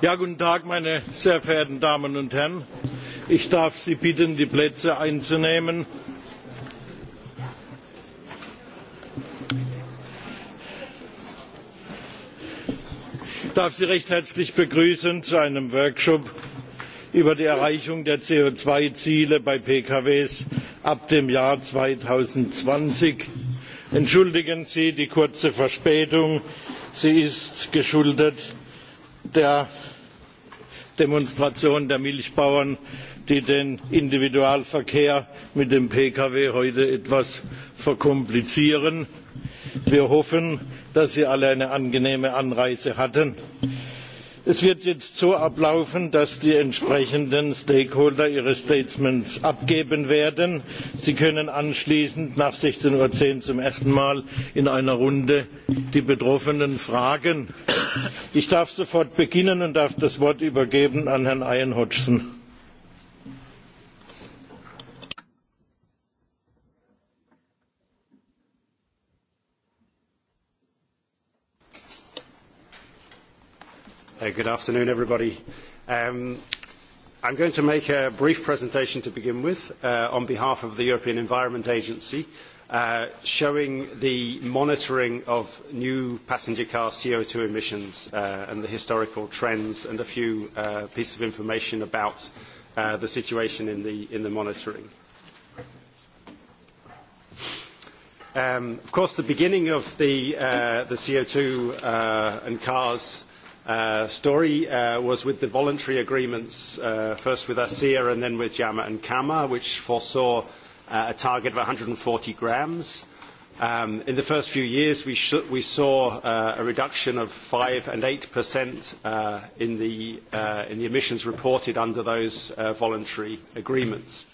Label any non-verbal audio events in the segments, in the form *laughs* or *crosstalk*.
Ja, guten Tag, meine sehr verehrten Damen und Herren. Ich darf Sie bitten, die Plätze einzunehmen. Ich darf Sie recht herzlich begrüßen zu einem Workshop über die Erreichung der CO2-Ziele bei PKWs ab dem Jahr 2020. Entschuldigen Sie die kurze Verspätung. Sie ist geschuldet der Demonstration der Milchbauern, die den Individualverkehr mit dem Pkw heute etwas verkomplizieren. Wir hoffen, dass Sie alle eine angenehme Anreise hatten. Es wird jetzt so ablaufen, dass die entsprechenden Stakeholder ihre Statements abgeben werden. Sie können anschließend nach 16.10 Uhr zum ersten Mal in einer Runde die Betroffenen fragen. Ich darf sofort beginnen und darf das Wort übergeben an Herrn Ian Hodgson. Uh, good afternoon, everybody. Um, I'm going to make a brief presentation to begin with uh, on behalf of the European Environment Agency, uh, showing the monitoring of new passenger car CO2 emissions and the historical trends and a few pieces of information about the situation in the, monitoring. Um, of course, the beginning of the, CO2 and cars Uh, story uh, was with the voluntary agreements, uh, first with ASEA and then with JAMA and CAMA, which foresaw uh, a target of 140 grams. Um, in the first few years, we, sh we saw uh, a reduction of 5 and 8 percent uh, in, the, uh, in the emissions reported under those uh, voluntary agreements.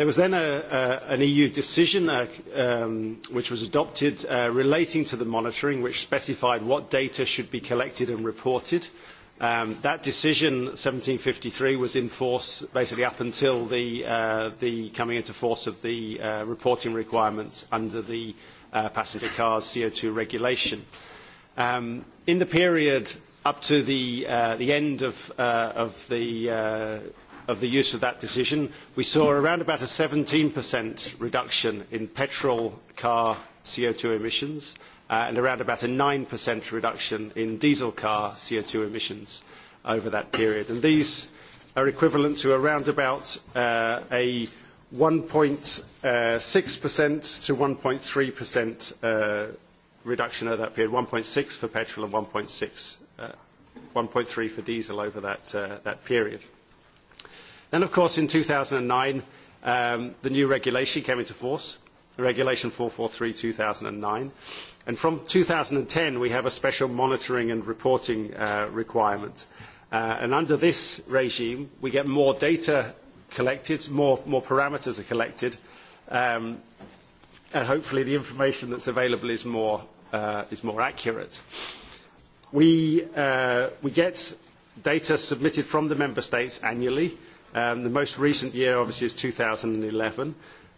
There was then a, uh, an EU decision uh, um, which was adopted uh, relating to the monitoring, which specified what data should be collected and reported. Um, that decision, 1753, was in force basically up until the, uh, the coming into force of the uh, reporting requirements under the uh, passenger cars CO2 regulation. Um, in the period up to the, uh, the end of, uh, of the uh, of the use of that decision, we saw around about a 17% reduction in petrol car co two emissions uh, and around about a 9% reduction in diesel car co two emissions over that period. And these are equivalent to around about uh, a 1.6% to 1.3% uh, reduction over that period, 1.6 for petrol and 1.6, uh, 1.3 for diesel over that, uh, that period. Then, of course, in two thousand nine um, the new regulation came into force, Regulation four hundred and 443 nine, And from ten we have a special monitoring and reporting uh, requirement. Uh, and under this regime, we get more data collected, more, more parameters are collected, um, and hopefully the information that's available is more, uh, is more accurate. We, uh, we get data submitted from the member states annually, Um, the most recent year, obviously, is 2011.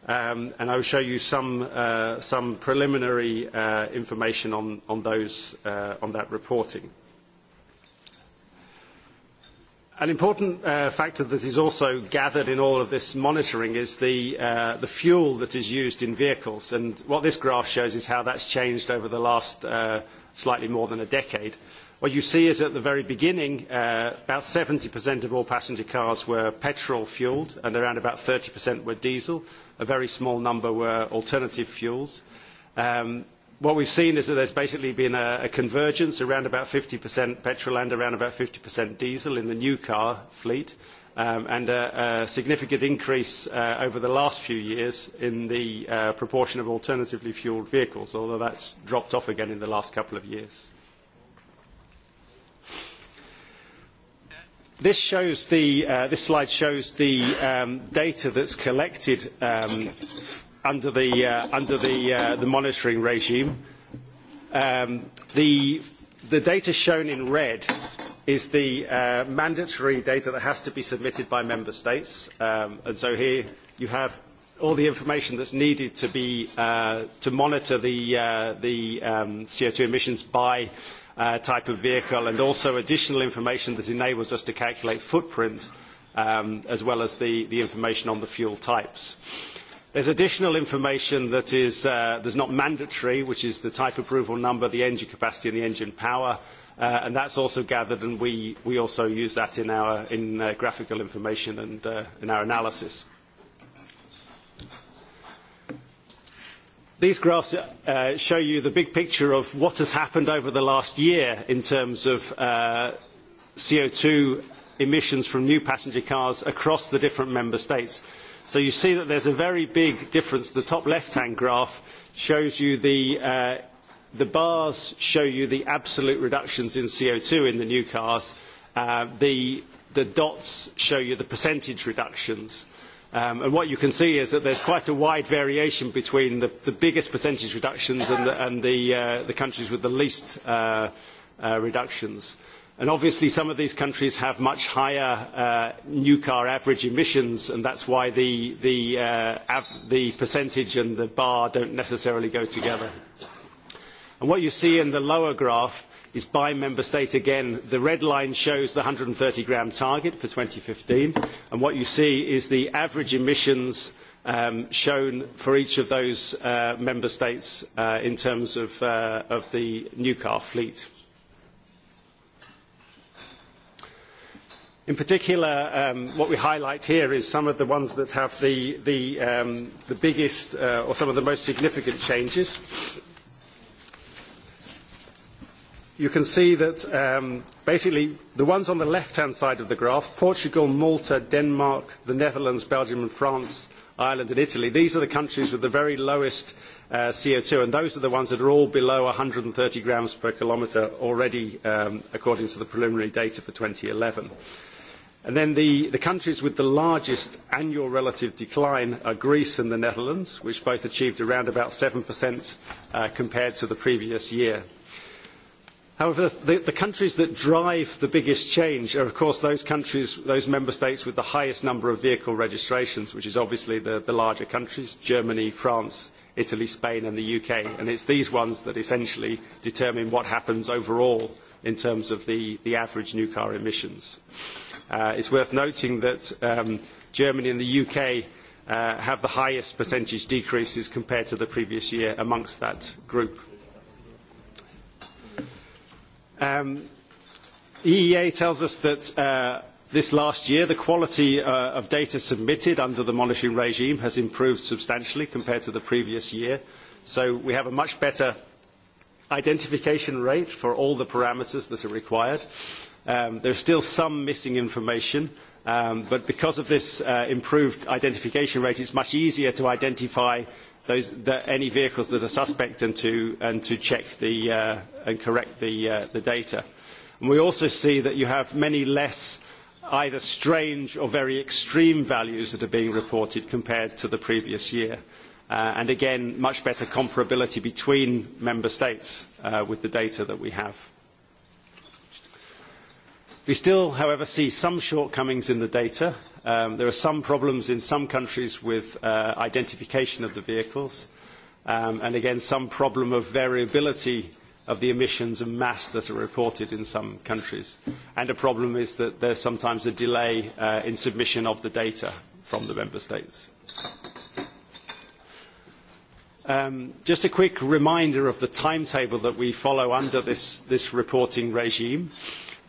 Um, and I will show you some, uh, some preliminary uh, information on, on, those, uh, on that reporting. An important uh, factor that is also gathered in all of this monitoring is the, uh, the fuel that is used in vehicles. And what this graph shows is how that's changed over the last uh, slightly more than a decade. What you see is at the very beginning, uh, about 70% of all passenger cars were petrol fuelled and around about 30% were diesel. A very small number were alternative fuels. Um, what we've seen is that there's basically been a, a convergence around about 50% petrol and around about 50% diesel in the new car fleet um, and a, a significant increase uh, over the last few years in the uh, proportion of alternatively fuelled vehicles, although that's dropped off again in the last couple of years. This, shows the, uh, this slide shows the um, data that's collected um, under the, uh, under the, uh, the monitoring regime. Um, the, the data shown in red is the uh, mandatory data that has to be submitted by member states. Um, and so here you have all the information that's needed to, be, uh, to monitor the, uh, the um, CO2 emissions by uh, type of vehicle and also additional information that enables us to calculate footprint um, as well as the, the information on the fuel types. There's additional information that is uh, there's not mandatory, which is the type approval number, the engine capacity and the engine power, uh, and that's also gathered and we, we also use that in our in, uh, graphical information and uh, in our analysis. These graphs uh, show you the big picture of what has happened over the last year in terms of uh, CO2 emissions from new passenger cars across the different member states. So you see that there is a very big difference. The top left-hand graph shows you the, uh, the bars show you the absolute reductions in co two in the new cars. Uh, the, the dots show you the percentage reductions. Um, and what you can see is that there's quite a wide variation between the, the biggest percentage reductions and the, and the, uh, the countries with the least uh, uh, reductions. And obviously some of these countries have much higher uh, new car average emissions and that's why uh, the, percentage and the bar don't necessarily go together. And what you see in the lower graph is by member state again. The red line shows the one hundred and thirty gram target for fifteen and what you see is the average emissions um, shown for each of those uh, member states uh, in terms of, uh, of the new car fleet. In particular, um, what we highlight here is some of the ones that have the, the, um, the biggest uh, or some of the most significant changes you can see that um, basically the ones on the left-hand side of the graph, Portugal, Malta, Denmark, the Netherlands, Belgium and France, Ireland and Italy, these are the countries with the very lowest uh, CO2 and those are the ones that are all below one hundred and thirty grams per kilometre already um, according to the preliminary data for eleven. And then the, the countries with the largest annual relative decline are Greece and the Netherlands, which both achieved around about 7% uh, compared to the previous year. However, the, the, countries that drive the biggest change are, of course, those countries, those member states with the highest number of vehicle registrations, which is obviously the, the larger countries, Germany, France, Italy, Spain and the UK. And it is these ones that essentially determine what happens overall in terms of the, the average new car emissions. Uh, It is worth noting that um, Germany and the UK uh, have the highest percentage decreases compared to the previous year amongst that group. Um, EEA tells us that uh, this last year the quality uh, of data submitted under the monitoring regime has improved substantially compared to the previous year. So we have a much better identification rate for all the parameters that are required. Um, There is still some missing information, um, but because of this uh, improved identification rate, it is much easier to identify those, the, any vehicles that are suspect and to, and to check the, uh, and correct the, uh, the data. And we also see that you have many less either strange or very extreme values that are being reported compared to the previous year. Uh, and again, much better comparability between member states uh, with the data that we have. We still, however, see some shortcomings in the data. Um, there are some problems in some countries with uh, identification of the vehicles, um, and again, some problem of variability of the emissions and mass that are reported in some countries. And a problem is that there is sometimes a delay uh, in submission of the data from the member states. Um, just a quick reminder of the timetable that we follow under this, this reporting regime.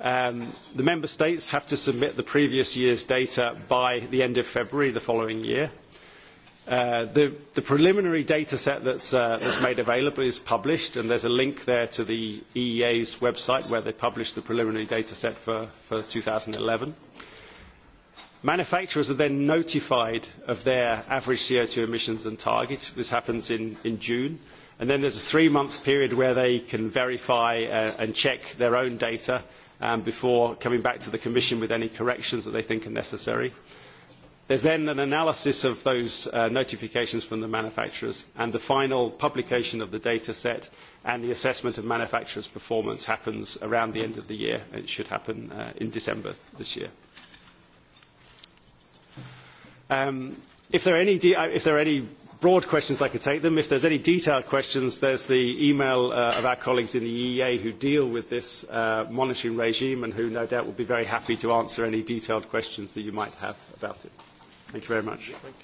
Um, the member states have to submit the previous year's data by the end of February the following year. Uh, the, the, preliminary data set that's, uh, that's made available is published, and there's a link there to the EEA's website where they publish the preliminary data set for, for 2011. Manufacturers are then notified of their average CO2 emissions and target. This happens in, in June. And then there's a three-month period where they can verify uh, and check their own data um, before coming back to the Commission with any corrections that they think are necessary. There's then an analysis of those uh, notifications from the manufacturers and the final publication of the data set and the assessment of manufacturers' performance happens around the end of the year. It should happen uh, in December this year. Um, if there are any, uh, if there are any broad questions, I could take them. If there's any detailed questions, there's the email uh, of our colleagues in the EEA who deal with this uh, monitoring regime and who no doubt will be very happy to answer any detailed questions that you might have about it. Thank you very much. Thank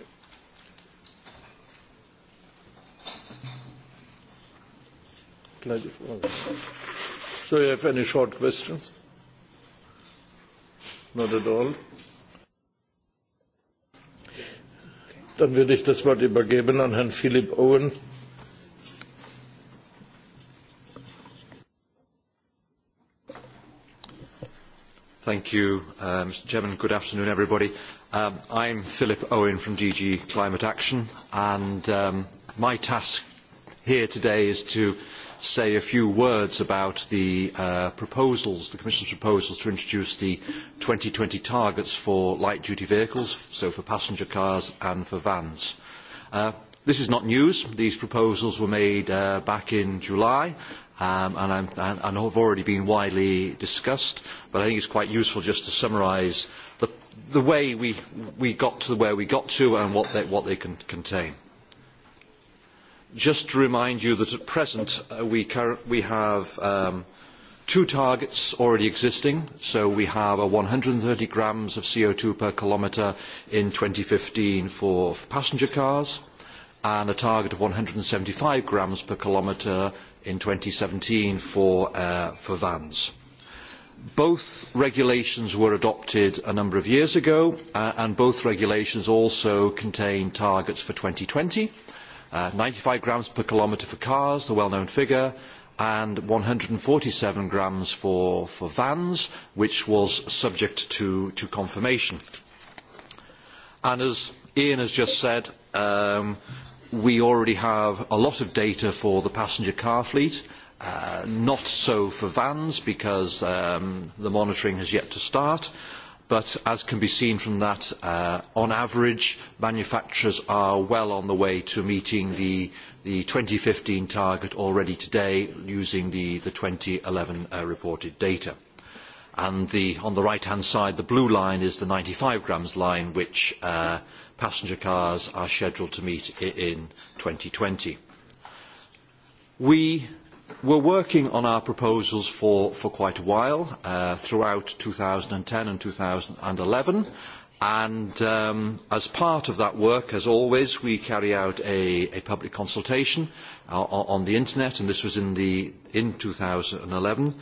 you. So you have any short questions? Not at all. Dann würde ich das Wort übergeben an Herrn Philipp Owen. Thank you, uh, Mr. Chairman. Good afternoon, everybody. Um, I'm Philip Owen from DG Climate Action, and um, my task here today is to say a few words about the uh, proposals, the Commission's proposals to introduce the twenty targets for light-duty vehicles, so for passenger cars and for vans. Uh, this is not news. These proposals were made uh, back in July um, and, I'm, and, and have already been widely discussed, but I think it is quite useful just to summarise the, the way we, we got to where we got to and what they, what they can contain just to remind you that at present uh, we, we have um, two targets already existing. So we have a 130 grams of CO2 per kilometre in 2015 for, for passenger cars and a target of 175 grams per kilometre in 2017 for, uh, for vans. Both regulations were adopted a number of years ago uh, and both regulations also contain targets for 2020. Uh, ninety 95 grams per kilometre for cars, the well-known figure, and 147 grams for, for vans, which was subject to, to confirmation. And as Ian has just said, um, we already have a lot of data for the passenger car fleet, uh, not so for vans because um, the monitoring has yet to start but as can be seen from that, uh, on average, manufacturers are well on the way to meeting the, the 2015 target already today using the, the 2011 uh, reported data. And the, on the right-hand side, the blue line is the 95 grams line, which uh, passenger cars are scheduled to meet in 2020. We We're working on our proposals for, for quite a while, uh, throughout 2010 and 2011. And um, as part of that work, as always, we carry out a, a public consultation uh, on the internet, and this was in, the, in 2011.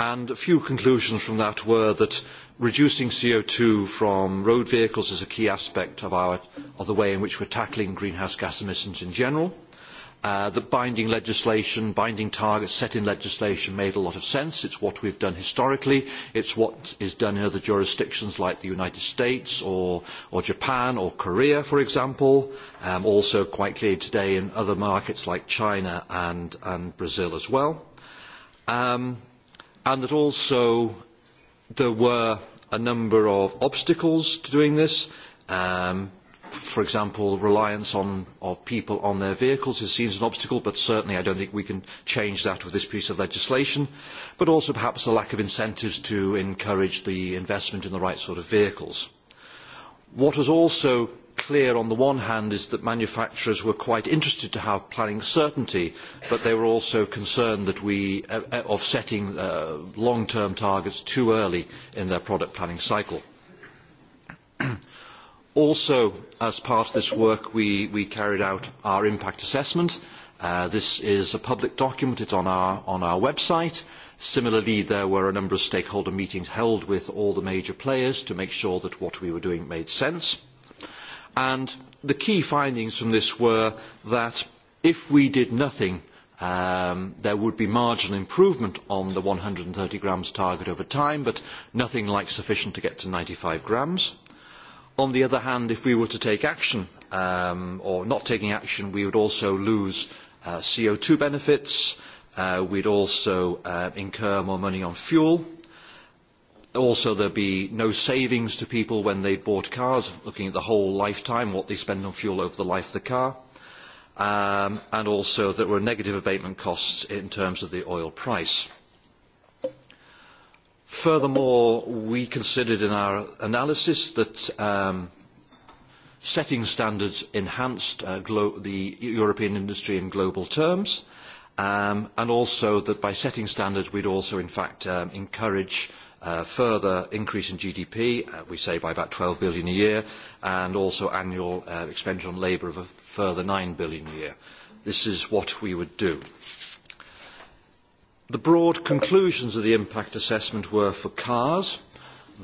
And a few conclusions from that were that reducing co two from road vehicles is a key aspect of, our, of the way in which we are tackling greenhouse gas emissions in general. Uh, that binding legislation, binding targets set in legislation made a lot of sense. It is what we have done historically. it is what is done in other jurisdictions like the United States or, or Japan or Korea, for example. Um, also quite clear today in other markets like China and, and Brazil as well. Um, and that also there were a number of obstacles to doing this. Um, for example, reliance on, of people on their vehicles is seen as an obstacle, but certainly I don't think we can change that with this piece of legislation, but also perhaps the lack of incentives to encourage the investment in the right sort of vehicles. What was also clear on the one hand is that manufacturers were quite interested to have planning certainty, but they were also concerned that we, uh, uh of setting uh, long-term targets too early in their product planning cycle. *clears throat* Also, as part of this work, we, we carried out our impact assessment. Uh, this is a public document. It's on our, on our website. Similarly, there were a number of stakeholder meetings held with all the major players to make sure that what we were doing made sense. And the key findings from this were that if we did nothing, um, there would be marginal improvement on the 130 grams target over time, but nothing like sufficient to get to 95 grams. On the other hand, if we were to take action, um, or not taking action, we would also lose uh, co two benefits, uh, we'd also uh, incur more money on fuel, also there would be no savings to people when they bought cars, looking at the whole lifetime, what they spend on fuel over the life of the car, um, and also there were negative abatement costs in terms of the oil price. Furthermore, we considered in our analysis that um, setting standards enhanced uh, the European industry in global terms, um, and also that by setting standards we would also in fact um, encourage uh, further increase in GDP, uh, we say by about 12 billion a year, and also annual uh, expenditure on labour of a further 9 billion a year. This is what we would do. The broad conclusions of the impact assessment were for cars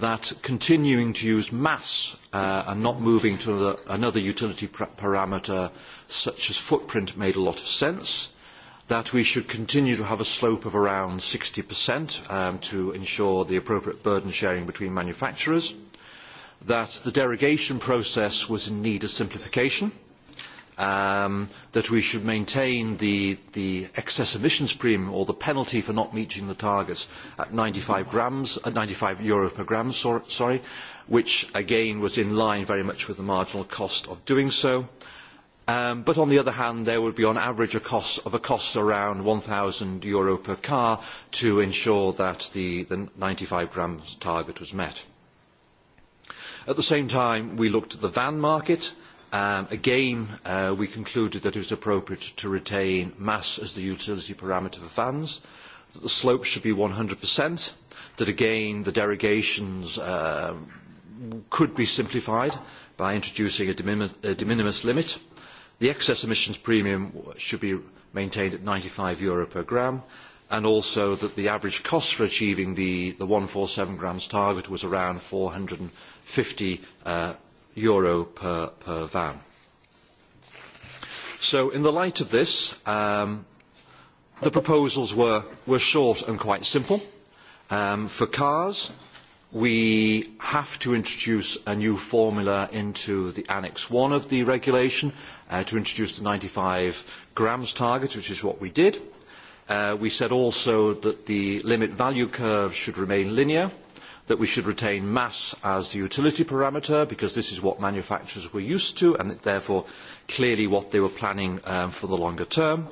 that continuing to use mass uh, and not moving to another, another utility parameter such as footprint made a lot of sense, that we should continue to have a slope of around 60% um, to ensure the appropriate burden sharing between manufacturers, that the derogation process was in need of simplification, um, that we should maintain the, the excess emissions premium or the penalty for not meeting the targets at 95 grams, at uh, 95 euro per gram, sorry, which again was in line very much with the marginal cost of doing so. Um, but on the other hand, there would be on average a cost of a cost around €1,000 per car to ensure that the, the 95 grams target was met. At the same time, we looked at the van market Um, again, uh, we concluded that it was appropriate to retain mass as the utility parameter for fans, that the slope should be 100%, that again the derogations uh, could be simplified by introducing a de, minimis, a de minimis limit. The excess emissions premium should be maintained at 95 euro per gram, and also that the average cost for achieving the, the 147 grams target was around 450 uh, euro per, per van. So in the light of this, um, the proposals were, were short and quite simple. Um, for cars, we have to introduce a new formula into the Annex 1 of the regulation uh, to introduce the 95 grams target, which is what we did. Uh, we said also that the limit value curve should remain linear that we should retain mass as the utility parameter because this is what manufacturers were used to and therefore clearly what they were planning um, for the longer term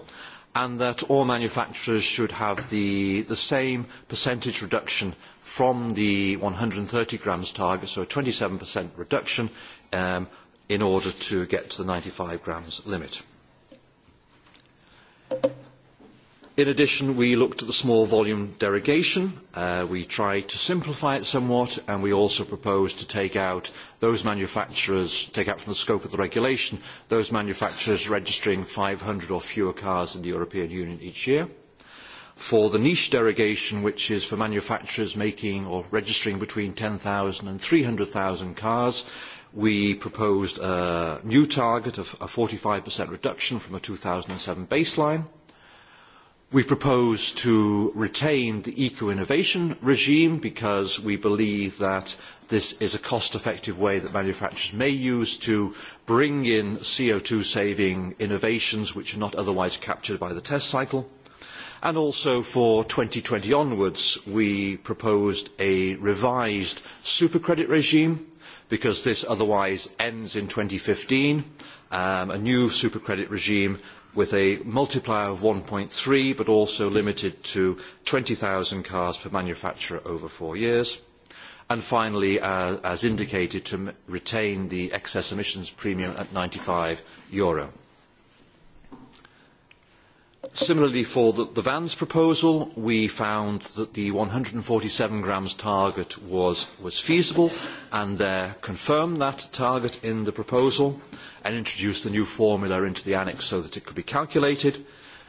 and that all manufacturers should have the, the same percentage reduction from the one hundred and thirty grams target, so a twenty 27% reduction um, in order to get to the ninety five grams limit. In addition, we looked at the small volume derogation. Uh, we tried to simplify it somewhat, and we also proposed to take out those manufacturers, take out from the scope of the regulation, those manufacturers registering 500 or fewer cars in the European Union each year. For the niche derogation, which is for manufacturers making or registering between 10,000 and 300,000 cars, we proposed a new target of a 45% reduction from a 2007 baseline We propose to retain the eco-innovation regime because we believe that this is a cost-effective way that manufacturers may use to bring in co two saving innovations which are not otherwise captured by the test cycle. And also for twenty onwards, we proposed a revised supercredit regime because this otherwise ends in fifteen. Um, a new supercredit regime with a multiplier of one three, but also limited to twenty 20,000 cars per manufacturer over four years. And finally, uh, as indicated, to retain the excess emissions premium at EUR ninety five Euro. Similarly, for the, the VAN's proposal, we found that the one hundred and forty seven grams target was, was feasible and uh, confirmed that target in the proposal and introduced the new formula into the annex so that it could be calculated.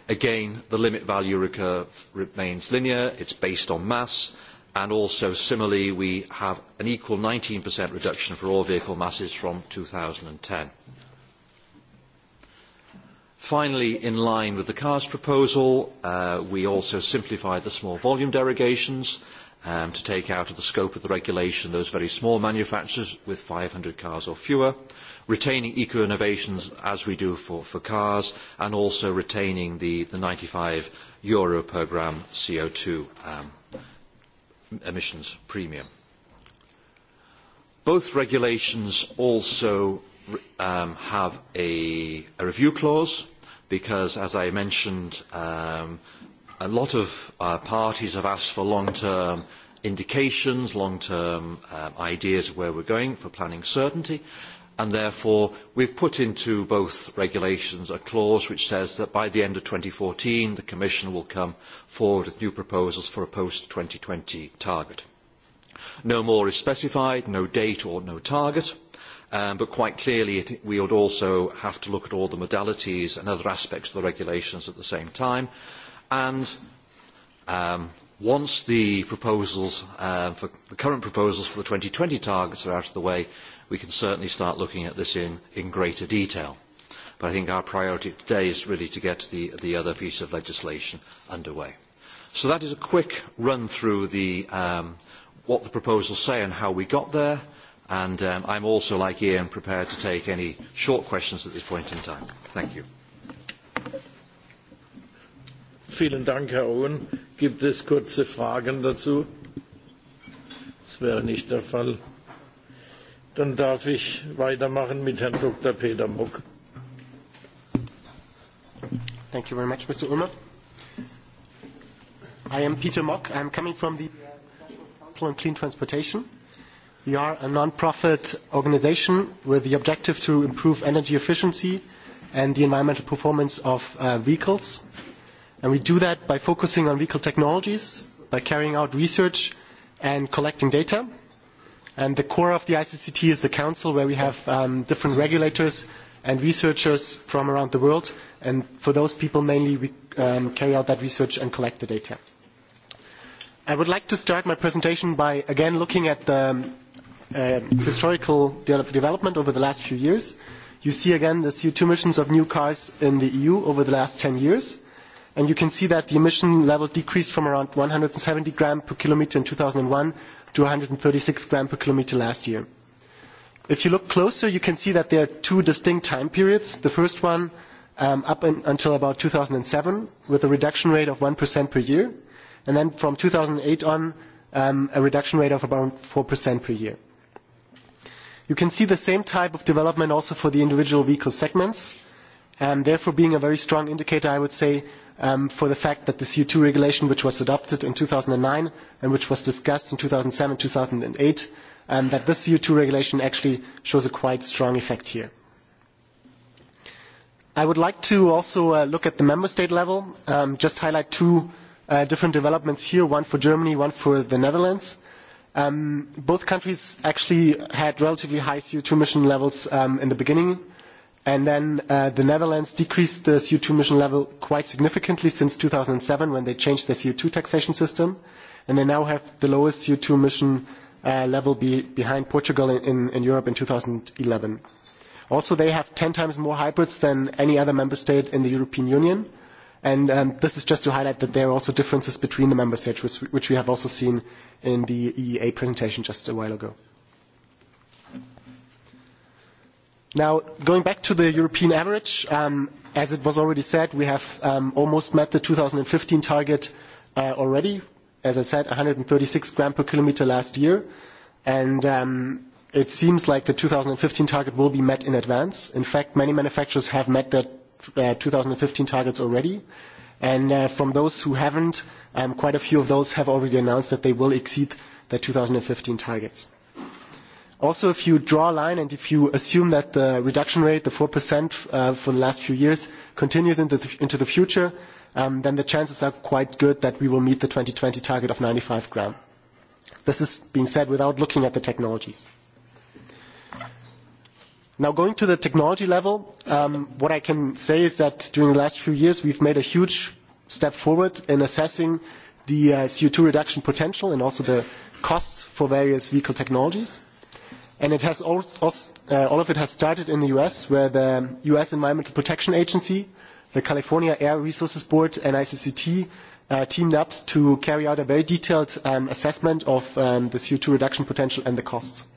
Again, the limit value recurve remains linear, it is based on mass, and also similarly we have an equal 19% reduction for all vehicle masses from 2010. Finally, in line with the CARS proposal, uh, we also simplified the small volume derogations um, to take out of the scope of the regulation those very small manufacturers with 500 cars or fewer retaining eco-innovations as we do for, for cars and also retaining the, the 95 euro per gram CO2 um, emissions premium. Both regulations also um, have a, a review clause because, as I mentioned, um, a lot of uh, parties have asked for long-term indications, long-term um, ideas of where we're going for planning certainty and therefore we have put into both regulations a clause which says that by the end of fourteen the Commission will come forward with new proposals for a post-2020 target. No more is specified, no date or no target, um, but quite clearly it, we would also have to look at all the modalities and other aspects of the regulations at the same time. And um, once the proposals, uh, for the current proposals for the twenty targets are out of the way, we can certainly start looking at this in, in greater detail. But I think our priority today is really to get the, the other piece of legislation underway. So that is a quick run through the, um, what the proposals say and how we got there. And um, I'm also, like Ian, prepared to take any short questions at this point in time. Thank you. Vielen Dank, Herr Owen. Gibt es kurze Fragen dazu? Das wäre nicht der Fall. Dann darf ich weitermachen mit Herrn Dr. Peter Muck. Thank you very much, Mr. Ulmer. I am Peter Mock. I am coming from the National Council on Clean Transportation. We are a non-profit organization with the objective to improve energy efficiency and the environmental performance of uh, vehicles. And we do that by focusing on vehicle technologies, by carrying out research and collecting data. And the core of the ICCT is the council where we have um, different regulators and researchers from around the world. And for those people mainly, we um, carry out that research and collect the data. I would like to start my presentation by again looking at the um, uh, historical de development over the last few years. You see again the CO2 emissions of new cars in the EU over the last 10 years. And you can see that the emission level decreased from around 170 gram per kilometer in 2001 to 136 gram per kilometer last year. If you look closer, you can see that there are two distinct time periods. The first one um, up in, until about 2007 with a reduction rate of 1% per year. And then from 2008 on, um, a reduction rate of about 4% per year. You can see the same type of development also for the individual vehicle segments, and um, therefore being a very strong indicator, I would say, um, for the fact that the CO2 regulation, which was adopted in 2009 and which was discussed in 2007 2008, um, that this CO2 regulation actually shows a quite strong effect here. I would like to also uh, look at the member state level, um, just highlight two uh, different developments here, one for Germany, one for the Netherlands. Um, both countries actually had relatively high CO2 emission levels um, in the beginning And then uh, the Netherlands decreased the CO2 emission level quite significantly since 2007 when they changed their CO2 taxation system. And they now have the lowest CO2 emission uh, level be behind Portugal in, in, in Europe in 2011. Also, they have 10 times more hybrids than any other member state in the European Union. And um, this is just to highlight that there are also differences between the member states, which, which we have also seen in the EEA presentation just a while ago. Now, going back to the European average, um, as it was already said, we have um, almost met the 2015 target uh, already. As I said, 136 gram per kilometer last year. And um, it seems like the 2015 target will be met in advance. In fact, many manufacturers have met their uh, 2015 targets already. And uh, from those who haven't, um, quite a few of those have already announced that they will exceed their 2015 targets. Also, if you draw a line and if you assume that the reduction rate, the 4% uh, for the last few years, continues into the, into the future, um, then the chances are quite good that we will meet the 2020 target of 95 gram. This is being said without looking at the technologies. Now, going to the technology level, um, what I can say is that during the last few years, we've made a huge step forward in assessing the uh, CO2 reduction potential and also the costs for various vehicle technologies. And it has also, uh, all of it has started in the US, where the US Environmental Protection Agency, the California Air Resources Board, and ICCT uh, teamed up to carry out a very detailed um, assessment of um, the CO2 reduction potential and the costs.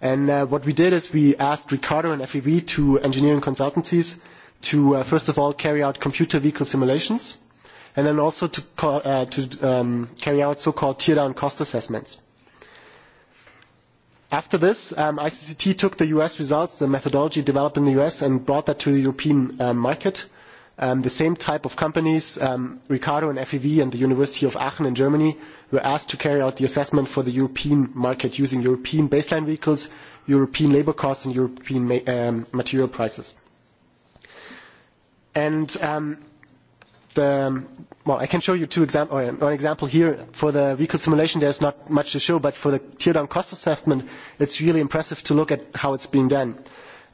And uh, what we did is we asked Ricardo and FEV, two engineering consultancies, to uh, first of all carry out computer vehicle simulations, and then also to, uh, to um, carry out so-called tear-down cost assessments. After this, um, ICCT took the US results, the methodology developed in the US, and brought that to the European um market. Um, the same type of companies, um, Ricardo and FEV and the University of Aachen in Germany, were asked to carry out the assessment for the European market using European baseline vehicles, European labor costs, and European ma um, material prices. And um, the well, I can show you two example or an example here for the vehicle simulation. There's not much to show, but for the teardown cost assessment, it's really impressive to look at how it's being done.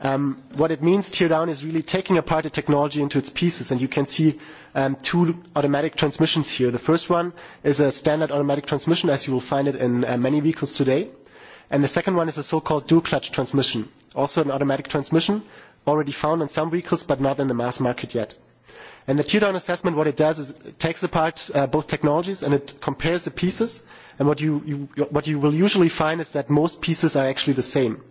Um, what it means, teardown, is really taking apart the technology into its pieces, and you can see um, two automatic transmissions here. The first one is a standard automatic transmission, as you will find it in uh, many vehicles today, and the second one is a so-called dual-clutch transmission, also an automatic transmission, already found on some vehicles, but not in the mass market yet. And the teardown assessment, what it does is it takes apart uh, both technologies and it compares the pieces. And what you, you, what you will usually find is that most pieces are actually the same.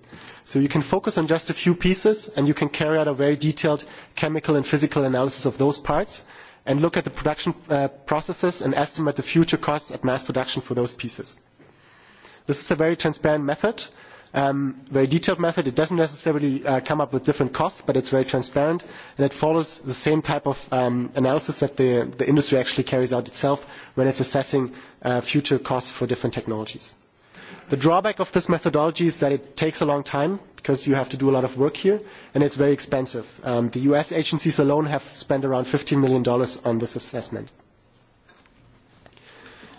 So you can focus on just a few pieces and you can carry out a very detailed chemical and physical analysis of those parts and look at the production uh, processes and estimate the future costs at mass production for those pieces. This is a very transparent method um, very detailed method. It doesn't necessarily uh, come up with different costs, but it's very transparent, and it follows the same type of um, analysis that the, the industry actually carries out itself when it's assessing uh, future costs for different technologies. The drawback of this methodology is that it takes a long time because you have to do a lot of work here, and it's very expensive. Um, the U.S. agencies alone have spent around $15 million on this assessment.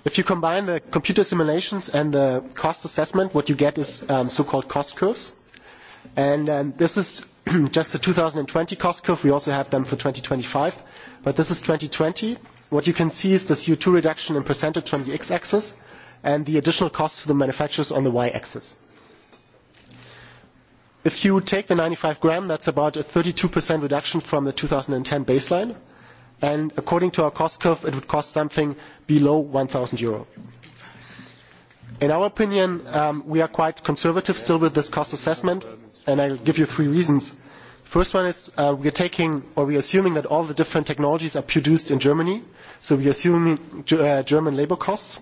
If you combine the computer simulations and the cost assessment, what you get is um, so-called cost curves. And um, this is *clears throat* just the 2020 cost curve. We also have them for 2025. But this is 2020. What you can see is the CO2 reduction in percentage on the x-axis and the additional cost for the manufacturers on the y-axis. If you take the 95 gram, that's about a 32% reduction from the 2010 baseline. And according to our cost curve, it would cost something below 1,000 euro. In our opinion, um, we are quite conservative still with this cost assessment, and I'll give you three reasons. First one is uh, we are taking or we are assuming that all the different technologies are produced in Germany, so we are assuming uh, German labor costs.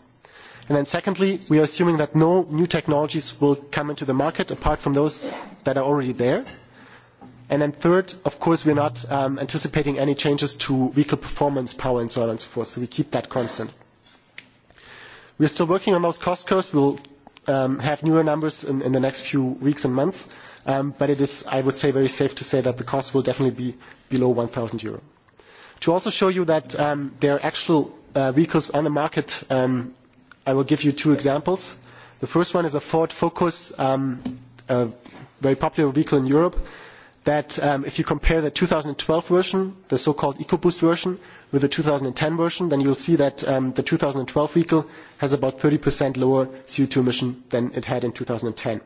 And then secondly, we are assuming that no new technologies will come into the market apart from those that are already there. And then third, of course, we're not um, anticipating any changes to vehicle performance, power, and so on and so forth, so we keep that constant. We are still working on those cost curves. We'll um, have newer numbers in, in the next few weeks and months. Um, but it is, I would say, very safe to say that the cost will definitely be below 1,000 euro. To also show you that um, there are actual uh, vehicles on the market, um, I will give you two examples. The first one is a Ford Focus, um, a very popular vehicle in Europe that um, if you compare the 2012 version, the so-called EcoBoost version, with the 2010 version, then you will see that um, the 2012 vehicle has about 30% lower CO2 emission than it had in 2010.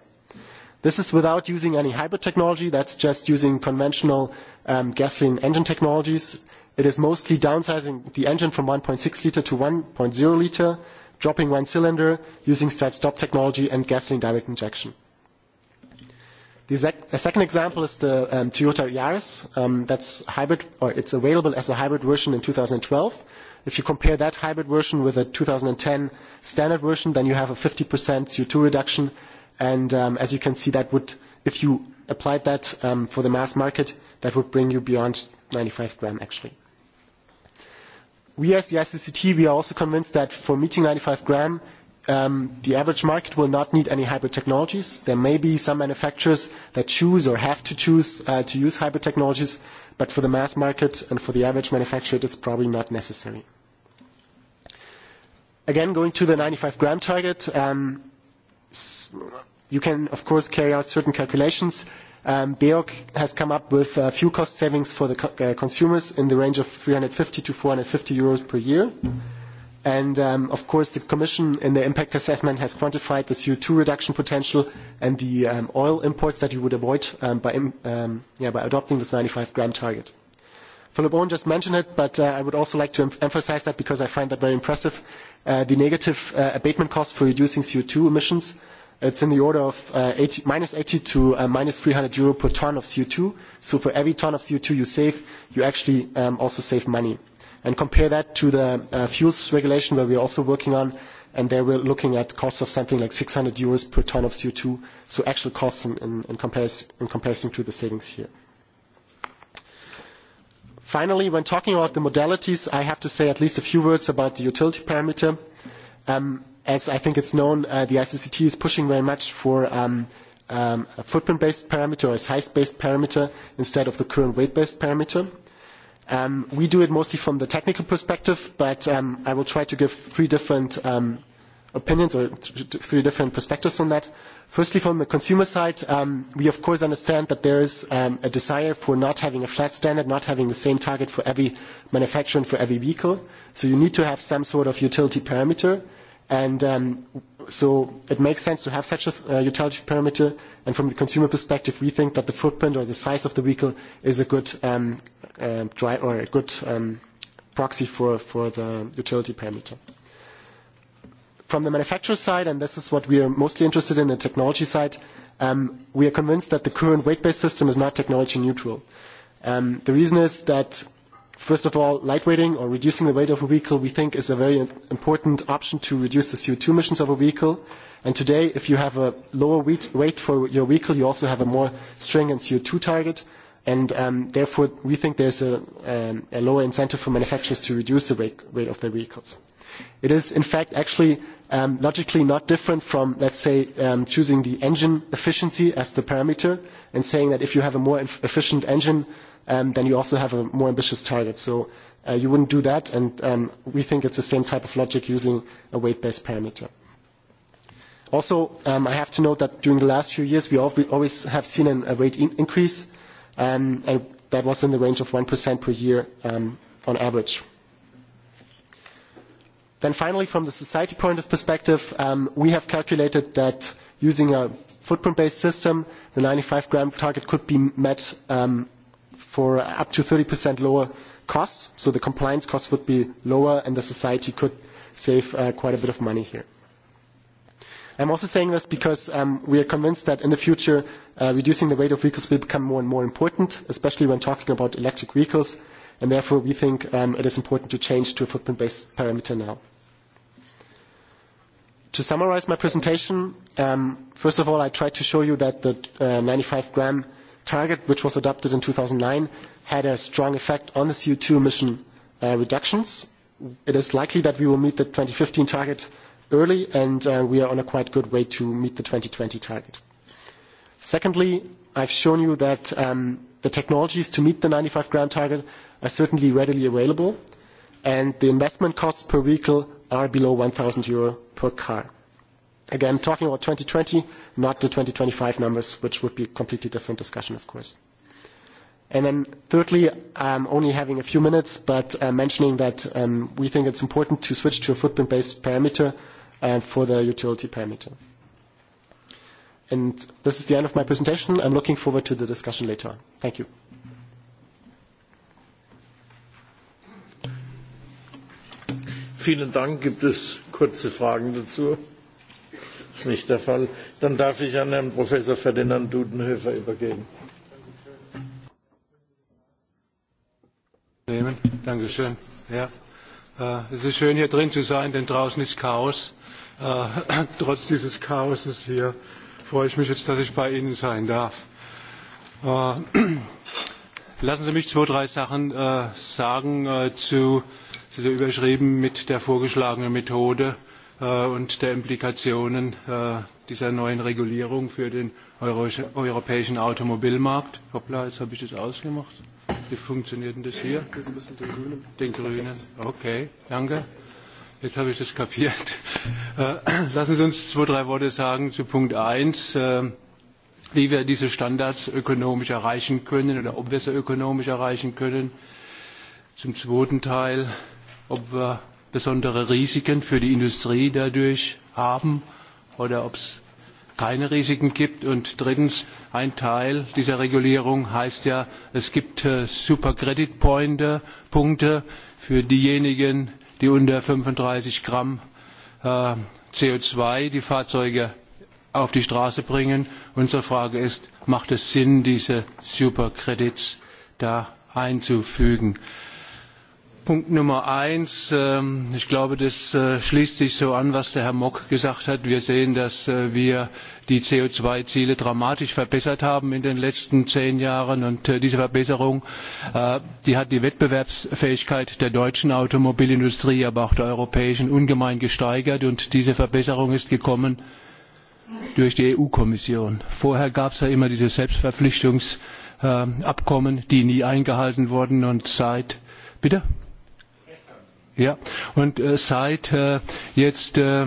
This is without using any hybrid technology, that's just using conventional um, gasoline engine technologies. It is mostly downsizing the engine from 1.6 litre to 1.0 litre, dropping one cylinder, using start-stop technology and gasoline direct injection. The second example is the um, Toyota Yaris. Um, that's hybrid, or it's available as a hybrid version in 2012. If you compare that hybrid version with a 2010 standard version, then you have a 50% CO2 reduction. And um, as you can see, that would, if you applied that um, for the mass market, that would bring you beyond 95 gram actually. We as the ICCT, we are also convinced that for meeting 95 gram, um, the average market will not need any hybrid technologies. There may be some manufacturers that choose or have to choose uh, to use hybrid technologies, but for the mass market and for the average manufacturer, it is probably not necessary. Again, going to the 95 gram target, um, you can, of course, carry out certain calculations. Um, BEOC has come up with a uh, few cost savings for the co uh, consumers in the range of 350 to 450 euros per year. Mm -hmm. And um, of course, the Commission in the impact assessment has quantified the CO2 reduction potential and the um, oil imports that you would avoid um, by, um, yeah, by adopting this 95 gram target. Philip Owen just mentioned it, but uh, I would also like to em emphasize that because I find that very impressive. Uh, the negative uh, abatement cost for reducing CO2 emissions, it's in the order of uh, 80, minus 80 to uh, minus 300 euro per ton of CO2. So for every ton of CO2 you save, you actually um, also save money and compare that to the uh, fuels regulation where we are also working on and there we're looking at costs of something like 600 euros per ton of CO2, so actual costs in, in, in, comparison, in comparison to the savings here. Finally, when talking about the modalities, I have to say at least a few words about the utility parameter. Um, as I think it's known, uh, the ICCT is pushing very much for um, um, a footprint-based parameter or a size-based parameter instead of the current weight-based parameter. Um, we do it mostly from the technical perspective, but um, I will try to give three different um, opinions or three different perspectives on that. Firstly, from the consumer side, um, we of course understand that there is um, a desire for not having a flat standard, not having the same target for every manufacturer and for every vehicle. So you need to have some sort of utility parameter. And um, so it makes sense to have such a uh, utility parameter. And from the consumer perspective, we think that the footprint or the size of the vehicle is a good um, um, dry or a good um, proxy for, for the utility parameter. From the manufacturer side, and this is what we are mostly interested in, the technology side, um, we are convinced that the current weight-based system is not technology neutral. Um, the reason is that, first of all, lightweighting or reducing the weight of a vehicle we think is a very important option to reduce the CO2 emissions of a vehicle. And today, if you have a lower weight for your vehicle, you also have a more stringent CO2 target, And um, therefore, we think there's a, um, a lower incentive for manufacturers to reduce the rate, of their vehicles. It is, in fact, actually um, logically not different from, let's say, um, choosing the engine efficiency as the parameter and saying that if you have a more efficient engine, um, then you also have a more ambitious target. So uh, you wouldn't do that, and um, we think it's the same type of logic using a weight-based parameter. Also, um, I have to note that during the last few years, we always have seen a weight in increase um, and that was in the range of 1% per year um, on average. Then finally, from the society point of perspective, um, we have calculated that using a footprint-based system, the 95-gram target could be met um, for up to 30% lower costs, so the compliance costs would be lower and the society could save uh, quite a bit of money here. I'm also saying this because um, we are convinced that in the future, uh, reducing the weight of vehicles will become more and more important, especially when talking about electric vehicles, and therefore we think um, it is important to change to a footprint-based parameter now. To summarize my presentation, um, first of all, I tried to show you that the uh, 95-gram target, which was adopted in 2009, had a strong effect on the CO2 emission uh, reductions. It is likely that we will meet the 2015 target early, and uh, we are on a quite good way to meet the 2020 target. Secondly, I've shown you that um, the technologies to meet the 95 gram target are certainly readily available, and the investment costs per vehicle are below 1,000 euro per car. Again, talking about 2020, not the 2025 numbers, which would be a completely different discussion, of course. And then thirdly, I'm only having a few minutes, but uh, mentioning that um, we think it's important to switch to a footprint-based parameter and for the utility parameter. And this is the end of my presentation. I'm looking forward to the discussion later on. Thank you. Vielen Dank. Gibt es kurze Fragen dazu? Das ist nicht der Fall. Dann darf ich an Herrn Professor Ferdinand Dudenhöfer übergeben. Dankeschön. Ja. Äh, es ist schön, hier drin zu sein, denn draußen ist Chaos. Äh, *clears throat* trotz dieses Chaoses hier freue ich mich jetzt, dass ich bei Ihnen sein darf. Äh, *clears throat* lassen Sie mich zwei, drei Sachen äh, sagen äh, zu, Sie sind überschrieben mit der vorgeschlagenen Methode äh, und der Implikationen äh, dieser neuen Regulierung für den Euro europäischen Automobilmarkt. Hoppla, jetzt habe ich das ausgemacht. Wie funktioniert denn das hier? Den Grünen. Den Grünen, okay, danke. Jetzt habe ich das kapiert. Äh, lassen Sie uns zwei, drei Worte sagen zu Punkt 1, äh, wie wir diese Standards ökonomisch erreichen können oder ob wir sie ökonomisch erreichen können. Zum zweiten Teil, ob wir besondere Risiken für die Industrie dadurch haben oder ob es keine Risiken gibt. Und drittens, ein Teil dieser Regulierung heißt ja, es gibt äh, Supercredit-Punkte für diejenigen, die unter 35 Gramm äh, CO2 die Fahrzeuge auf die Straße bringen. Unsere Frage ist, macht es Sinn, diese Supercredits da einzufügen? Punkt Nummer eins, ähm, ich glaube, das äh, schließt sich so an, was der Herr Mock gesagt hat. Wir sehen, dass äh, wir die CO2-Ziele dramatisch verbessert haben in den letzten zehn Jahren. Und äh, diese Verbesserung, äh, die hat die Wettbewerbsfähigkeit der deutschen Automobilindustrie, aber auch der europäischen ungemein gesteigert. Und diese Verbesserung ist gekommen durch die EU-Kommission. Vorher gab es ja immer diese Selbstverpflichtungsabkommen, äh, die nie eingehalten wurden. Und seit, bitte? Ja, und äh, seit äh, jetzt äh,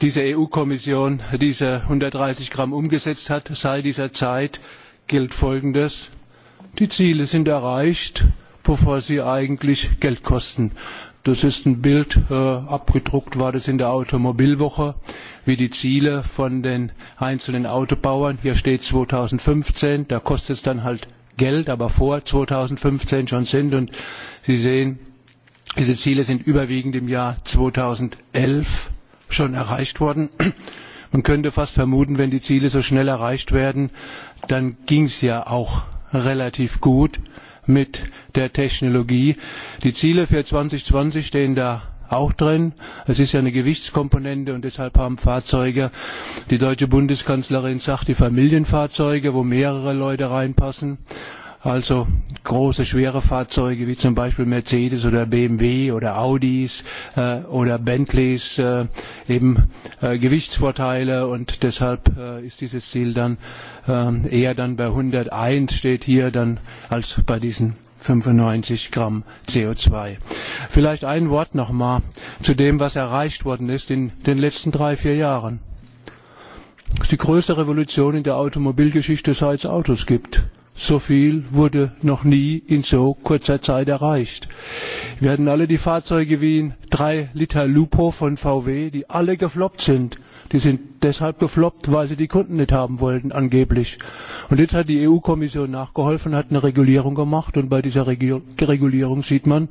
diese EU-Kommission diese 130 Gramm umgesetzt hat. Seit dieser Zeit gilt Folgendes. Die Ziele sind erreicht, bevor sie eigentlich Geld kosten. Das ist ein Bild, äh, abgedruckt war das in der Automobilwoche, wie die Ziele von den einzelnen Autobauern. Hier steht 2015, da kostet es dann halt Geld, aber vor 2015 schon sind. Und Sie sehen, diese Ziele sind überwiegend im Jahr 2011 schon erreicht worden. Man könnte fast vermuten, wenn die Ziele so schnell erreicht werden, dann ging es ja auch relativ gut mit der Technologie. Die Ziele für 2020 stehen da auch drin. Es ist ja eine Gewichtskomponente und deshalb haben Fahrzeuge, die deutsche Bundeskanzlerin sagt, die Familienfahrzeuge, wo mehrere Leute reinpassen. Also große, schwere Fahrzeuge wie zum Beispiel Mercedes oder BMW oder Audis äh, oder Bentleys äh, eben äh, Gewichtsvorteile und deshalb äh, ist dieses Ziel dann äh, eher dann bei 101 steht hier dann als bei diesen 95 Gramm CO2. Vielleicht ein Wort nochmal zu dem, was erreicht worden ist in den letzten drei, vier Jahren. Das ist die größte Revolution in der Automobilgeschichte, seit es Autos gibt. So viel wurde noch nie in so kurzer Zeit erreicht. Wir hatten alle die Fahrzeuge wie in 3 Liter Lupo von VW, die alle gefloppt sind. Die sind deshalb gefloppt, weil sie die Kunden nicht haben wollten, angeblich. Und jetzt hat die EU-Kommission nachgeholfen, hat eine Regulierung gemacht und bei dieser Regul Regulierung sieht man,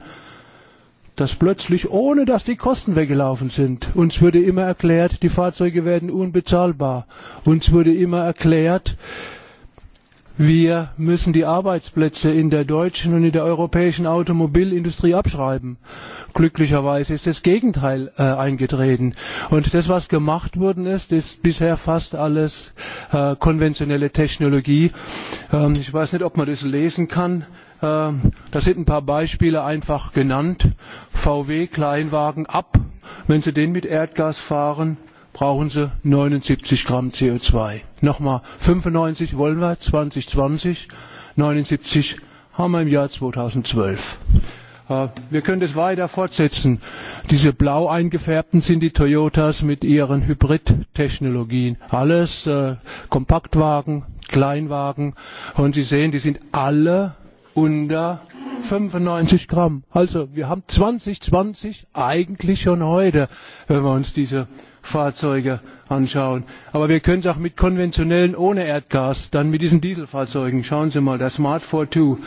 dass plötzlich, ohne dass die Kosten weggelaufen sind, uns wurde immer erklärt, die Fahrzeuge werden unbezahlbar. Uns wurde immer erklärt, Wir müssen die Arbeitsplätze in der deutschen und in der europäischen Automobilindustrie abschreiben. Glücklicherweise ist das Gegenteil äh, eingetreten. Und das, was gemacht worden ist, ist bisher fast alles äh, konventionelle Technologie. Ähm, ich weiß nicht, ob man das lesen kann. Ähm, da sind ein paar Beispiele einfach genannt. VW Kleinwagen ab, wenn Sie den mit Erdgas fahren brauchen sie 79 Gramm CO2. Nochmal, 95 wollen wir 2020, 79 haben wir im Jahr 2012. Äh, wir können das weiter fortsetzen. Diese blau eingefärbten sind die Toyotas mit ihren Hybridtechnologien. Alles äh, Kompaktwagen, Kleinwagen. Und Sie sehen, die sind alle unter 95 Gramm. Also wir haben 2020 eigentlich schon heute, wenn wir uns diese Fahrzeuge anschauen. Aber wir können es auch mit konventionellen ohne Erdgas, dann mit diesen Dieselfahrzeugen, schauen Sie mal, der Smart 42,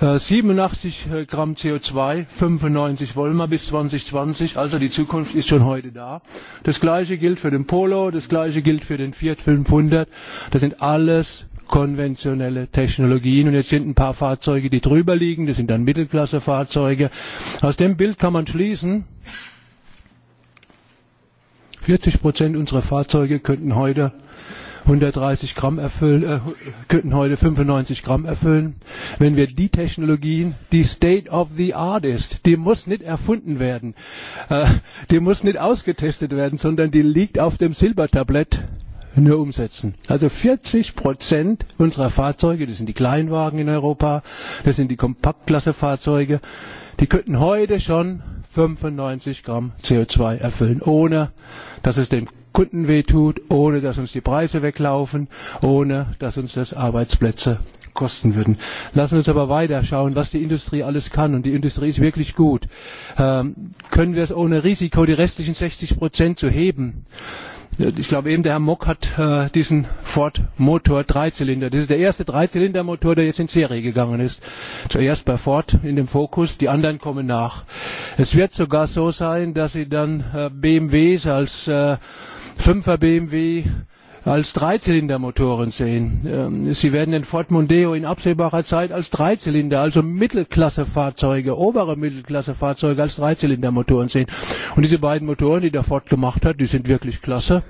87 äh, äh, Gramm CO2, 95 wollen wir bis 2020, also die Zukunft ist schon heute da. Das gleiche gilt für den Polo, das gleiche gilt für den Fiat 500, das sind alles konventionelle Technologien. Und jetzt sind ein paar Fahrzeuge, die drüber liegen, das sind dann Mittelklassefahrzeuge. Aus dem Bild kann man schließen, 40 Prozent unserer Fahrzeuge könnten heute 130 Gramm erfüllen, äh, könnten heute 95 Gramm erfüllen. Wenn wir die Technologien, die State of the Art ist, die muss nicht erfunden werden, äh, die muss nicht ausgetestet werden, sondern die liegt auf dem Silbertablett nur umsetzen. Also 40 Prozent unserer Fahrzeuge, das sind die Kleinwagen in Europa, das sind die Kompaktklassefahrzeuge, die könnten heute schon 95 Gramm CO2 erfüllen, ohne dass es dem Kunden wehtut, ohne dass uns die Preise weglaufen, ohne dass uns das Arbeitsplätze kosten würden. Lassen uns aber weiter schauen, was die Industrie alles kann. Und die Industrie ist wirklich gut. Ähm, können wir es ohne Risiko, die restlichen 60 Prozent zu heben? ich glaube eben, der Herr Mock hat äh, diesen Ford Motor Dreizylinder. Das ist der erste Dreizylindermotor, der jetzt in Serie gegangen ist. Zuerst bei Ford in dem Fokus, die anderen kommen nach. Es wird sogar so sein, dass sie dann äh, BMWs als äh, BMW als Dreizylindermotoren sehen. Ähm, sie werden den Ford Mondeo in absehbarer Zeit als Dreizylinder, also Mittelklassefahrzeuge, obere Mittelklassefahrzeuge als Dreizylindermotoren sehen. Und diese beiden Motoren, die der Ford gemacht hat, die sind wirklich klasse.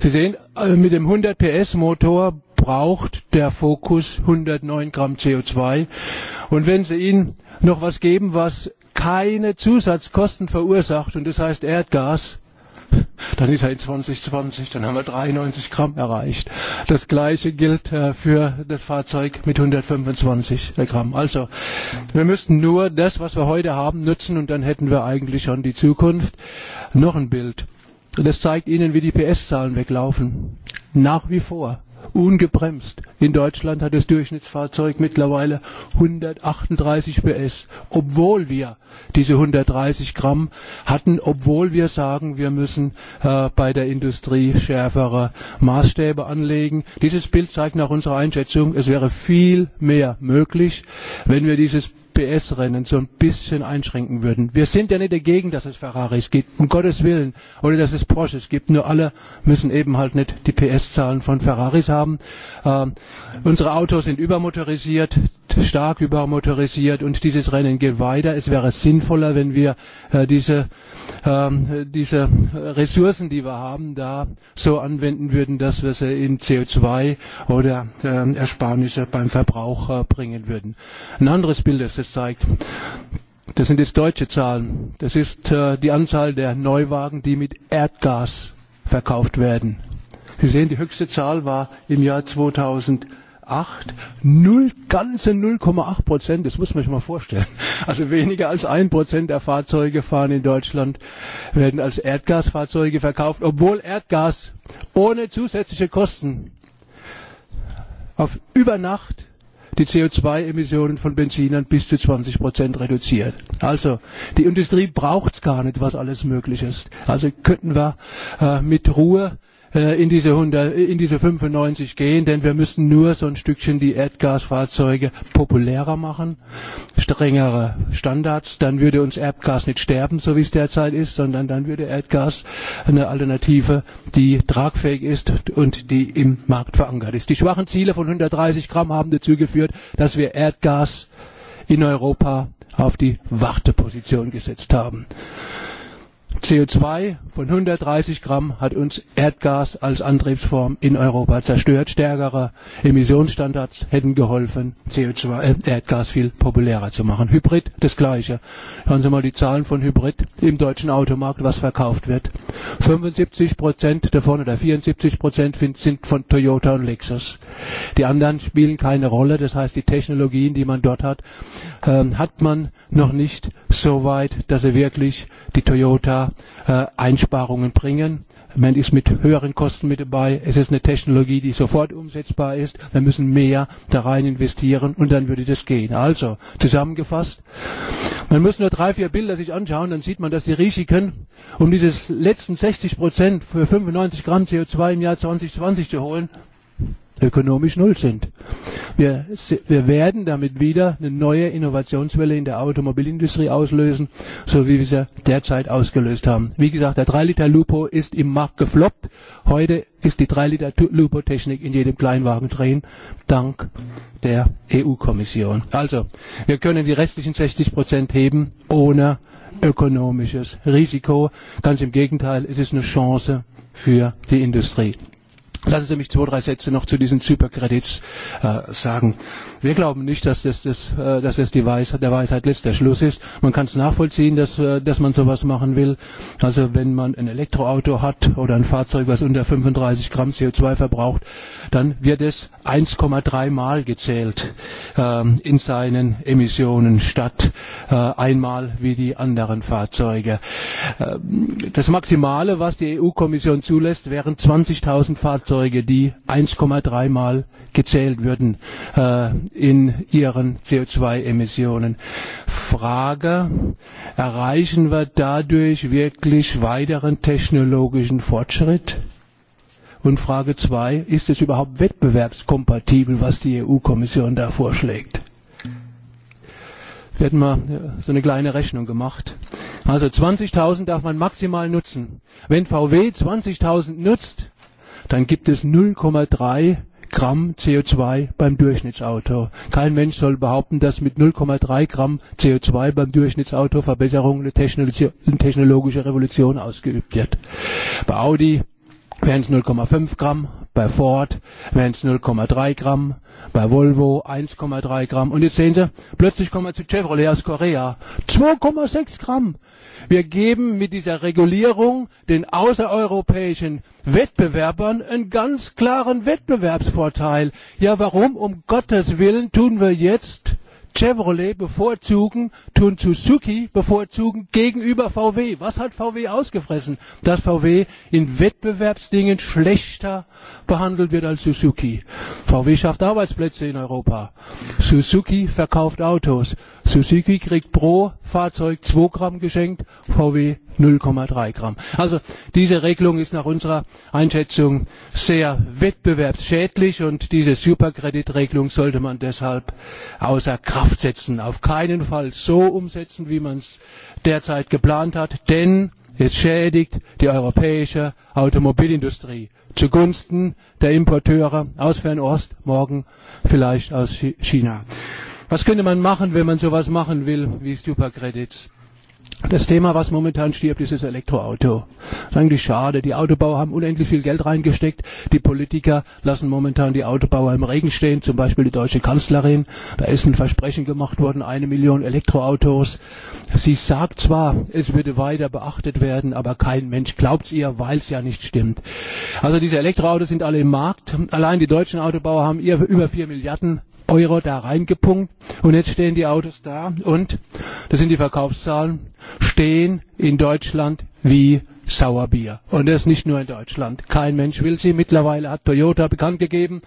Sie sehen, äh, mit dem 100 PS Motor braucht der Fokus 109 Gramm CO2. Und wenn Sie Ihnen noch was geben, was keine Zusatzkosten verursacht, und das heißt Erdgas, dann ist er in 2020, dann haben wir 93 Gramm erreicht. Das gleiche gilt äh, für das Fahrzeug mit 125 äh, Gramm. Also wir müssten nur das, was wir heute haben, nutzen und dann hätten wir eigentlich schon die Zukunft. Noch ein Bild. Das zeigt Ihnen, wie die PS-Zahlen weglaufen. Nach wie vor ungebremst. In Deutschland hat das Durchschnittsfahrzeug mittlerweile 138 PS, obwohl wir diese 130 Gramm hatten, obwohl wir sagen, wir müssen äh, bei der Industrie schärfere Maßstäbe anlegen. Dieses Bild zeigt nach unserer Einschätzung, es wäre viel mehr möglich, wenn wir dieses PS-Rennen so ein bisschen einschränken würden. Wir sind ja nicht dagegen, dass es Ferraris gibt, um Gottes Willen, oder dass es Porsches gibt, nur alle müssen eben halt nicht die PS-Zahlen von Ferraris haben. Ähm, unsere Autos sind übermotorisiert, stark übermotorisiert und dieses Rennen geht weiter. Es wäre sinnvoller, wenn wir äh, diese, äh, diese Ressourcen, die wir haben, da so anwenden würden, dass wir sie in CO2 oder äh, Ersparnisse beim Verbrauch äh, bringen würden. Ein anderes Bild ist es zeigt. Das sind jetzt deutsche Zahlen. Das ist äh, die Anzahl der Neuwagen, die mit Erdgas verkauft werden. Sie sehen, die höchste Zahl war im Jahr 2000. 8, 0, ganze 0,8 Prozent, das muss man sich mal vorstellen. Also weniger als ein Prozent der Fahrzeuge fahren in Deutschland, werden als Erdgasfahrzeuge verkauft, obwohl Erdgas ohne zusätzliche Kosten auf über Nacht die CO2-Emissionen von Benzinern bis zu 20 Prozent reduziert. Also die Industrie braucht gar nicht, was alles möglich ist. Also könnten wir äh, mit Ruhe äh, Äh, in diese, 100, äh, in diese 95 gehen, denn wir müssen nur so ein Stückchen die Erdgasfahrzeuge populärer machen, strengere Standards, dann würde uns Erdgas nicht sterben, so wie es derzeit ist, sondern dann würde Erdgas eine Alternative, die tragfähig ist und die im Markt verankert ist. Die schwachen Ziele von 130 Gramm haben dazu geführt, dass wir Erdgas in Europa auf die Warteposition gesetzt haben. CO2 von 130 Gramm hat uns Erdgas als Antriebsform in Europa zerstört. Stärkere Emissionsstandards hätten geholfen, CO2, äh, Erdgas viel populärer zu machen. Hybrid das gleiche. Hören Sie mal die Zahlen von Hybrid im deutschen Automarkt, was verkauft wird. 75 Prozent davon oder 74 Prozent sind von Toyota und Lexus. Die anderen spielen keine Rolle. Das heißt, die Technologien, die man dort hat, äh, hat man noch nicht so weit, dass sie wirklich die Toyota äh, Einsparungen bringen. Man ist mit höheren Kosten mit dabei. Es ist eine Technologie, die sofort umsetzbar ist. Wir müssen mehr da rein investieren und dann würde das gehen. Also, zusammengefasst, man muss nur drei, vier Bilder sich anschauen, dann sieht man, dass die Risiken, um dieses letzten 60 Prozent für 95 Gramm CO2 im Jahr 2020 zu holen, ökonomisch null sind. Wir, wir werden damit wieder eine neue Innovationswelle in der Automobilindustrie auslösen, so wie wir sie derzeit ausgelöst haben. Wie gesagt, der 3-Liter-Lupo ist im Markt gefloppt. Heute ist die 3-Liter-Lupo-Technik in jedem Kleinwagen drin, dank der EU-Kommission. Also, wir können die restlichen 60 Prozent heben ohne ökonomisches Risiko. Ganz im Gegenteil, es ist eine Chance für die Industrie. Lassen Sie mich zwei, drei Sätze noch zu diesen Zyperkredits äh, sagen. Wir glauben nicht, dass das, das, äh, das ist die Weisheit, der Weisheit letzter Schluss ist. Man kann es nachvollziehen, dass, äh, dass man sowas machen will. Also wenn man ein Elektroauto hat oder ein Fahrzeug, was unter 35 Gramm CO2 verbraucht, dann wird es 1,3 Mal gezählt äh, in seinen Emissionen statt äh, einmal wie die anderen Fahrzeuge. Ähm, das Maximale, was die EU-Kommission zulässt, wären 20.000 Fahrzeuge, die 1,3 Mal gezählt würden. Äh, in ihren CO2-Emissionen. Frage, erreichen wir dadurch wirklich weiteren technologischen Fortschritt? Und Frage 2, ist es überhaupt wettbewerbskompatibel, was die EU-Kommission da vorschlägt? Wir hatten mal äh, so eine kleine Rechnung gemacht. Also 20.000 darf man maximal nutzen. Wenn VW 20.000 nutzt, dann gibt es 0,3 Gramm CO2 beim Durchschnittsauto. Kein Mensch soll behaupten, dass mit 0,3 Gramm CO2 beim Durchschnittsauto Verbesserung eine, eine technologische Revolution ausgeübt wird. Bei Audi wären es 0,5 Gramm, bei Ford wären es 0,3 Gramm, bei Volvo 1,3 Gramm. Und jetzt sehen Sie, plötzlich kommen wir zu Chevrolet aus Korea, 2,6 Gramm. Wir geben mit dieser Regulierung den außereuropäischen Wettbewerbern einen ganz klaren Wettbewerbsvorteil. Ja, warum um Gottes Willen tun wir jetzt Chevrolet bevorzugen, tun Suzuki bevorzugen gegenüber VW. Was hat VW ausgefressen? Dass VW in Wettbewerbsdingen schlechter behandelt wird als Suzuki. VW schafft Arbeitsplätze in Europa. Suzuki verkauft Autos. Suzuki kriegt pro Fahrzeug 2 Gramm geschenkt, VW 0,3 Gramm. Also diese Regelung ist nach unserer Einschätzung sehr wettbewerbsschädlich und diese Superkreditregelung sollte man deshalb außer Kraft setzen. Auf keinen Fall so umsetzen, wie man es derzeit geplant hat, denn es schädigt die europäische Automobilindustrie zugunsten der Importeure aus Fernost, morgen vielleicht aus China. Was könnte man machen, wenn man sowas machen will wie Supercredits? Das Thema, was momentan stirbt, ist das Elektroauto. Das ist eigentlich schade. Die Autobauer haben unendlich viel Geld reingesteckt. Die Politiker lassen momentan die Autobauer im Regen stehen, zum Beispiel die deutsche Kanzlerin. Da ist ein Versprechen gemacht worden, eine Million Elektroautos. Sie sagt zwar, es würde weiter beachtet werden, aber kein Mensch glaubt es ihr, weil es ja nicht stimmt. Also diese Elektroautos sind alle im Markt. Allein die deutschen Autobauer haben über vier Milliarden Euro da reingepumpt und jetzt stehen die Autos da und, das sind die Verkaufszahlen, stehen in Deutschland wie Sauerbier. Und das nicht nur in Deutschland. Kein Mensch will sie. Mittlerweile hat Toyota bekannt gegeben,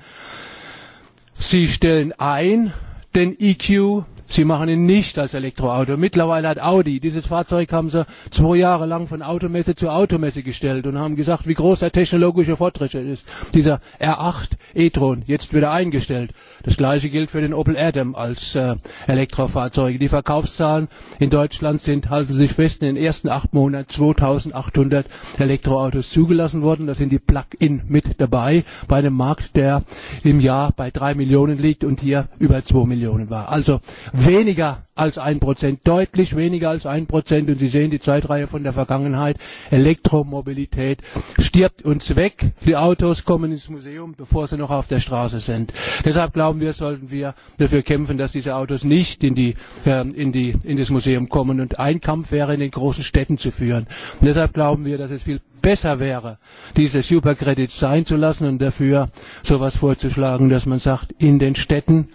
sie stellen ein den EQ Sie machen ihn nicht als Elektroauto. Mittlerweile hat Audi, dieses Fahrzeug haben sie zwei Jahre lang von Automesse zu Automesse gestellt und haben gesagt, wie groß der technologische Fortschritt ist. Dieser R8 e-tron, jetzt wieder eingestellt. Das gleiche gilt für den Opel Adam als äh, Elektrofahrzeug. Die Verkaufszahlen in Deutschland sind, halten sich fest, in den ersten acht Monaten 2800 Elektroautos zugelassen worden. Da sind die Plug-in mit dabei bei einem Markt, der im Jahr bei drei Millionen liegt und hier über zwei Millionen war. Also weniger als ein Prozent, deutlich weniger als ein Prozent. Und Sie sehen die Zeitreihe von der Vergangenheit. Elektromobilität stirbt uns weg. Die Autos kommen ins Museum, bevor sie noch auf der Straße sind. Deshalb glauben wir, sollten wir dafür kämpfen, dass diese Autos nicht in, die, äh, in, die, in das Museum kommen. Und ein Kampf wäre, in den großen Städten zu führen. Und deshalb glauben wir, dass es viel besser wäre, diese Supercredits sein zu lassen und dafür sowas vorzuschlagen, dass man sagt, in den Städten,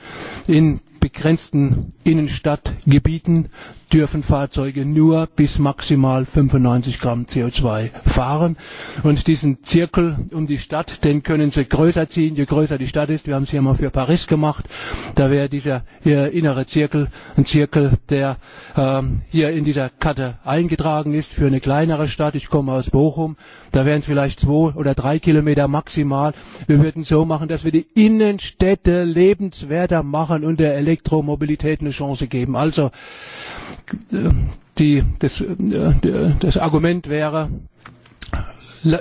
in begrenzten Innenstadt Gebieten dürfen Fahrzeuge nur bis maximal 95 Gramm CO2 fahren. Und diesen Zirkel um die Stadt, den können Sie größer ziehen, je größer die Stadt ist. Wir haben es hier mal für Paris gemacht. Da wäre dieser hier innere Zirkel ein Zirkel, der ähm, hier in dieser Karte eingetragen ist für eine kleinere Stadt. Ich komme aus Bochum. Da wären es vielleicht zwei oder drei Kilometer maximal. Wir würden so machen, dass wir die Innenstädte lebenswerter machen und der Elektromobilität eine Chance geben. Also die, das, das Argument wäre,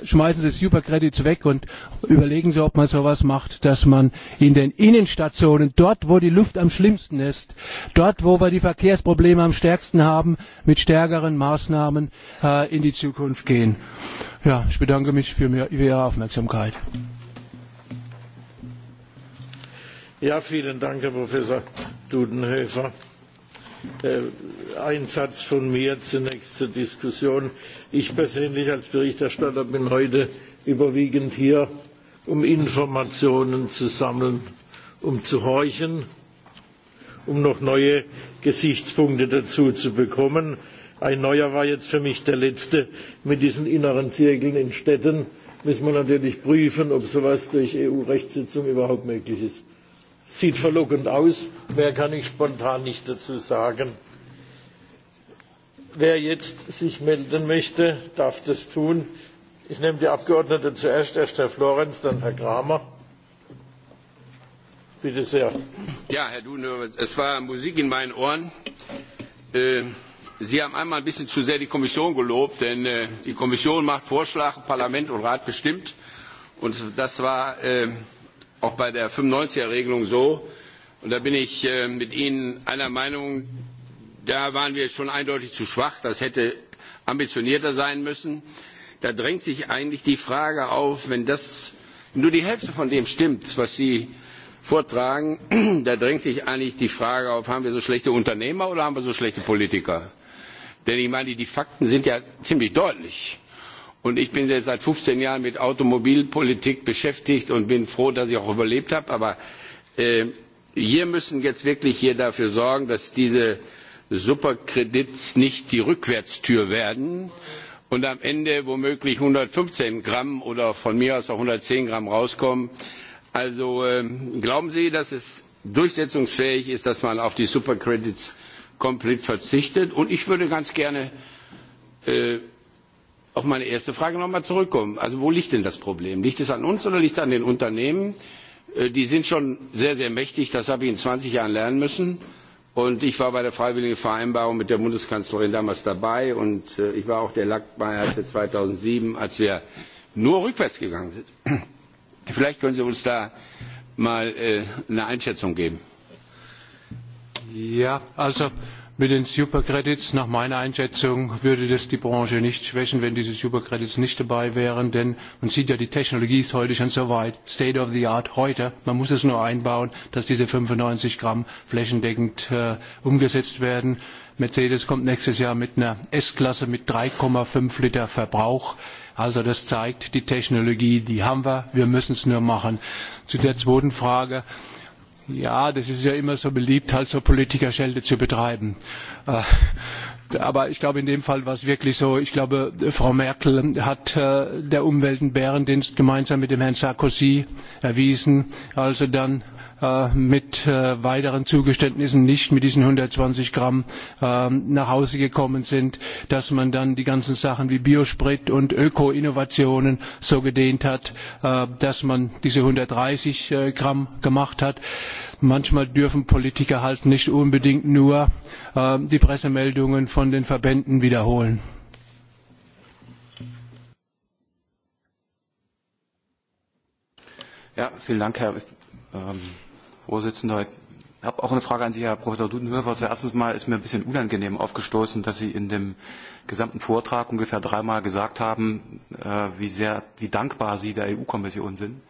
schmeißen Sie Superkredits weg und überlegen Sie, ob man sowas macht, dass man in den Innenstationen, dort wo die Luft am schlimmsten ist, dort wo wir die Verkehrsprobleme am stärksten haben, mit stärkeren Maßnahmen äh, in die Zukunft gehen. Ja, ich bedanke mich für, für Ihre Aufmerksamkeit. Ja, vielen Dank, Herr Professor Dudenhöfer. Äh, ein Satz von mir zunächst zur Diskussion. Ich persönlich als Berichterstatter bin heute überwiegend hier, um Informationen zu sammeln, um zu horchen, um noch neue Gesichtspunkte dazu zu bekommen. Ein neuer war jetzt für mich der letzte mit diesen inneren Zirkeln in Städten. Müssen wir natürlich prüfen, ob sowas durch EU-Rechtssitzung überhaupt möglich ist. Sieht verlockend aus, mehr kann ich spontan nicht dazu sagen. Wer jetzt sich melden möchte, darf das tun. Ich nehme die Abgeordneten zuerst, erst Herr Florenz, dann Herr Kramer. Bitte sehr. Ja, Herr Dune, es war Musik in meinen Ohren. Äh, Sie haben einmal ein bisschen zu sehr die Kommission gelobt, denn äh, die Kommission macht Vorschläge, Parlament und Rat bestimmt. Und das war äh, auch bei der 95er-Regelung so, und da bin ich äh, mit Ihnen einer Meinung, da waren wir schon eindeutig zu schwach, das hätte ambitionierter sein müssen. Da drängt sich eigentlich die Frage auf, wenn das nur die Hälfte von dem stimmt, was Sie vortragen, *clears throat* da drängt sich eigentlich die Frage auf, haben wir so schlechte Unternehmer oder haben wir so schlechte Politiker? Denn ich meine, die Fakten sind ja ziemlich deutlich. Und ich bin jetzt seit 15 Jahren mit Automobilpolitik beschäftigt und bin froh, dass ich auch überlebt habe. Aber äh, wir müssen jetzt wirklich hier dafür sorgen, dass diese Superkredits nicht die Rückwärtstür werden und am Ende womöglich 115 Gramm oder von mir aus auch 110 Gramm rauskommen. Also äh, glauben Sie, dass es durchsetzungsfähig ist, dass man auf die Supercredits komplett verzichtet? Und ich würde ganz gerne äh, auf meine erste Frage nochmal zurückkommen. Also wo liegt denn das Problem? Liegt es an uns oder liegt es an den Unternehmen? Äh, die sind schon sehr, sehr mächtig. Das habe ich in 20 Jahren lernen müssen. Und ich war bei der freiwilligen Vereinbarung mit der Bundeskanzlerin damals dabei. Und äh, ich war auch der Lackmeier 2007, als wir nur rückwärts gegangen sind. *clears throat* Vielleicht können Sie uns da mal äh, eine Einschätzung geben. Ja, also Mit den Supercredits, nach meiner Einschätzung, würde das die Branche nicht schwächen, wenn diese Supercredits nicht dabei wären, denn man sieht ja, die Technologie ist heute schon so weit, State of the Art heute. Man muss es nur einbauen, dass diese 95 Gramm flächendeckend äh, umgesetzt werden. Mercedes kommt nächstes Jahr mit einer S-Klasse mit 3,5 Liter Verbrauch. Also das zeigt, die Technologie, die haben wir, wir müssen es nur machen. Zu der zweiten Frage. Ja, das ist ja immer so beliebt, halt so Politikerschelde zu betreiben. Äh, aber ich glaube, in dem Fall war es wirklich so. Ich glaube, Frau Merkel hat äh, der Umwelt- und Bärendienst gemeinsam mit dem Herrn Sarkozy erwiesen, als er dann Äh, mit äh, weiteren Zugeständnissen nicht mit diesen 120 Gramm äh, nach Hause gekommen sind, dass man dann die ganzen Sachen wie Biosprit und Öko-Innovationen so gedehnt hat, äh, dass man diese 130 äh, Gramm gemacht hat. Manchmal dürfen Politiker halt nicht unbedingt nur äh, die Pressemeldungen von den Verbänden wiederholen. Ja, vielen Dank, Herr ähm, Vorsitzender. Ich habe auch eine Frage an Sie, Herr Professor Dudenhöfer. Zuerst mal ist mir ein bisschen unangenehm aufgestoßen, dass Sie in dem gesamten Vortrag ungefähr dreimal gesagt haben, äh, wie, sehr, wie dankbar Sie der EU-Kommission sind.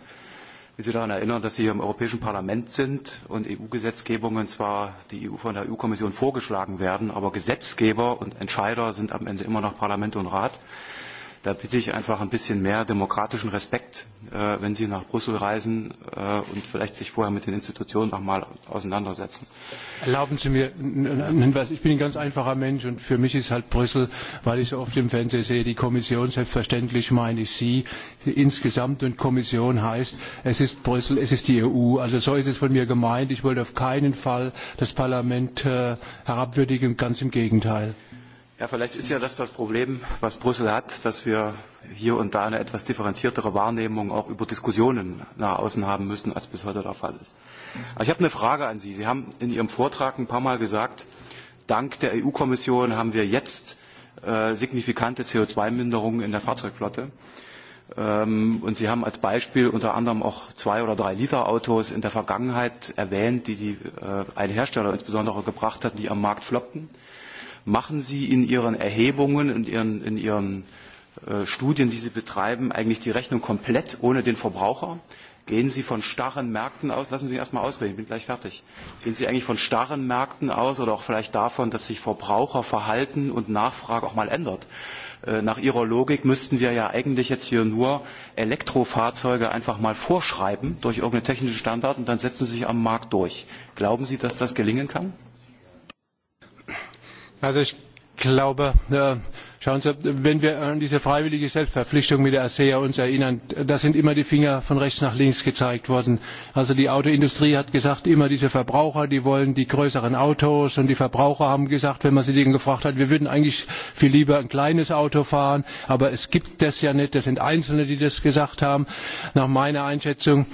Ich will Sie daran erinnern, dass Sie hier im Europäischen Parlament sind und EU-Gesetzgebungen zwar die EU von der EU-Kommission vorgeschlagen werden, aber Gesetzgeber und Entscheider sind am Ende immer noch Parlament und Rat. Da bitte ich einfach ein bisschen mehr demokratischen Respekt, äh, wenn Sie nach Brüssel reisen äh, und vielleicht sich vorher mit den Institutionen auch mal auseinandersetzen. Erlauben Sie mir einen Hinweis. Ich bin ein ganz einfacher Mensch und für mich ist halt Brüssel, weil ich so oft im Fernsehen sehe, die Kommission, selbstverständlich meine ich Sie, insgesamt und Kommission heißt, es ist Brüssel, es ist die EU. Also so ist es von mir gemeint. Ich wollte auf keinen Fall das Parlament äh, herabwürdigen, ganz im Gegenteil. Ja, vielleicht ist ja das das Problem, was Brüssel hat, dass wir hier und da eine etwas differenziertere Wahrnehmung auch über Diskussionen nach außen haben müssen, als bis heute der Fall ist. Aber ich habe eine Frage an Sie. Sie haben in Ihrem Vortrag ein paar Mal gesagt, dank der EU-Kommission haben wir jetzt äh, signifikante CO2-Minderungen in der Fahrzeugflotte. Ähm, und Sie haben als Beispiel unter anderem auch zwei oder drei Liter Autos in der Vergangenheit erwähnt, die, die äh, ein Hersteller insbesondere gebracht hat, die am Markt floppten machen Sie in Ihren Erhebungen und Ihren, in Ihren äh, Studien, die Sie betreiben, eigentlich die Rechnung komplett ohne den Verbraucher? Gehen Sie von starren Märkten aus, lassen Sie mich erstmal ausreden, ich bin gleich fertig. Gehen Sie eigentlich von starren Märkten aus oder auch vielleicht davon, dass sich Verbraucherverhalten und Nachfrage auch mal ändert? Äh, nach Ihrer Logik müssten wir ja eigentlich jetzt hier nur Elektrofahrzeuge einfach mal vorschreiben durch irgendeinen technischen Standard und dann setzen sie sich am Markt durch. Glauben Sie, dass das gelingen kann? Also ich glaube, äh, schauen Sie, wenn wir an diese freiwillige Selbstverpflichtung mit der ASEA uns erinnern, da sind immer die Finger von rechts nach links gezeigt worden. Also die Autoindustrie hat gesagt, immer diese Verbraucher, die wollen die größeren Autos und die Verbraucher haben gesagt, wenn man sie denen gefragt hat, wir würden eigentlich viel lieber ein kleines Auto fahren, aber es gibt das ja nicht, das sind Einzelne, die das gesagt haben, nach meiner Einschätzung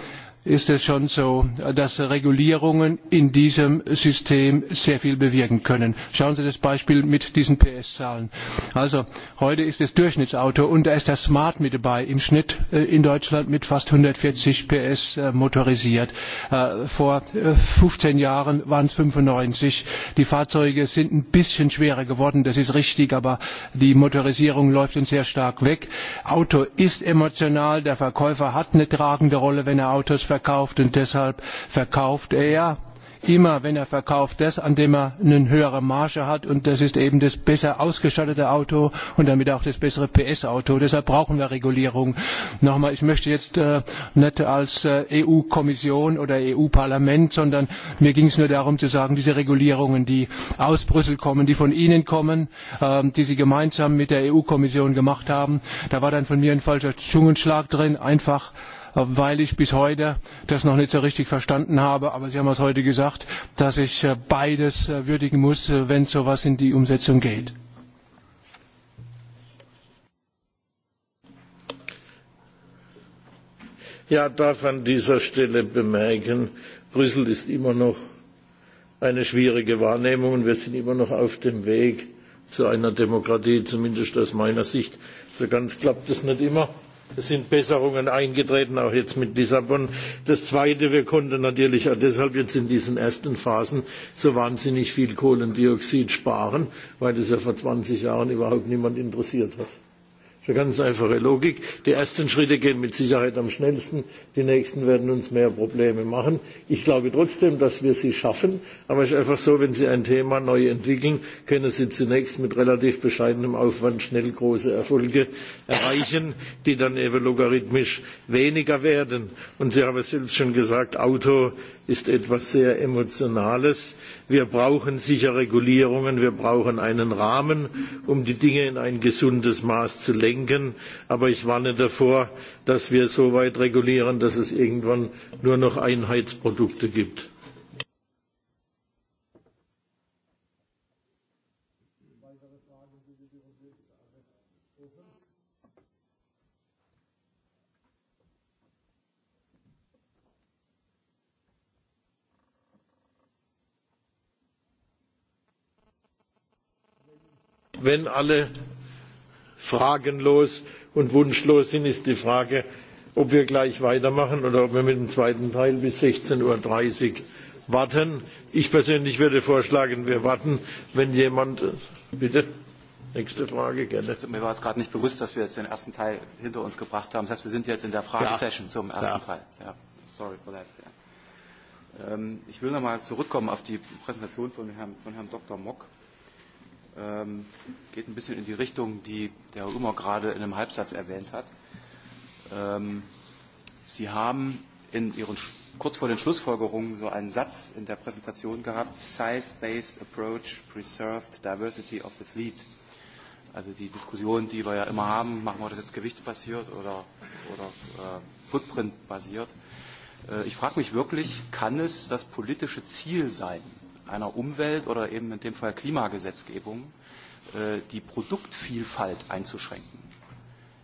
ist es schon so, dass Regulierungen in diesem System sehr viel bewirken können. Schauen Sie das Beispiel mit diesen PS-Zahlen. Also heute ist das Durchschnittsauto und da ist das Smart mit dabei, im Schnitt äh, in Deutschland mit fast 140 PS äh, motorisiert. Äh, vor 15 Jahren waren es 95. Die Fahrzeuge sind ein bisschen schwerer geworden, das ist richtig, aber die Motorisierung läuft uns sehr stark weg. Auto ist emotional, der Verkäufer hat eine tragende Rolle, wenn er Autos verkauft verkauft und deshalb verkauft er immer, wenn er verkauft, das, an dem er eine höhere Marge hat und das ist eben das besser ausgestattete Auto und damit auch das bessere PS-Auto. Deshalb brauchen wir Regulierung. Nochmal, ich möchte jetzt äh, nicht als äh, EU-Kommission oder EU-Parlament, sondern mir ging es nur darum zu sagen, diese Regulierungen, die aus Brüssel kommen, die von Ihnen kommen, äh, die Sie gemeinsam mit der EU-Kommission gemacht haben, da war dann von mir ein falscher Zungenschlag drin, einfach weil ich bis heute das noch nicht so richtig verstanden habe. Aber Sie haben es heute gesagt, dass ich äh, beides äh, würdigen muss, äh, wenn sowas in die Umsetzung geht. Ja, darf an dieser Stelle bemerken, Brüssel ist immer noch eine schwierige Wahrnehmung und wir sind immer noch auf dem Weg zu einer Demokratie, zumindest aus meiner Sicht. So ganz klappt es nicht immer. Es sind Besserungen eingetreten, auch jetzt mit Lissabon. Das Zweite, wir konnten natürlich auch deshalb jetzt in diesen ersten Phasen so wahnsinnig viel Kohlendioxid sparen, weil das ja vor 20 Jahren überhaupt niemand interessiert hat. Das ist eine ganz einfache Logik. Die ersten Schritte gehen mit Sicherheit am schnellsten, die nächsten werden uns mehr Probleme machen. Ich glaube trotzdem, dass wir sie schaffen, aber es ist einfach so, wenn Sie ein Thema neu entwickeln, können Sie zunächst mit relativ bescheidenem Aufwand schnell große Erfolge erreichen, die dann eben logarithmisch weniger werden. Und Sie haben es selbst schon gesagt, Auto ist etwas sehr Emotionales. Wir brauchen sicher Regulierungen, wir brauchen einen Rahmen, um die Dinge in ein gesundes Maß zu lenken. Aber ich warne davor, dass wir so weit regulieren, dass es irgendwann nur noch Einheitsprodukte gibt. wenn alle fragenlos und wunschlos sind, ist die Frage, ob wir gleich weitermachen oder ob wir mit dem zweiten Teil bis 16.30 Uhr warten. Ich persönlich würde vorschlagen, wir warten, wenn jemand. Bitte. Nächste Frage, gerne. mir war es gerade nicht bewusst, dass wir jetzt den ersten Teil hinter uns gebracht haben. Das heißt, wir sind jetzt in der Fragesession ja. zum ersten ja. Teil. Ja. Sorry for that. Ja. Ähm, ich will nochmal zurückkommen auf die Präsentation von Herrn, von Herrn Dr. Mock ähm, geht ein bisschen in die Richtung, die der Herr Umer gerade in einem Halbsatz erwähnt hat. Ähm, Sie haben in Ihren, kurz vor den Schlussfolgerungen so einen Satz in der Präsentation gehabt, Size-Based Approach Preserved Diversity of the Fleet. Also die Diskussion, die wir ja immer haben, machen wir das jetzt gewichtsbasiert oder, oder äh, footprint-basiert. Äh, ich frage mich wirklich, kann es das politische Ziel sein, einer Umwelt- oder eben in dem Fall Klimagesetzgebung äh, die Produktvielfalt einzuschränken.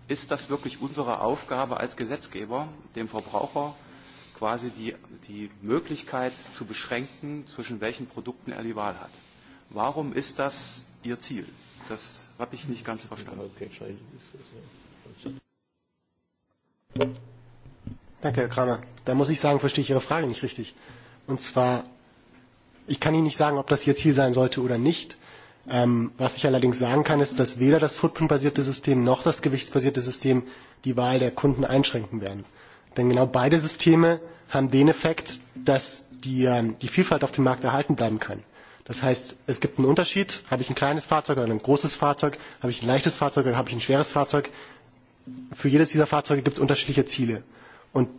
Ist das wirklich unsere Aufgabe als Gesetzgeber, dem Verbraucher quasi die, die Möglichkeit zu beschränken, zwischen welchen Produkten er die Wahl hat? Warum ist das Ihr Ziel? Das habe ich nicht ganz verstanden. Danke, Herr Kramer. Da muss ich sagen, verstehe ich Ihre Frage nicht richtig. Und zwar Ich kann Ihnen nicht sagen, ob das Ihr Ziel sein sollte oder nicht. Ähm, was ich allerdings sagen kann, ist, dass weder das Footprint-basierte System noch das gewichtsbasierte System die Wahl der Kunden einschränken werden. Denn genau beide Systeme haben den Effekt, dass die, ähm, die Vielfalt auf dem Markt erhalten bleiben kann. Das heißt, es gibt einen Unterschied. Habe ich ein kleines Fahrzeug oder ein großes Fahrzeug? Habe ich ein leichtes Fahrzeug oder habe ich ein schweres Fahrzeug? Für jedes dieser Fahrzeuge gibt es unterschiedliche Ziele. Und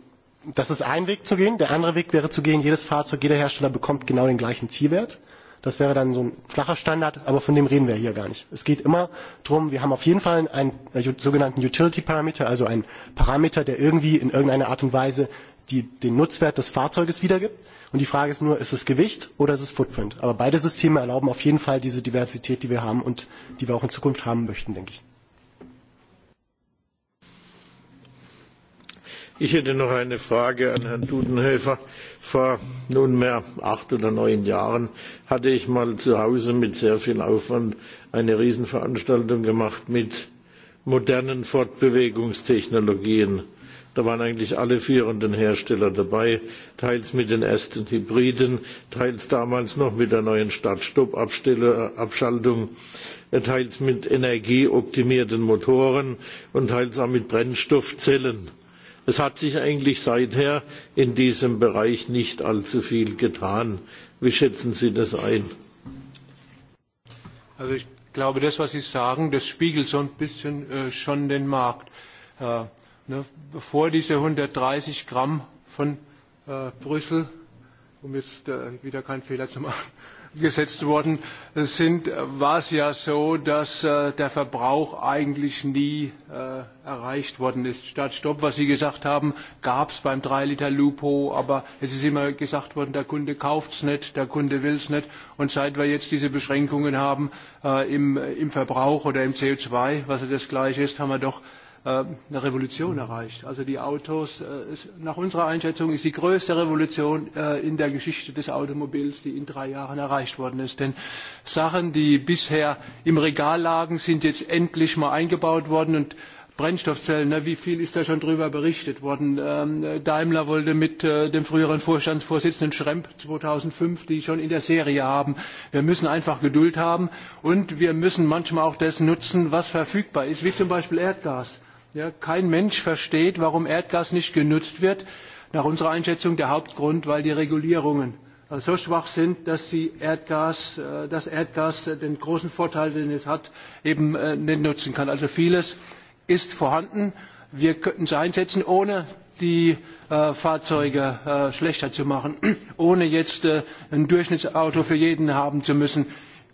das ist ein Weg zu gehen. Der andere Weg wäre zu gehen, jedes Fahrzeug, jeder Hersteller bekommt genau den gleichen Zielwert. Das wäre dann so ein flacher Standard, aber von dem reden wir hier gar nicht. Es geht immer darum, wir haben auf jeden Fall einen äh, sogenannten Utility Parameter, also einen Parameter, der irgendwie in irgendeiner Art und Weise die, den Nutzwert des Fahrzeuges wiedergibt. Und die Frage ist nur, ist es Gewicht oder ist es Footprint? Aber beide Systeme erlauben auf jeden Fall diese Diversität, die wir haben und die wir auch in Zukunft haben möchten, denke ich. Ich hätte noch eine Frage an Herrn Dudenhöfer. Vor nunmehr acht oder neun Jahren hatte ich mal zu Hause mit sehr viel Aufwand eine Riesenveranstaltung gemacht mit modernen Fortbewegungstechnologien. Da waren eigentlich alle führenden Hersteller dabei, teils mit den ersten Hybriden, teils damals noch mit der neuen Start-Stopp-Abschaltung, äh, teils mit energieoptimierten Motoren und teils auch mit Brennstoffzellen. Es hat sich eigentlich seither in diesem Bereich nicht allzu viel getan. Wie schätzen Sie das ein? Also ich glaube, das, was Sie sagen, das spiegelt so ein bisschen äh, schon den Markt. Äh, ne, bevor diese 130 Gramm von äh, Brüssel, um jetzt äh, wieder keinen Fehler zu machen, gesetzt worden sind, war es ja so, dass äh, der Verbrauch eigentlich nie äh, erreicht worden ist. Statt Stopp, was Sie gesagt haben, gab es beim 3-Liter-Lupo, aber es ist immer gesagt worden, der Kunde kauft es nicht, der Kunde will es nicht. Und seit wir jetzt diese Beschränkungen haben äh, im, im Verbrauch oder im CO2, was ja das gleiche ist, haben wir doch Ähm, eine Revolution erreicht. Also die Autos, äh, ist, nach unserer Einschätzung ist die größte Revolution äh, in der Geschichte des Automobils, die in drei Jahren erreicht worden ist. Denn Sachen, die bisher im Regal lagen, sind jetzt endlich mal eingebaut worden und Brennstoffzellen, ne, wie viel ist da schon drüber berichtet worden? Ähm, Daimler wollte mit äh, dem früheren Vorstandsvorsitzenden Schremp 2005 die schon in der Serie haben. Wir müssen einfach Geduld haben und wir müssen manchmal auch das nutzen, was verfügbar ist, wie zum Beispiel Erdgas. Ja, kein Mensch versteht, warum Erdgas nicht genutzt wird. Nach unserer Einschätzung der Hauptgrund, weil die Regulierungen so schwach sind, dass sie Erdgas, äh, das Erdgas äh, den großen Vorteil, den es hat, eben äh, nicht nutzen kann. Also vieles ist vorhanden. Wir könnten es einsetzen, ohne die äh, Fahrzeuge äh, schlechter zu machen, *clears throat* ohne jetzt äh, ein Durchschnittsauto für jeden haben zu müssen.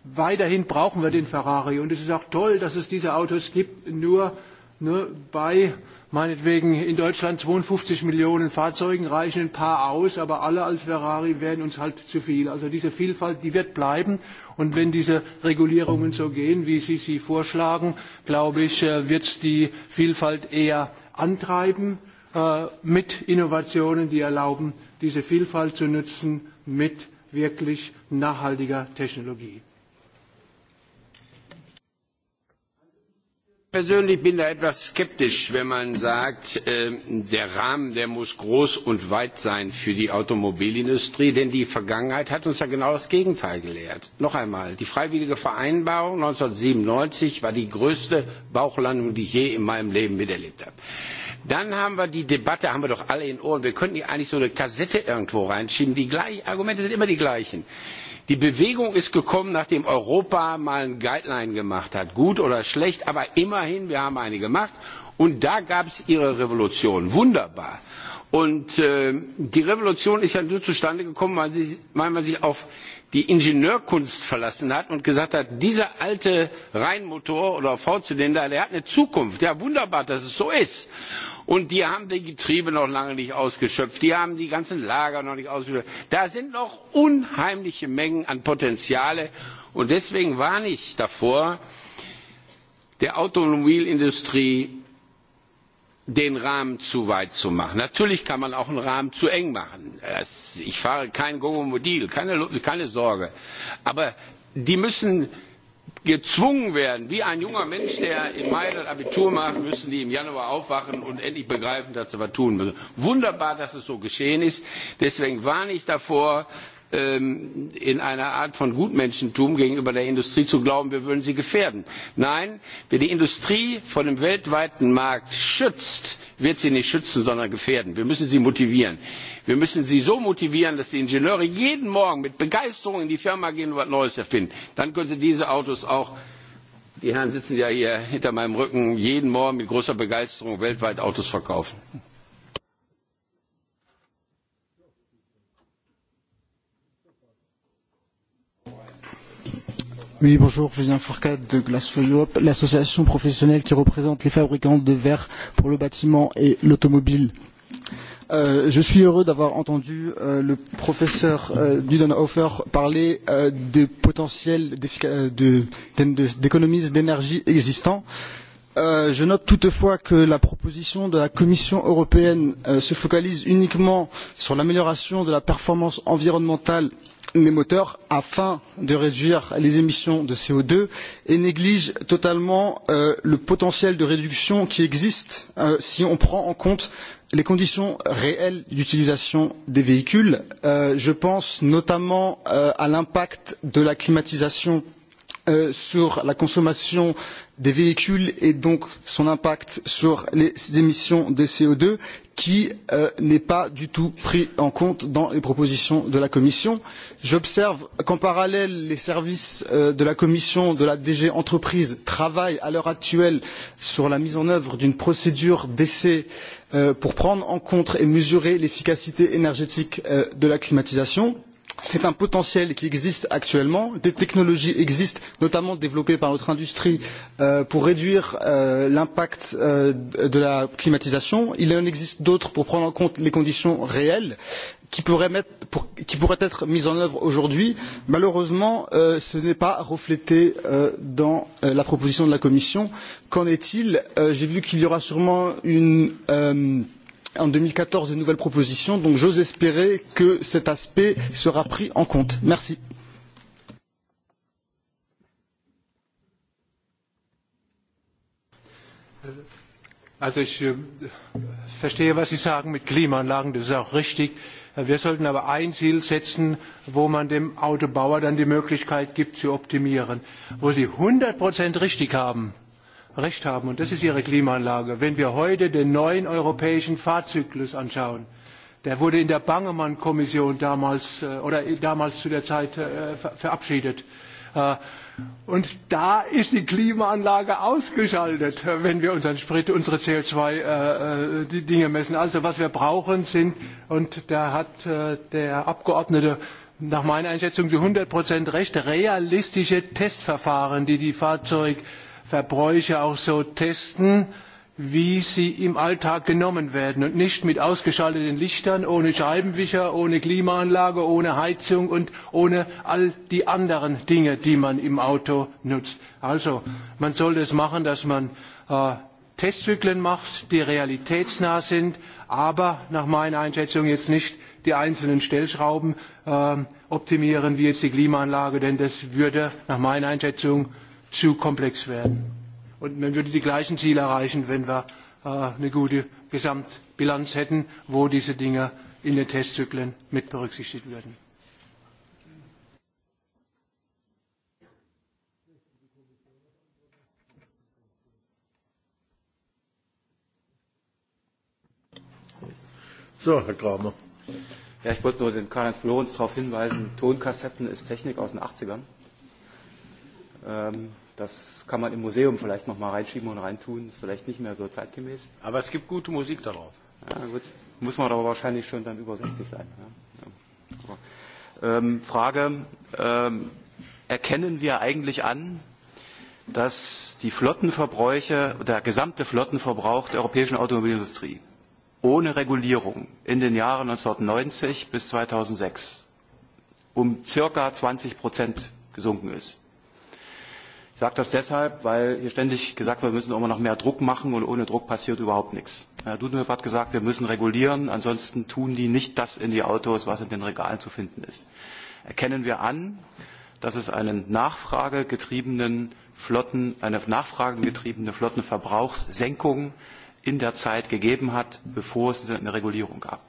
Weiterhin brauchen wir den Ferrari und es ist auch toll, dass es diese Autos gibt, nur ne, bei meinetwegen in Deutschland 52 Millionen Fahrzeugen reichen ein paar aus, aber alle als Ferrari werden uns halt zu viel. Also diese Vielfalt, die wird bleiben. Und wenn diese Regulierungen so gehen, wie Sie sie vorschlagen, glaube ich, äh, wird es die Vielfalt eher antreiben äh, mit Innovationen, die erlauben, diese Vielfalt zu nutzen mit wirklich nachhaltiger Technologie. persönlich bin da etwas skeptisch, wenn man sagt, äh, der Rahmen, der muss groß und weit sein für die Automobilindustrie, denn die Vergangenheit hat uns ja genau das Gegenteil gelehrt. Noch einmal, die freiwillige Vereinbarung 1997 war die größte Bauchlandung, die ich je in meinem Leben miterlebt habe. Dann haben wir die Debatte, haben wir doch alle in Ohren. Wir könnten eigentlich so eine Kassette irgendwo reinschieben. Die gleichen Argumente sind immer die gleichen. Die Bewegung ist gekommen, nachdem Europa mal ein Guideline gemacht hat. Gut oder schlecht, aber immerhin, wir haben eine gemacht. Und da gab es ihre Revolution. Wunderbar. Und äh, die Revolution ist ja nur zustande gekommen, weil, sie, weil man sich auf die Ingenieurkunst verlassen hat und gesagt hat, dieser alte Reihenmotor oder V-Zylinder, der hat eine Zukunft. Ja, wunderbar, dass es so ist. Und die haben die Getriebe noch lange nicht ausgeschöpft. Die haben die ganzen Lager noch nicht ausgeschöpft. Da sind noch unheimliche Mengen an Potenziale. Und deswegen warne ich davor, der Automobilindustrie den Rahmen zu weit zu machen. Natürlich kann man auch einen Rahmen zu eng machen. Das, ich fahre kein Gogomobil, keine, keine Sorge. Aber die müssen gezwungen werden, wie ein junger Mensch, der im Mai das Abitur macht, müssen die im Januar aufwachen und endlich begreifen, dass sie was tun müssen. Wunderbar, dass es so geschehen ist. Deswegen warne ich davor, Ähm, in einer Art von Gutmenschentum gegenüber der Industrie zu glauben, wir würden sie gefährden. Nein, wer die Industrie vor dem weltweiten Markt schützt, wird sie nicht schützen, sondern gefährden. Wir müssen sie motivieren. Wir müssen sie so motivieren, dass die Ingenieure jeden Morgen mit Begeisterung in die Firma gehen und etwas Neues erfinden. Dann können sie diese Autos auch die Herren sitzen ja hier hinter meinem Rücken jeden Morgen mit großer Begeisterung weltweit Autos verkaufen. Oui, bonjour, Fabien Fourcade de Glass for Europe, l'association professionnelle qui représente les fabricants de verre pour le bâtiment et l'automobile. Euh, je suis heureux d'avoir entendu euh, le professeur euh, Dudenhofer parler euh, des potentiels d'économies de, d'énergie existants. Euh, je note toutefois que la proposition de la Commission européenne euh, se focalise uniquement sur l'amélioration de la performance environnementale les moteurs afin de réduire les émissions de co deux et néglige totalement euh, le potentiel de réduction qui existe euh, si on prend en compte les conditions réelles d'utilisation des véhicules. Euh, je pense notamment euh, à l'impact de la climatisation euh, sur la consommation des véhicules et donc son impact sur les émissions de co deux qui euh, n'est pas du tout pris en compte dans les propositions de la Commission. J'observe qu'en parallèle, les services euh, de la Commission, de la DG Entreprise, travaillent à l'heure actuelle sur la mise en œuvre d'une procédure d'essai euh, pour prendre en compte et mesurer l'efficacité énergétique euh, de la climatisation c'est un potentiel qui existe actuellement. Des technologies existent, notamment développées par notre industrie, euh, pour réduire euh, l'impact euh, de la climatisation. Il en existe d'autres pour prendre en compte les conditions réelles qui pourraient, mettre, pour, qui pourraient être mises en œuvre aujourd'hui. Malheureusement, euh, ce n'est pas reflété euh, dans euh, la proposition de la Commission. Qu'en est-il euh, J'ai vu qu'il y aura sûrement une. Euh, en deux mille quatorze de nouvelles propositions, donc j'ose espérer que cet aspect sera pris en compte. Merci. Also ich äh, verstehe, was Sie sagen mit Klimaanlagen, das ist auch richtig. Wir sollten aber ein Ziel setzen, wo man dem Autobauer dann die Möglichkeit gibt, zu optimieren. Wo Sie 100 Prozent richtig haben, recht haben, und das ist ihre Klimaanlage. Wenn wir heute den neuen europäischen Fahrzyklus anschauen, der wurde in der Bangemann-Kommission damals, äh, oder damals zu der Zeit äh, verabschiedet. Äh, und da ist die Klimaanlage ausgeschaltet, wenn wir unseren Sprit, unsere CO2-Dinge messen. Also was wir brauchen sind, und da hat der Abgeordnete nach meiner Einschätzung zu 100 Prozent recht, realistische Testverfahren, die die Fahrzeuge Verbräuche auch so testen, wie sie im Alltag genommen werden und nicht mit ausgeschalteten Lichtern, ohne Scheibenwischer, ohne Klimaanlage, ohne Heizung und ohne all die anderen Dinge, die man im Auto nutzt. Also, man sollte es machen, dass man äh, Testzyklen macht, die realitätsnah sind, aber nach meiner Einschätzung jetzt nicht die einzelnen Stellschrauben äh, optimieren, wie jetzt die Klimaanlage, denn das würde nach meiner Einschätzung zu komplex werden. Und man würde die gleichen Ziele erreichen, wenn wir äh, eine gute Gesamtbilanz hätten, wo diese Dinge in den Testzyklen mit berücksichtigt werden. So, Herr Kramer. Ja, ich wollte nur den Karl-Heinz Florenz darauf hinweisen, Tonkassetten ist Technik aus den 80ern. Ähm, Das kann man im Museum vielleicht noch mal reinschieben und reintun, ist vielleicht nicht mehr so zeitgemäß. Aber es gibt gute Musik darauf. Ja, gut. Muss man aber wahrscheinlich schon dann über 60 sein. Ja. Ähm, Frage, ähm, erkennen wir eigentlich an, dass die Flottenverbräuche, der gesamte Flottenverbrauch der europäischen Automobilindustrie ohne Regulierung in den Jahren 1990 bis 2006 um circa 20 Prozent gesunken ist. Ich sage das deshalb, weil hier ständig gesagt wird, wir müssen immer noch mehr Druck machen und ohne Druck passiert überhaupt nichts. Herr Dudenhoff hat gesagt, wir müssen regulieren, ansonsten tun die nicht das in die Autos, was in den Regalen zu finden ist. Erkennen wir an, dass es einen nachfragegetriebenen Flotten, eine nachfragengetriebene Flottenverbrauchssenkung in der Zeit gegeben hat, bevor es eine Regulierung gab.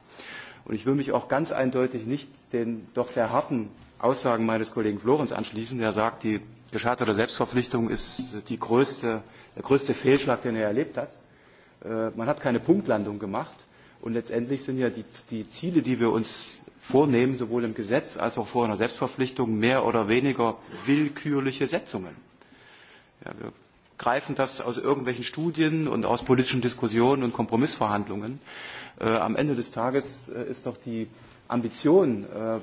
Und ich will mich auch ganz eindeutig nicht den doch sehr harten Aussagen meines Kollegen Florenz anschließen, der sagt, die gescheiterte Selbstverpflichtung ist die größte, der größte Fehlschlag, den er erlebt hat. Äh, man hat keine Punktlandung gemacht und letztendlich sind ja die, die Ziele, die wir uns vornehmen, sowohl im Gesetz als auch vor einer Selbstverpflichtung, mehr oder weniger willkürliche Setzungen. Ja, wir greifen das aus irgendwelchen Studien und aus politischen Diskussionen und Kompromissverhandlungen. Äh, am Ende des Tages äh, ist doch die Ambition äh,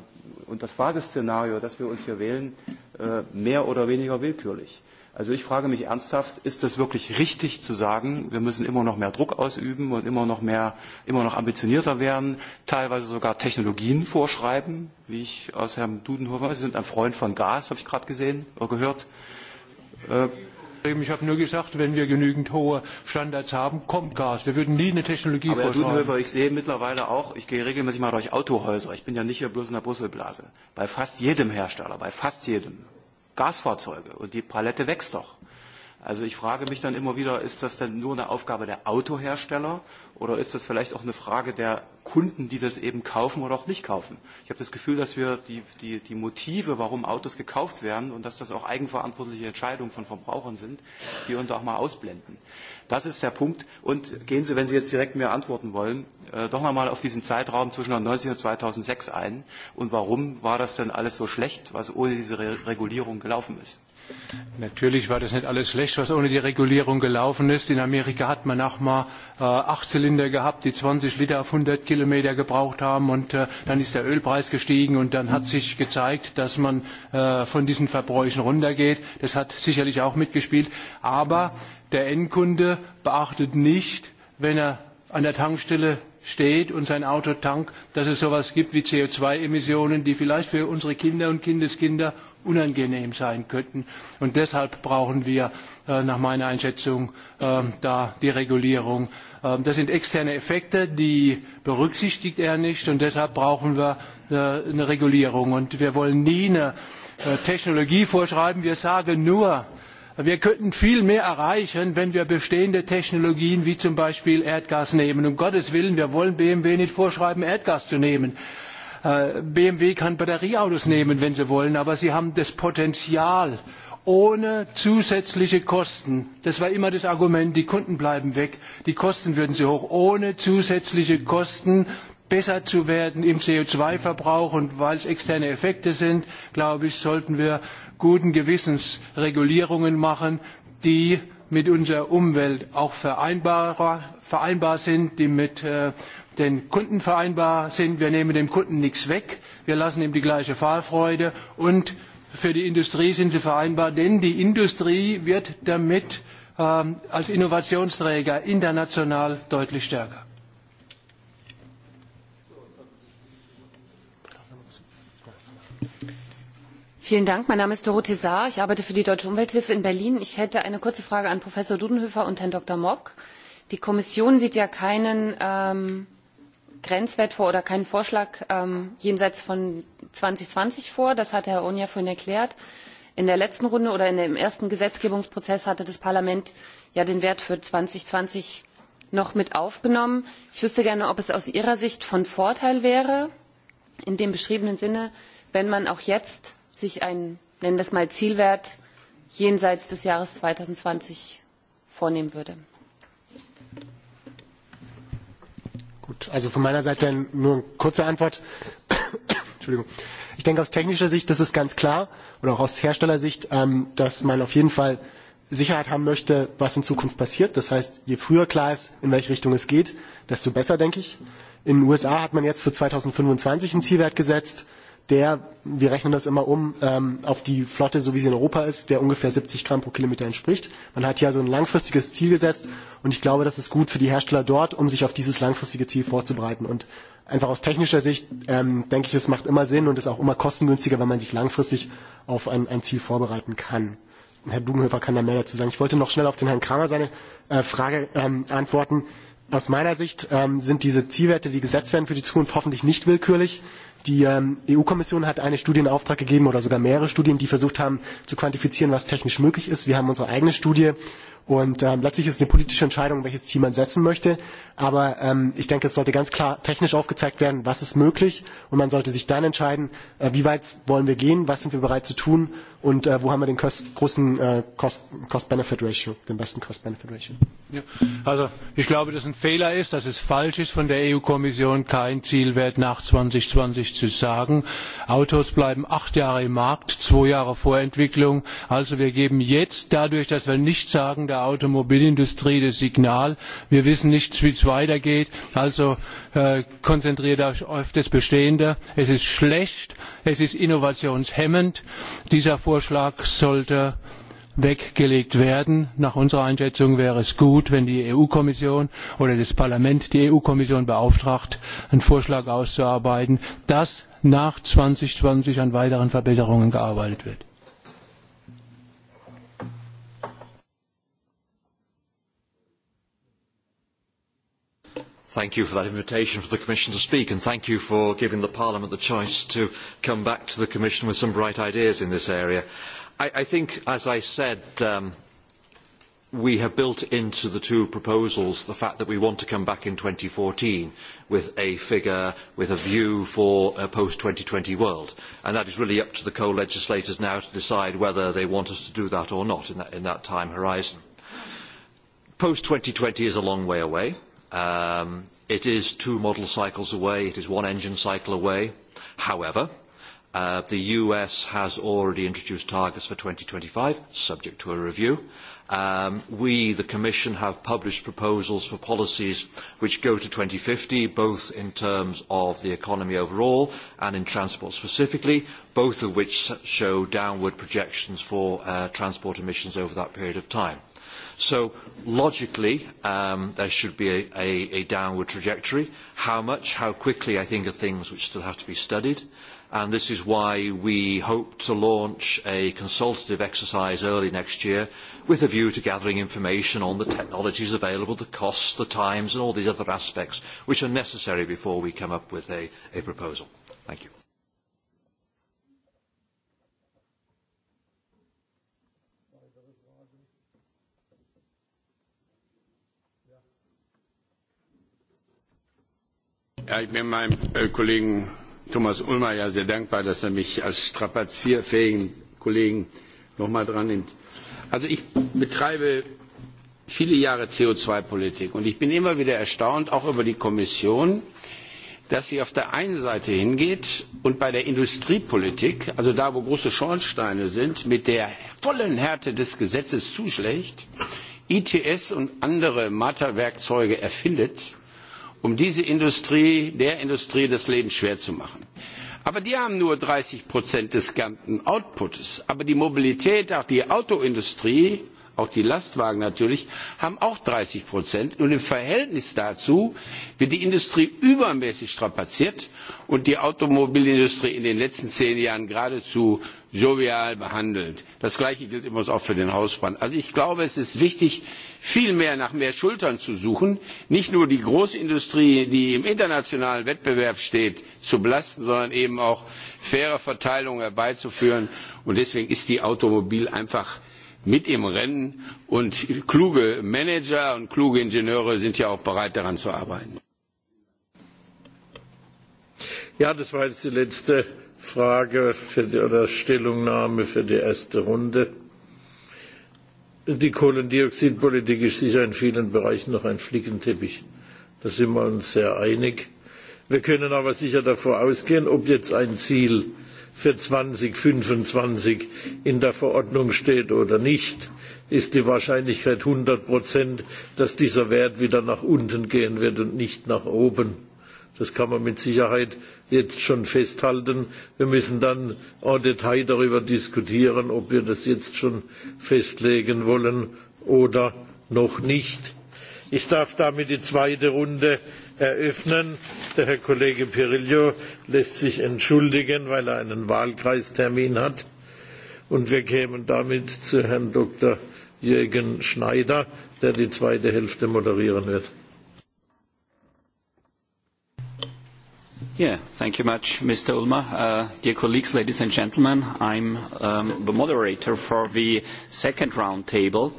und das Basisszenario, das wir uns hier wählen, Äh, mehr oder weniger willkürlich. Also ich frage mich ernsthaft, ist es wirklich richtig zu sagen, wir müssen immer noch mehr Druck ausüben und immer noch mehr, immer noch ambitionierter werden, teilweise sogar Technologien vorschreiben, wie ich aus Herrn Dudenhofer, Sie sind ein Freund von Gas, habe ich gerade gesehen oder gehört. Äh, Ich habe nur gesagt, wenn wir genügend hohe Standards haben, kommt Gas. Wir würden nie eine Technologie Aber Herr Dudenhöfer, ich sehe mittlerweile auch, ich gehe regelmäßig mal durch Autohäuser. Ich bin ja nicht hier bloß in der Brüsselblase. Bei fast jedem Hersteller, bei fast jedem. Gasfahrzeuge. Und die Palette wächst doch. Also ich frage mich dann immer wieder, ist das denn nur eine Aufgabe der Autohersteller oder ist das vielleicht auch eine Frage der Kunden, die das eben kaufen oder auch nicht kaufen? Ich habe das Gefühl, dass wir die, die, die Motive, warum Autos gekauft werden und dass das auch eigenverantwortliche Entscheidungen von Verbrauchern sind, die uns auch mal ausblenden. Das ist der Punkt. Und gehen Sie, wenn Sie jetzt direkt mir antworten wollen, äh, doch nochmal auf diesen Zeitraum zwischen 1990 und 2006 ein. Und warum war das denn alles so schlecht, was ohne diese Re Regulierung gelaufen ist? Natürlich war das nicht alles schlecht, was ohne die Regulierung gelaufen ist. In Amerika hat man auch mal äh, acht Zylinder gehabt, die 20 Liter auf 100 Kilometer gebraucht haben und äh, dann ist der Ölpreis gestiegen und dann hat sich gezeigt, dass man äh, von diesen Verbräuchen runtergeht. Das hat sicherlich auch mitgespielt. Aber der Endkunde beachtet nicht, wenn er an der Tankstelle steht und sein Auto tankt, dass es sowas gibt wie CO2-Emissionen, die vielleicht für unsere Kinder und Kindeskinder unangenehm sein könnten. Und deshalb brauchen wir äh, nach meiner Einschätzung äh, da die Regulierung. Äh, das sind externe Effekte, die berücksichtigt er nicht und deshalb brauchen wir äh, eine Regulierung. Und wir wollen nie eine äh, Technologie vorschreiben. Wir sagen nur, Wir könnten viel mehr erreichen, wenn wir bestehende Technologien wie zum Beispiel Erdgas nehmen. Um Gottes Willen, wir wollen BMW nicht vorschreiben, Erdgas zu nehmen. Äh, BMW kann Batterieautos nehmen, wenn sie wollen, aber sie haben das Potenzial ohne zusätzliche Kosten. Das war immer das Argument, die Kunden bleiben weg, die Kosten würden sie hoch. Ohne zusätzliche Kosten besser zu werden im CO2-Verbrauch und weil es externe Effekte sind, glaube ich, sollten wir guten Gewissens Regulierungen machen, die mit unserer Umwelt auch vereinbar, sind, die mit äh, den Kunden vereinbar sind. Wir nehmen dem Kunden nichts weg, wir lassen ihm die gleiche Fahrfreude und für die Industrie sind sie vereinbar, denn die Industrie wird damit ähm, als Innovationsträger international deutlich stärker. Vielen Dank. Mein Name ist Dorothee Saar. Ich arbeite für die Deutsche Umwelthilfe in Berlin. Ich hätte eine kurze Frage an Professor Dudenhöfer und Herrn Dr. Mock. Die Kommission sieht ja keinen ähm, Grenzwert vor oder keinen Vorschlag ähm, jenseits von 2020 vor. Das hat Herr Onja vorhin erklärt. In der letzten Runde oder in dem ersten Gesetzgebungsprozess hatte das Parlament ja den Wert für 2020 noch mit aufgenommen. Ich wüsste gerne, ob es aus Ihrer Sicht von Vorteil wäre, in dem beschriebenen Sinne, wenn man auch jetzt sich einen, nennen wir es mal, Zielwert jenseits des Jahres 2020 vornehmen würde. Gut, also von meiner Seite nur eine kurze Antwort. *coughs* Entschuldigung. Ich denke aus technischer Sicht ist es ganz klar oder auch aus Herstellersicht, ähm, dass man auf jeden Fall Sicherheit haben möchte, was in Zukunft passiert. Das heißt, je früher klar ist, in welche Richtung es geht, desto besser, denke ich. In den USA hat man jetzt für 2025 einen Zielwert gesetzt der, wir rechnen das immer um, ähm, auf die Flotte, so wie sie in Europa ist, der ungefähr 70 Gramm pro Kilometer entspricht. Man hat ja so ein langfristiges Ziel gesetzt und ich glaube, das ist gut für die Hersteller dort, um sich auf dieses langfristige Ziel vorzubereiten. Und einfach aus technischer Sicht ähm, denke ich, es macht immer Sinn und ist auch immer kostengünstiger, wenn man sich langfristig auf ein, ein Ziel vorbereiten kann. Herr Dugenhöfer kann da mehr dazu sagen. Ich wollte noch schnell auf den Herrn Kramer seine äh, Frage ähm, antworten. Aus meiner Sicht ähm, sind diese Zielwerte, die gesetzt werden für die Zukunft, hoffentlich nicht willkürlich. Die ähm, EU-Kommission e hat eine Studie in Auftrag gegeben oder sogar mehrere Studien, die versucht haben zu quantifizieren, was technisch möglich ist. Wir haben unsere eigene Studie Und ähm, letztlich ist es eine politische Entscheidung, welches Ziel man setzen möchte. Aber ähm, ich denke, es sollte ganz klar technisch aufgezeigt werden, was ist möglich. Und man sollte sich dann entscheiden, äh, wie weit wollen wir gehen, was sind wir bereit zu tun und äh, wo haben wir den Kost großen äh, Cost-Benefit-Ratio, -Cost den besten Cost-Benefit-Ratio. Ja. Also ich glaube, dass ein Fehler ist, dass es falsch ist, von der EU-Kommission kein Zielwert nach 2020 zu sagen. Autos bleiben acht Jahre im Markt, zwei Jahre Vorentwicklung. Also wir geben jetzt dadurch, dass wir nicht sagen, der Automobilindustrie das Signal, wir wissen nicht, wie es weitergeht, also äh, konzentriert euch auf das Bestehende. Es ist schlecht, es ist innovationshemmend. Dieser Vorschlag sollte weggelegt werden. Nach unserer Einschätzung wäre es gut, wenn die EU-Kommission oder das Parlament die EU-Kommission beauftragt, einen Vorschlag auszuarbeiten, dass nach 2020 an weiteren Verbesserungen gearbeitet wird. Thank you for that invitation for the Commission to speak and thank you for giving the Parliament the choice to come back to the Commission with some bright ideas in this area. I, I think, as I said, um, we have built into the two proposals the fact that we want to come back in 2014 with a figure, with a view for a post-2020 world. And that is really up to the co-legislators now to decide whether they want us to do that or not in that, in that time horizon. Post-2020 is a long way away. Um, it is two model cycles away, it is one engine cycle away. However, uh, the US has already introduced targets for 2025, subject to a review. Um, we, the Commission, have published proposals for policies which go to 2050, both in terms of the economy overall and in transport specifically, both of which show downward projections for uh, transport emissions over that period of time. So logically, um, there should be a, a, a downward trajectory. How much, how quickly, I think are things which still have to be studied. And this is why we hope to launch a consultative exercise early next year with a view to gathering information on the technologies available, the costs, the times, and all these other aspects which are necessary before we come up with a, a proposal. Thank you. Ja, ich bin meinem äh, Kollegen Thomas Ulmer ja sehr dankbar, dass er mich als strapazierfähigen Kollegen noch mal dran nimmt. Also ich betreibe viele Jahre co zwei politik und ich bin immer wieder erstaunt, auch über die Kommission, dass sie auf der einen Seite hingeht und bei der Industriepolitik, also da, wo große Schornsteine sind, mit der vollen Härte des Gesetzes zuschlägt, ITS und andere Matterwerkzeuge erfindet, um diese Industrie, der Industrie das Leben schwer zu machen. Aber die haben nur 30 Prozent des ganzen Outputs. Aber die Mobilität, auch die Autoindustrie, auch die Lastwagen natürlich, haben auch 30 Prozent. Und im Verhältnis dazu wird die Industrie übermäßig strapaziert und die Automobilindustrie in den letzten zehn Jahren geradezu jovial behandelt. Das Gleiche gilt übrigens auch für den Hausbrand. Also ich glaube, es ist wichtig, viel mehr nach mehr Schultern zu suchen, nicht nur die Großindustrie, die im internationalen Wettbewerb steht, zu belasten, sondern eben auch faire Verteilung herbeizuführen. Und deswegen ist die Automobil einfach mit im Rennen und kluge Manager und kluge Ingenieure sind ja auch bereit, daran zu arbeiten. Ja, das war jetzt die letzte Frage für die, oder Stellungnahme für die erste Runde. Die Kohlendioxidpolitik ist sicher in vielen Bereichen noch ein Flickenteppich. Da sind wir uns sehr einig. Wir können aber sicher davor ausgehen, ob jetzt ein Ziel für 2025 in der Verordnung steht oder nicht, ist die Wahrscheinlichkeit 100 Prozent, dass dieser Wert wieder nach unten gehen wird und nicht nach oben. Das kann man mit Sicherheit jetzt schon festhalten. Wir müssen dann en Detail darüber diskutieren, ob wir das jetzt schon festlegen wollen oder noch nicht. Ich darf damit die zweite Runde eröffnen. Der Herr Kollege Pirillo lässt sich entschuldigen, weil er einen Wahlkreistermin hat. Und wir kämen damit zu Herrn Dr. Jürgen Schneider, der die zweite Hälfte moderieren wird. Yeah, thank you much, Mr. Ulmer. Uh, dear colleagues, ladies and gentlemen, I'm um, the moderator for the second table.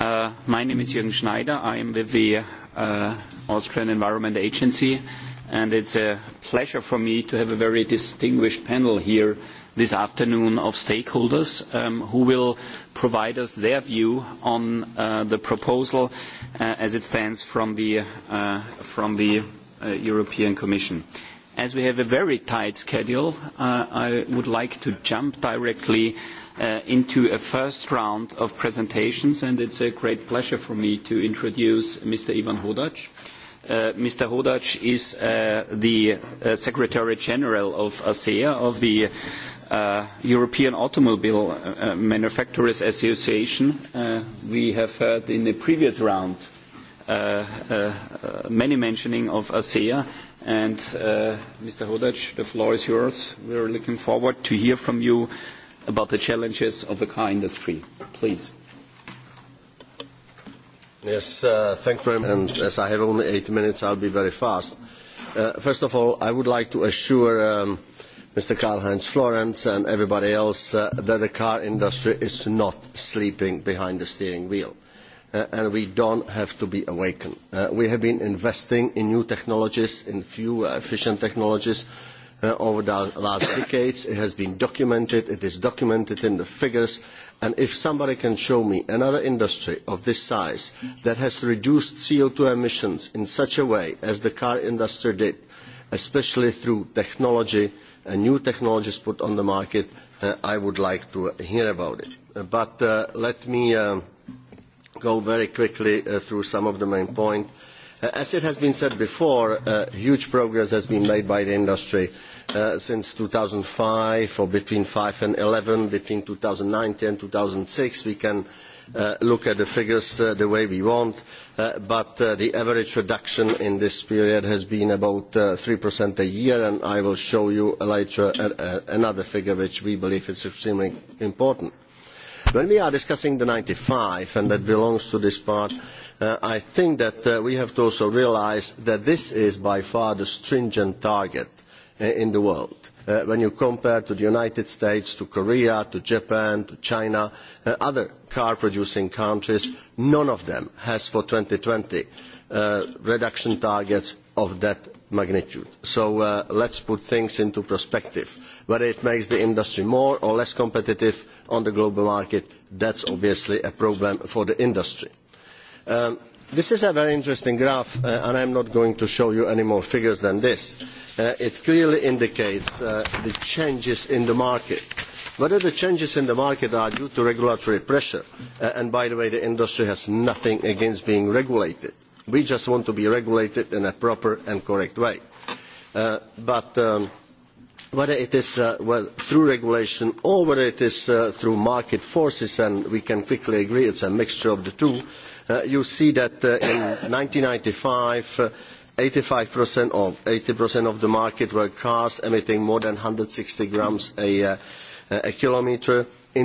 Uh, my name is Jürgen Schneider. I'm with the uh, Austrian Environment Agency, and it's a pleasure for me to have a very distinguished panel here this afternoon of stakeholders um, who will provide us their view on uh, the proposal uh, as it stands from the, uh, from the uh, European Commission. As we have a very tight schedule, uh, I would like to jump directly uh, into a first round of presentations, and it's a great pleasure for me to introduce Mr. Ivan Hodac. Uh, Mr. Hodac is uh, the uh, Secretary General of ASEA, of the uh, European Automobile uh, Manufacturers Association. Uh, we have heard in the previous round uh, uh, many mentioning of ASEA. And uh, Mr. Hodaj, the floor is yours. We're looking forward to hear from you about the challenges of the car industry. Please. Yes, uh, thank you very much. And as I have only eight minutes, I'll be very fast. Uh, first of all, I would like to assure um, Mr. Karl-Heinz Florence and everybody else uh, that the car industry is not sleeping behind the steering wheel uh, and we don't have to be awakened. Uh, we have been investing in new technologies, in few uh, efficient technologies uh, over the last decades. It has been documented, it is documented in the figures, and if somebody can show me another industry of this size that has reduced co two emissions in such a way as the car industry did, especially through technology and uh, new technologies put on the market, uh, I would like to hear about it. Uh, but uh, let me... Um, go very quickly uh, through some of the main points. Uh, as it has been said before, uh, huge progress has been made by the industry uh, since 2005 or between 5 and 11, between 2009 and 2006. We can uh, look at the figures uh, the way we want, uh, but uh, the average reduction in this period has been about uh, 3% a year, and I will show you later a, uh, a, uh, another figure which we believe is extremely important. When we are discussing the 95, and that belongs to this part, uh, I think that uh, we have to also realize that this is by far the stringent target uh, in the world. Uh, when you compare to the United States, to Korea, to Japan, to China, uh, other car-producing countries, none of them has for 2020 uh, reduction targets of that magnitude. So uh, let us put things into perspective. Whether it makes the industry more or less competitive on the global market, that is obviously a problem for the industry. Um, this is a very interesting graph, uh, and I am not going to show you any more figures than this. Uh, it clearly indicates uh, the changes in the market. Whether the changes in the market are due to regulatory pressure, uh, and by the way, the industry has nothing against being regulated, We just want to be regulated in a proper and correct way. Uh, but um, whether it is uh, well, through regulation or whether it is uh, through market forces, and we can quickly agree it is a mixture of the two, uh, you see that uh, in 1995, *coughs* uh, 85% of eighty of the market were cars emitting more than one hundred and sixty grams a, uh, a kilometre In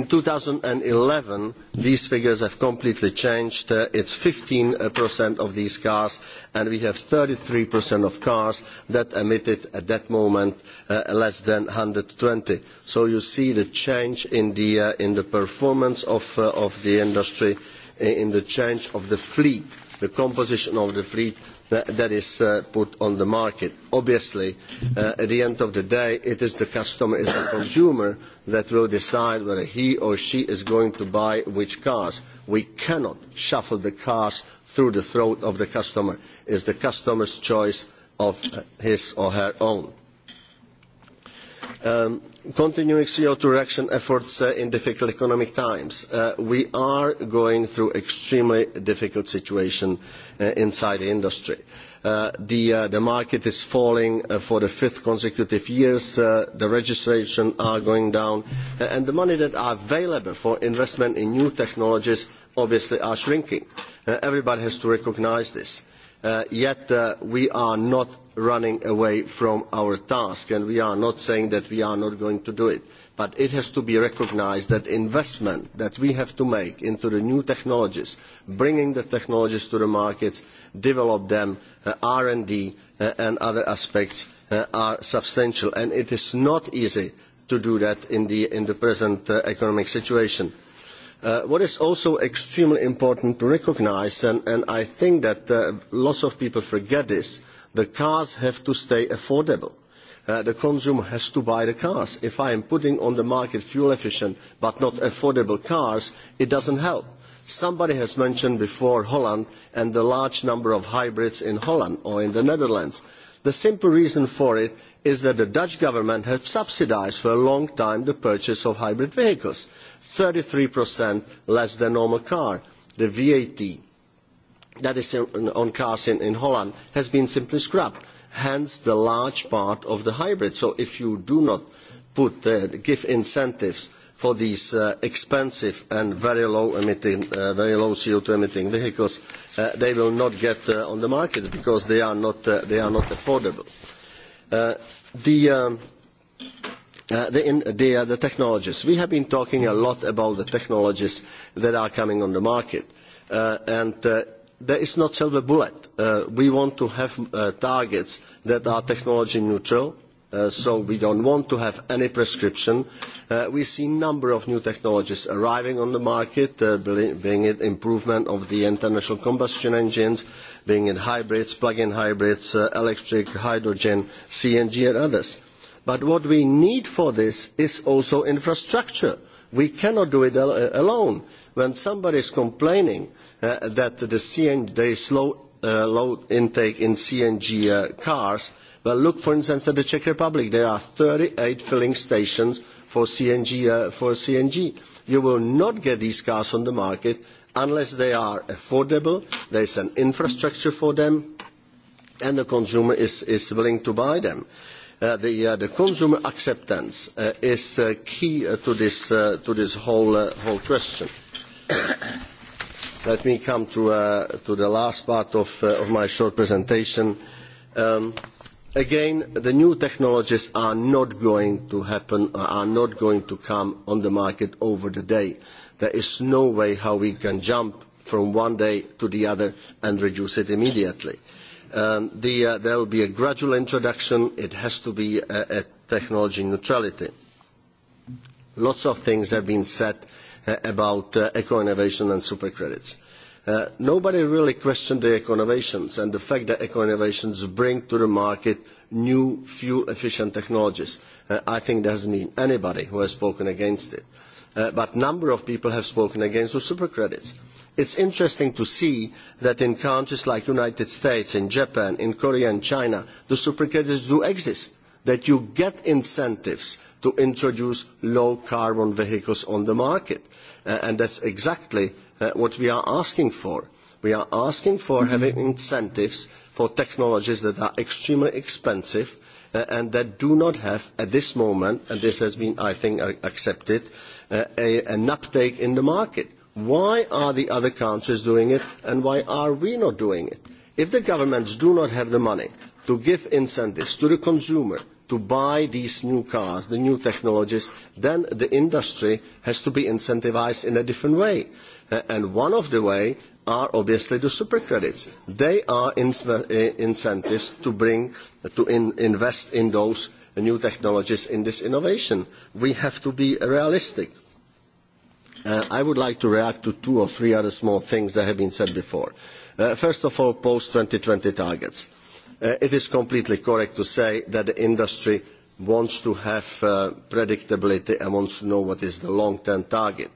eleven these figures have completely changed. Uh, it's 15% uh, of these cars, and we have thirty 33% of cars that emitted at that moment uh, less than one hundred and twenty. So you see the change in the, uh, in the performance of, uh, of the industry, in the change of the fleet the composition of the fleet that, that is uh, put on the market. Obviously, uh, at the end of the day, it is the customer, it is the consumer that will decide whether he or she is going to buy which cars. We cannot shuffle the cars through the throat of the customer. It is the customer's choice of uh, his or her own. Um, continuing CO2 reduction efforts uh, in difficult economic times. Uh, we are going through an extremely difficult situation uh, inside the industry. Uh, the, uh, the, market is falling uh, for the fifth consecutive years, the registrations are going down, and the money that are available for investment in new technologies obviously are shrinking. everybody has to recognise this. Uh, yet uh, we are not running away from our task and we are not saying that we are not going to do it. But it has to be recognised that investment that we have to make into the new technologies, bringing the technologies to the markets, develop them, uh, R&D uh, and other aspects uh, are substantial. And it is not easy to do that in the, in the present uh, economic situation. Uh, what is also extremely important to recognise, and, and, I think that uh, lots of people forget this, the cars have to stay affordable. Uh, the consumer has to buy the cars. If I am putting on the market fuel efficient but not affordable cars, it does not help. Somebody has mentioned before Holland and the large number of hybrids in Holland or in the Netherlands. The simple reason for it is that the Dutch government has subsidised for a long time the purchase of hybrid vehicles thirty 33% less than normal car. The VAT that is on cars in, in Holland has been simply scrapped, hence the large part of the hybrid. So if you do not put, uh, give incentives for these uh, expensive and very low, emitting, uh, very low CO2 emitting vehicles, uh, they will not get uh, on the market because they are not, uh, they are not affordable. Uh, the, um, Uh, the, in, the, uh, the technologies. We have been talking a lot about the technologies that are coming on the market. Uh, and uh, there is no silver bullet. Uh, we want to have uh, targets that are technology neutral. Uh, so we don't want to have any prescription. Uh, we see a number of new technologies arriving on the market, uh, being it improvement of the international combustion engines, being it hybrids, plug-in hybrids, uh, electric, hydrogen, CNG and others. Uh, But what we need for this is also infrastructure. We cannot do it al uh, alone. When somebody is complaining uh, that the there is low, uh, low intake in CNG uh, cars, well, look, for instance, at the Czech Republic. There are thirty eight filling stations for CNG, uh, for CNG. You will not get these cars on the market unless they are affordable, there is an infrastructure for them, and the consumer is, is willing to buy them. Uh, Uh, the, uh, the, consumer acceptance uh, is key to this, to this whole, whole question. *coughs* Let me come to, to the last part of, of my short presentation. Um, again, the new technologies are not going to happen, are not going to come on the market over the day. There is no way how we can jump from one day to the other and reduce it immediately. Uh, Um, the, uh, there will be a gradual introduction. It has to be a, uh, a technology neutrality. Lots of things have been said uh, about uh, eco-innovation and supercredits. Uh, nobody really questioned the eco-innovations and the fact that eco-innovations bring to the market new fuel-efficient technologies. Uh, I think there hasn't been anybody who has spoken against it. Uh, but a number of people have spoken against the supercredits. It is interesting to see that in countries like the United States, in Japan, in Korea and China, the supercredits do exist, that you get incentives to introduce low carbon vehicles on the market. Uh, and that is exactly uh, what we are asking for. We are asking for mm -hmm. having incentives for technologies that are extremely expensive uh, and that do not have at this moment, and this has been, I think, accepted, uh, a, an uptake in the market Why are the other countries doing it and why are we not doing it? If the governments do not have the money to give incentives to the consumer to buy these new cars, the new technologies, then the industry has to be incentivised in a different way. and one of the ways are obviously the super credits. They are uh, incentives to bring, to in, invest in those new technologies, in this innovation. We have to be realistic. Uh, I would like to react to two or three other small things that have been said before. Uh, first of all, post twenty targets. Uh, it is completely correct to say that the industry wants to have uh, predictability and wants to know what is the long-term target.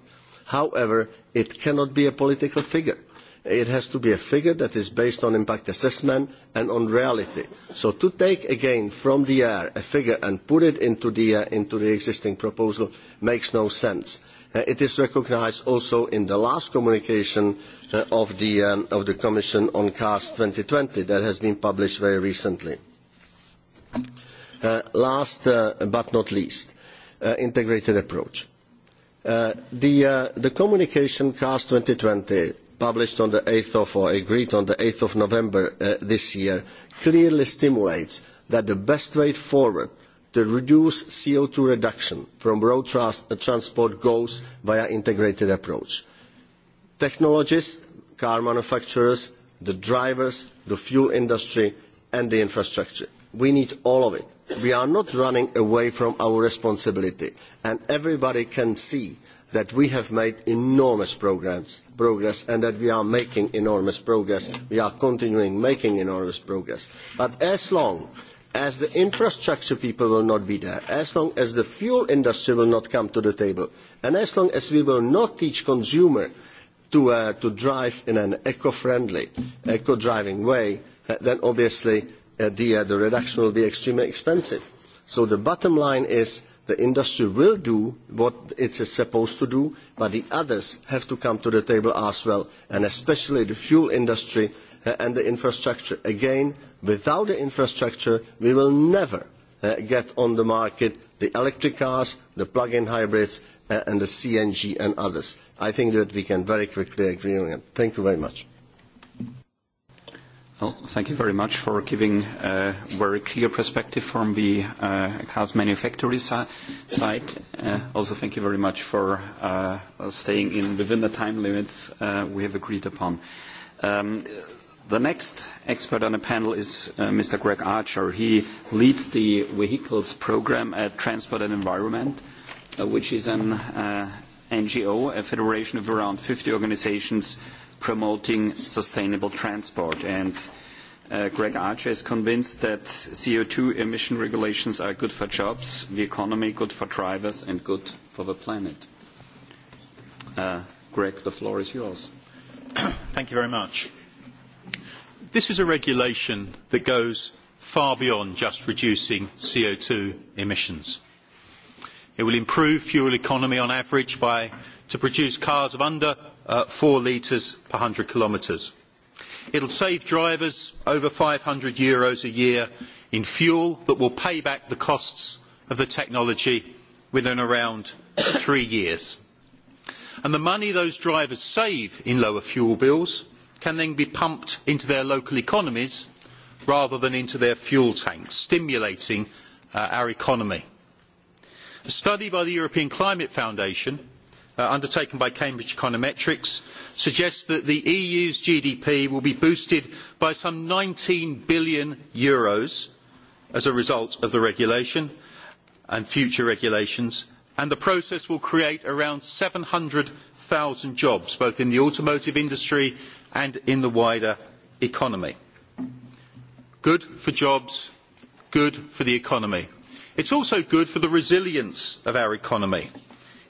However, it cannot be a political figure. It has to be a figure that is based on impact assessment and on reality. So to take again from the air a figure and put it into the, uh, into the existing proposal makes no sense Uh, it is recognised also in the last communication uh, of, the, um, of the Commission on CAS twenty that has been published very recently. Uh, last uh, but not least, uh, integrated approach. Uh, the, the, communication CAS twenty, published on the 8th of, or agreed on the 8th of November this year, clearly stimulates that the best way forward the reduced co two reduction from road uh, transport goes via integrated approach. Technologies, car manufacturers, the drivers, the fuel industry and the infrastructure. We need all of it. We are not running away from our responsibility and everybody can see that we have made enormous programs, progress and that we are making enormous progress. We are continuing making enormous progress. But as long as as the infrastructure people will not be there, as long as the fuel industry will not come to the table, and as long as we will not teach consumers to, uh, to drive in an eco-friendly, eco-driving way, uh, then obviously uh, the, uh, the reduction will be extremely expensive. So the bottom line is the industry will do what it is supposed to do, but the others have to come to the table as well, and especially the fuel industry Uh, and the infrastructure. Again, without the infrastructure, we will never uh, get on the market the electric cars, the plug-in hybrids, uh, and the CNG and others. I think that we can very quickly agree on it. Thank you very much. Well, thank you very much for giving a very clear perspective from the uh, car's manufacturing si side. Uh, also, thank you very much for uh, staying in within the time limits uh, we have agreed upon. Um, The next expert on the panel is uh, Mr. Greg Archer. He leads the vehicles program at Transport and Environment, uh, which is an uh, NGO, a federation of around 50 organizations promoting sustainable transport. And uh, Greg Archer is convinced that CO2 emission regulations are good for jobs, the economy, good for drivers, and good for the planet. Uh, Greg, the floor is yours. Thank you very much. This is a regulation that goes far beyond just reducing co two emissions. It will improve fuel economy on average by, to produce cars of under uh, four litres per hundred kilometres. It will save drivers over EUR five hundred a year in fuel that will pay back the costs of the technology within around three years. And the money those drivers save in lower fuel bills can then be pumped into their local economies rather than into their fuel tanks, stimulating uh, our economy. A study by the European Climate Foundation uh, undertaken by Cambridge Econometrics suggests that the EU's GDP will be boosted by some EUR nineteen billion Euros as a result of the regulation and future regulations, and the process will create around seven hundred 000 jobs, both in the automotive industry and in the wider economy. Good for jobs, good for the economy. It is also good for the resilience of our economy.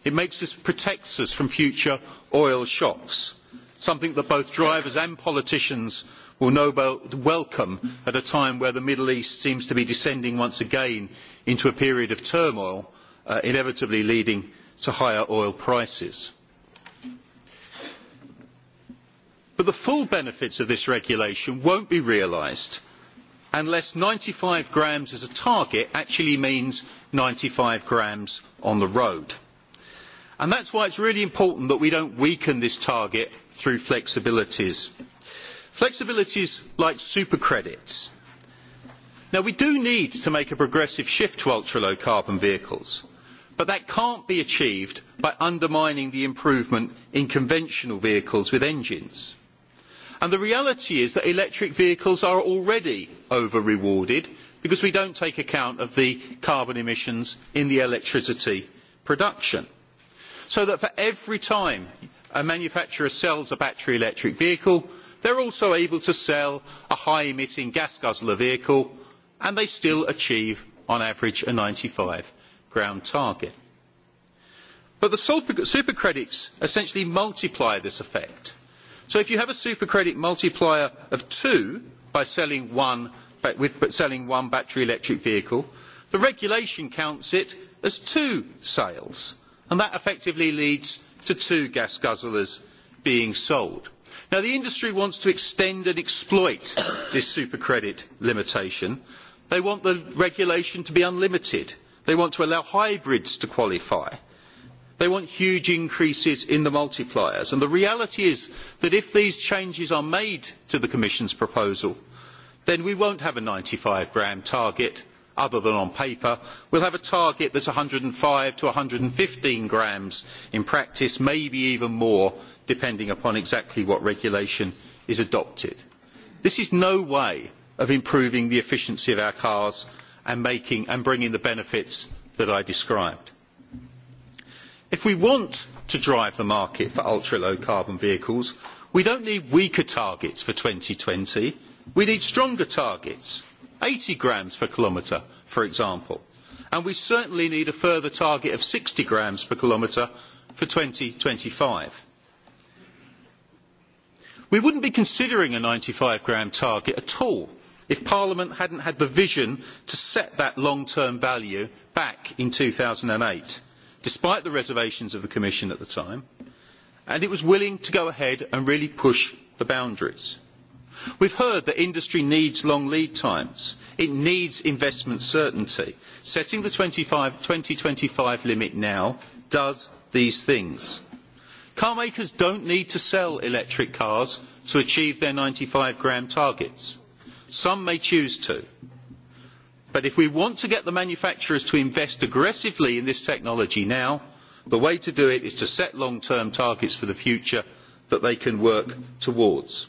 It makes us, protects us from future oil shocks, something that both drivers and politicians will no doubt welcome at a time where the Middle East seems to be descending once again into a period of turmoil, uh, inevitably leading to higher oil prices. But the full benefits of this regulation will not be realised unless ninety five grams as a target actually means ninety five grams on the road. And is why it is really important that we do not weaken this target through flexibilities. Flexibilities like super credits. Now we do need to make a progressive shift to ultra low carbon vehicles, but that cannot be achieved by undermining the improvement in conventional vehicles with engines. And the reality is that electric vehicles are already over rewarded because we do not take account of the carbon emissions in the electricity production. So that for every time a manufacturer sells a battery electric vehicle, they are also able to sell a high emitting gas guzzler vehicle and they still achieve on average a ninety five ground target. But the supercredits essentially multiply this effect So if you have a supercredit multiplier of two by selling one, with selling one battery electric vehicle, the regulation counts it as two sales. And that effectively leads to two gas guzzlers being sold. Now the industry wants to extend and exploit this supercredit limitation. They want the regulation to be unlimited. They want to allow hybrids to qualify. They want huge increases in the multipliers. And the reality is that if these changes are made to the Commission's proposal, then we will not have a ninety five gram target other than on paper. We will have a target that is one hundred and five to one hundred and fifteen grams in practice, maybe even more, depending upon exactly what regulation is adopted. This is no way of improving the efficiency of our cars and, making, and bringing the benefits that I described. If we want to drive the market for ultra-low carbon vehicles, we do not need weaker targets for twenty. We need stronger targets, eighty grams per kilometre, for example. And we certainly need a further target of sixty grams per kilometre for five. We would not be considering a ninety five gram target at all if Parliament had not had the vision to set that long-term value back in two thousand and eight despite the reservations of the Commission at the time, and it was willing to go ahead and really push the boundaries. We have heard that industry needs long lead times. It needs investment certainty. Setting the 25, 2025 limit now does these things. Car makers do not need to sell electric cars to achieve their ninety five gram targets. Some may choose to. But if we want to get the manufacturers to invest aggressively in this technology now, the way to do it is to set long-term targets for the future that they can work towards.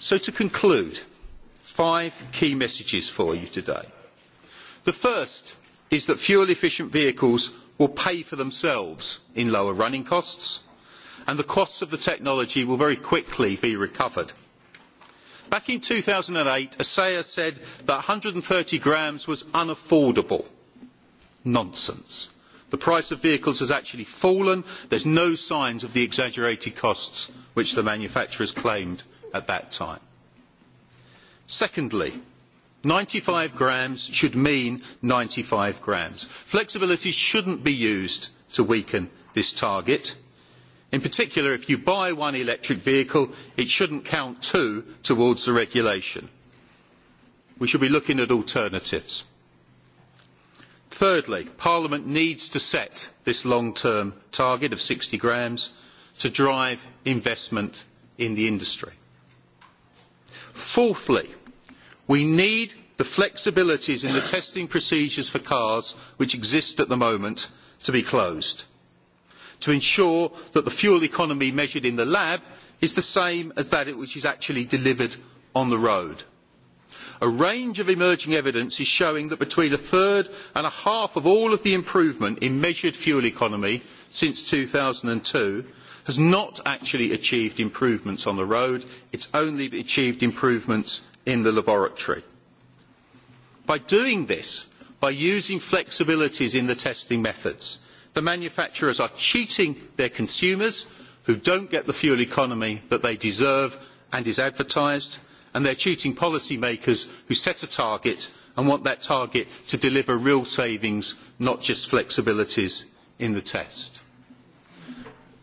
So to conclude, five key messages for you today. The first is that fuel efficient vehicles will pay for themselves in lower running costs and the costs of the technology will very quickly be recovered Back in two thousand and eight, ASEA said that one hundred and thirty grams was unaffordable. Nonsense. The price of vehicles has actually fallen. There are no signs of the exaggerated costs which the manufacturers claimed at that time. Secondly, ninety five grams should mean ninety five grams. Flexibility should not be used to weaken this target. In particular, if you buy one electric vehicle, it should not count two towards the regulation. We should be looking at alternatives. Thirdly, Parliament needs to set this long-term target of sixty grams to drive investment in the industry. Fourthly, we need the flexibilities in the testing procedures for cars which exist at the moment to be closed to ensure that the fuel economy measured in the lab is the same as that which is actually delivered on the road. A range of emerging evidence is showing that between a third and a half of all of the improvement in measured fuel economy since two thousand two has not actually achieved improvements on the road, it has only achieved improvements in the laboratory. By doing this, by using flexibilities in the testing methods, The manufacturers are cheating their consumers who do not get the fuel economy that they deserve and is advertised, and they are cheating policymakers who set a target and want that target to deliver real savings, not just flexibilities in the test.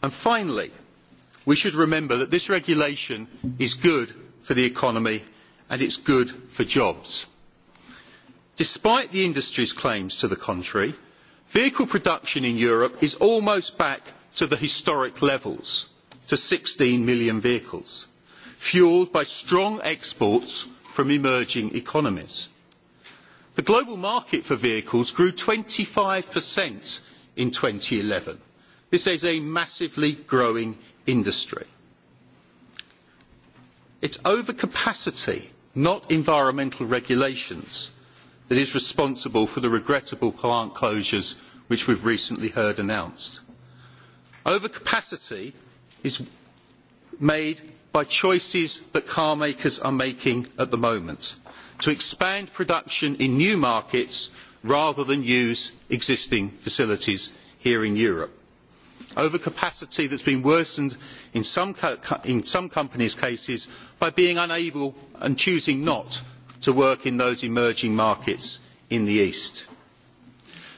And finally, we should remember that this regulation is good for the economy and it is good for jobs. Despite the industry's claims to the contrary, Vehicle production in Europe is almost back to the historic levels, to sixteen million vehicles, fuelled by strong exports from emerging economies. The global market for vehicles grew twenty 25% in eleven. This is a massively growing industry. It is overcapacity, not environmental regulations, that is responsible for the regrettable plant closures which we have recently heard announced. Overcapacity is made by choices that car makers are making at the moment to expand production in new markets rather than use existing facilities here in Europe. Overcapacity that has been worsened in some, co in some companies' cases by being unable and choosing not to work in those emerging markets in the East.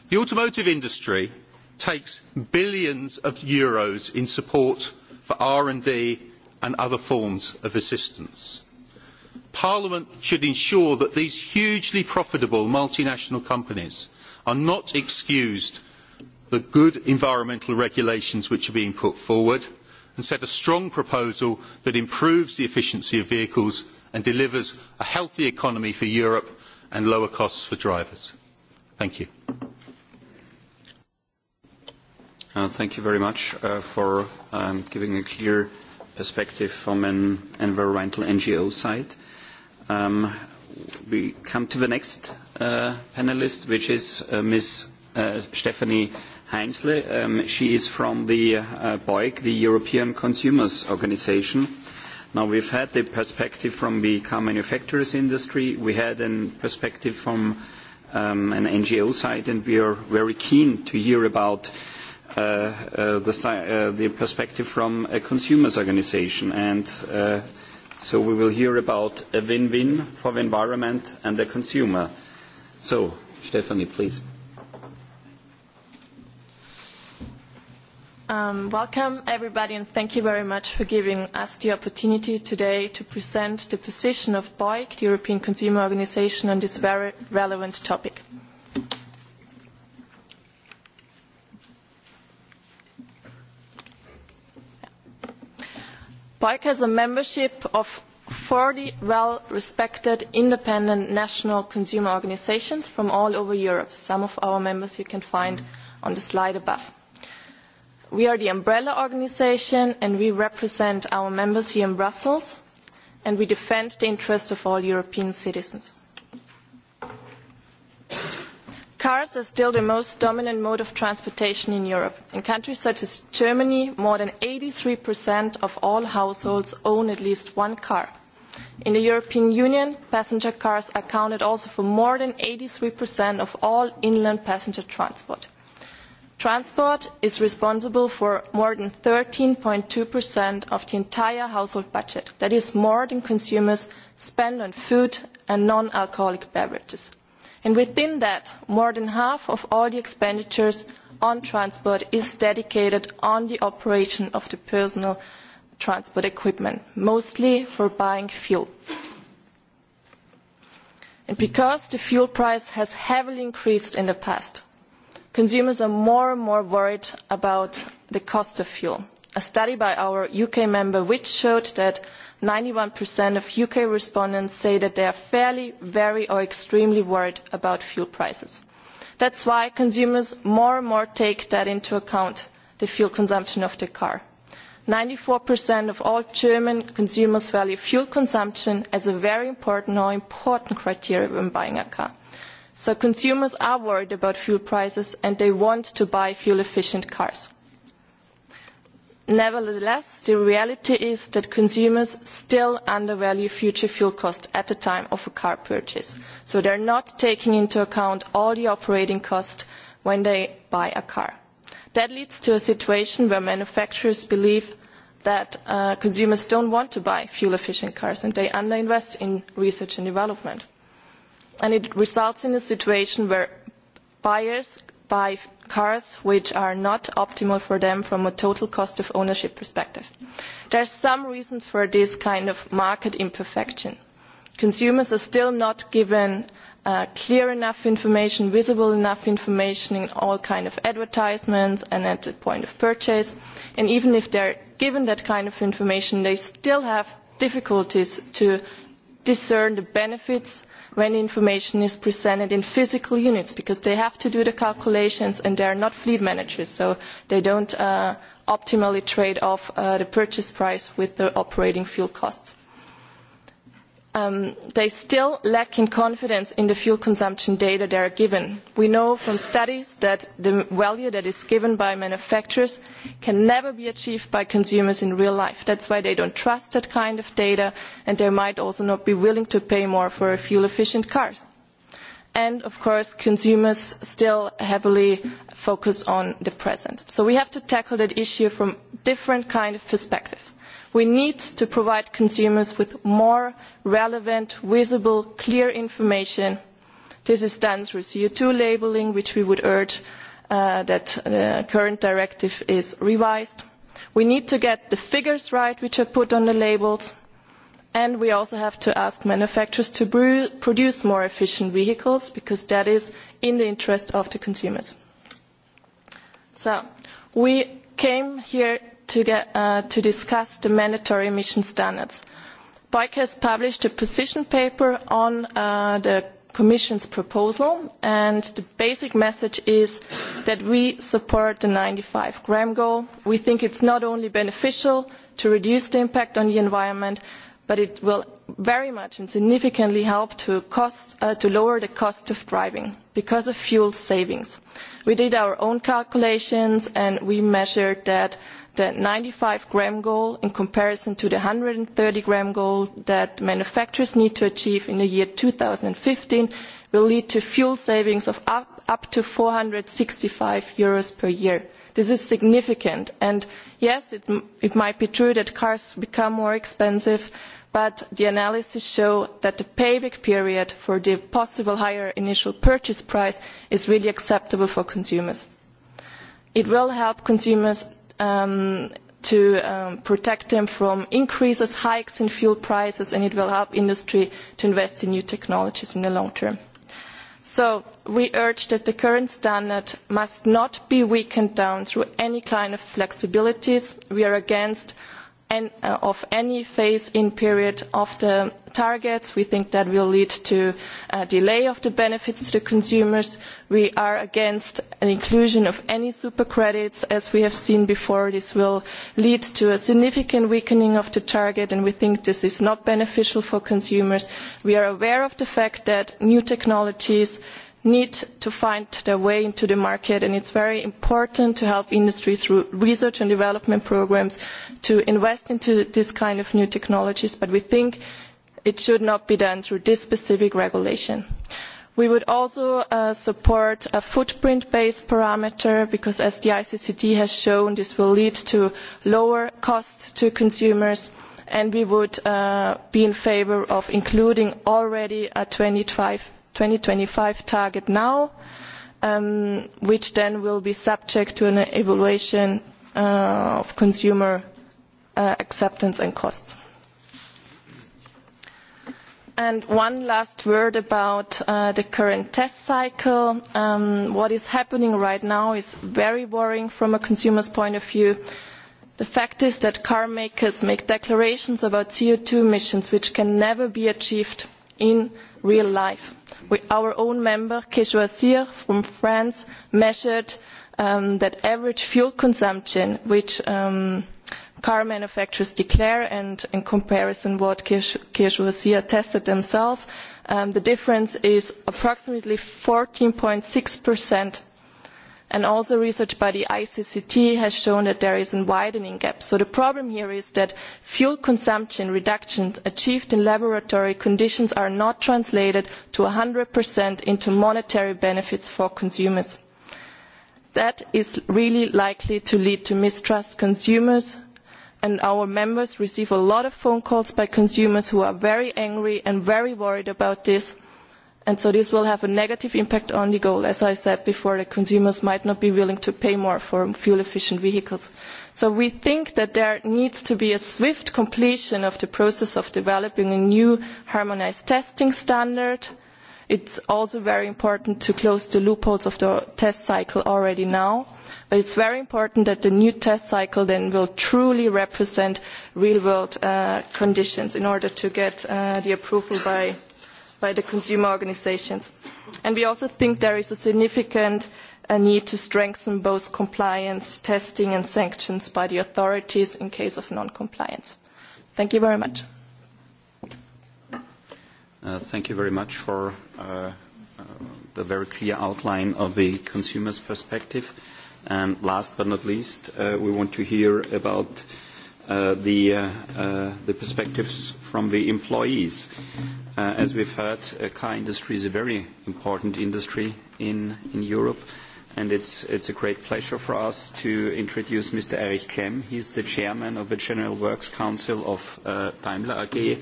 The automotive industry takes billions of euros in support for R&D and other forms of assistance. Parliament should ensure that these hugely profitable multinational companies are not excused the good environmental regulations which are being put forward and set a strong proposal that improves the efficiency of vehicles and delivers a healthy economy for Europe and lower costs for drivers. Thank you. Uh, thank you very much uh, for um, giving a clear perspective from an environmental NGO side. Um, we come to the next uh, panelist, which is uh, Ms. Uh, Stephanie Heinzle. Um, she is from the uh, BOIC, the European Consumers Organization. Now we've had the perspective from the car manufacturers industry, we had a perspective from um, an NGO side, and we are very keen to hear about uh, uh, the, uh, the perspective from a consumers organization. And uh, so we will hear about a win-win for the environment and the consumer. So, Stephanie, please. Um, welcome everybody and thank you very much for giving us the opportunity today to present the position of BOIC, the European Consumer Organization, on this very relevant topic. BOIC has a membership of 40 well-respected independent national consumer organizations from all over Europe. Some of our members you can find on the slide above. We are the umbrella organisation and we represent our members here in Brussels and we defend the interests of all European citizens. Cars are still the most dominant mode of transportation in Europe. In countries such as Germany, more than eighty 83% of all households own at least one car. In the European Union, passenger cars accounted also for more than eighty 83% of all inland passenger transport. Transport is responsible for more than 13.2% of the entire household budget. That is more than consumers spend on food and non-alcoholic beverages. And within that, more than half of all the expenditures on transport is dedicated on the operation of the personal transport equipment, mostly for buying fuel. And because the fuel price has heavily increased in the past, consumers are more and more worried about the cost of fuel. A study by our UK member which showed that 91% of UK respondents say that they are fairly, very or extremely worried about fuel prices. That is why consumers more and more take that into account, the fuel consumption of their car. Ninety 94% of all German consumers value fuel consumption as a very important or important criteria when buying a car. So consumers are worried about fuel prices and they want to buy fuel efficient cars. Nevertheless, the reality is that consumers still undervalue future fuel costs at the time of a car purchase. So they are not taking into account all the operating costs when they buy a car. That leads to a situation where manufacturers believe that uh, consumers don't want to buy fuel efficient cars and they underinvest in research and development and it results in a situation where buyers buy cars which are not optimal for them from a total cost of ownership perspective. There are some reasons for this kind of market imperfection. Consumers are still not given uh, clear enough information, visible enough information in all kinds of advertisements and at the point of purchase. And even if they are given that kind of information, they still have difficulties to discern the benefits when information is presented in physical units because they have to do the calculations and they are not fleet managers, so they don't uh, optimally trade off uh, the purchase price with the operating fuel costs. Um, they still lack in confidence in the fuel consumption data they are given. We know from studies that the value that is given by manufacturers can never be achieved by consumers in real life. That is why they do not trust that kind of data and they might also not be willing to pay more for a fuel efficient car. And of course, consumers still heavily focus on the present. So we have to tackle that issue from different kind of perspective. We need to provide consumers with more relevant, visible, clear information. This is done through co two labelling, which we would urge uh, that the uh, current directive is revised. We need to get the figures right which are put on the labels. And we also have to ask manufacturers to produce more efficient vehicles because that is in the interest of the consumers. So we came here to, get, uh, to discuss the mandatory emission standards. BIC has published a position paper on uh, the Commission's proposal, and the basic message is that we support the ninety five gram goal. We think it is not only beneficial to reduce the impact on the environment, but it will very much and significantly help to, cost, uh, to lower the cost of driving because of fuel savings. We did our own calculations, and we measured that the ninety five gram goal in comparison to the one hundred and thirty gram goal that manufacturers need to achieve in the year fifteen will lead to fuel savings of up, up to 465 euros per year. This is significant. And yes, it, it might be true that cars become more expensive, but the analysis show that the payback period for the possible higher initial purchase price is really acceptable for consumers. It will help consumers um, to um, protect them from increases, hikes in fuel prices, and it will help industry to invest in new technologies in the long term. So we urge that the current standard must not be weakened down through any kind of flexibilities. We are against Uh, of any phase-in period of the targets. We think that will lead to a delay of the benefits to the consumers. We are against an inclusion of any super credits. As we have seen before, this will lead to a significant weakening of the target, and we think this is not beneficial for consumers. We are aware of the fact that new technologies need to find their way into the market and it is very important to help industries through research and development programmes to invest into this kind of new technologies but we think it should not be done through this specific regulation. We would also uh, support a footprint-based parameter because as the ICCT has shown this will lead to lower costs to consumers and we would uh, be in favour of including already a twenty five 2025 target now, um, which then will be subject to an evaluation uh, of consumer uh, acceptance and costs. And one last word about uh, the current test cycle. Um, what is happening right now is very worrying from a consumer's point of view. The fact is that car makers make declarations about co two emissions which can never be achieved in real life we, our own member, Sir from France, measured um, that average fuel consumption, which um, car manufacturers declare, and in comparison what Sir tested themselves, um, the difference is approximately 14.6 percent And also research by the ICCT has shown that there is a widening gap. So the problem here is that fuel consumption reductions achieved in laboratory conditions are not translated to 100% into monetary benefits for consumers. That is really likely to lead to mistrust consumers and our members receive a lot of phone calls by consumers who are very angry and very worried about this And so this will have a negative impact on the goal. As I said before, the consumers might not be willing to pay more for fuel-efficient vehicles. So we think that there needs to be a swift completion of the process of developing a new harmonised testing standard. It is also very important to close the loopholes of the test cycle already now. But it is very important that the new test cycle then will truly represent real-world uh, conditions in order to get uh, the approval by by the consumer organisations. And we also think there is a significant a uh, need to strengthen both compliance, testing and sanctions by the authorities in case of non-compliance. Thank you very much. Uh, thank you very much for uh, uh, the very clear outline of the consumer's perspective. And last but not least, uh, we want to hear about uh, the, uh, uh, the perspectives from the employees. Uh, as we've heard, the uh, car industry is a very important industry in, in Europe, and it's, it's a great pleasure for us to introduce Mr. Erich Klemm. He's the chairman of the General Works Council of uh, Daimler AG.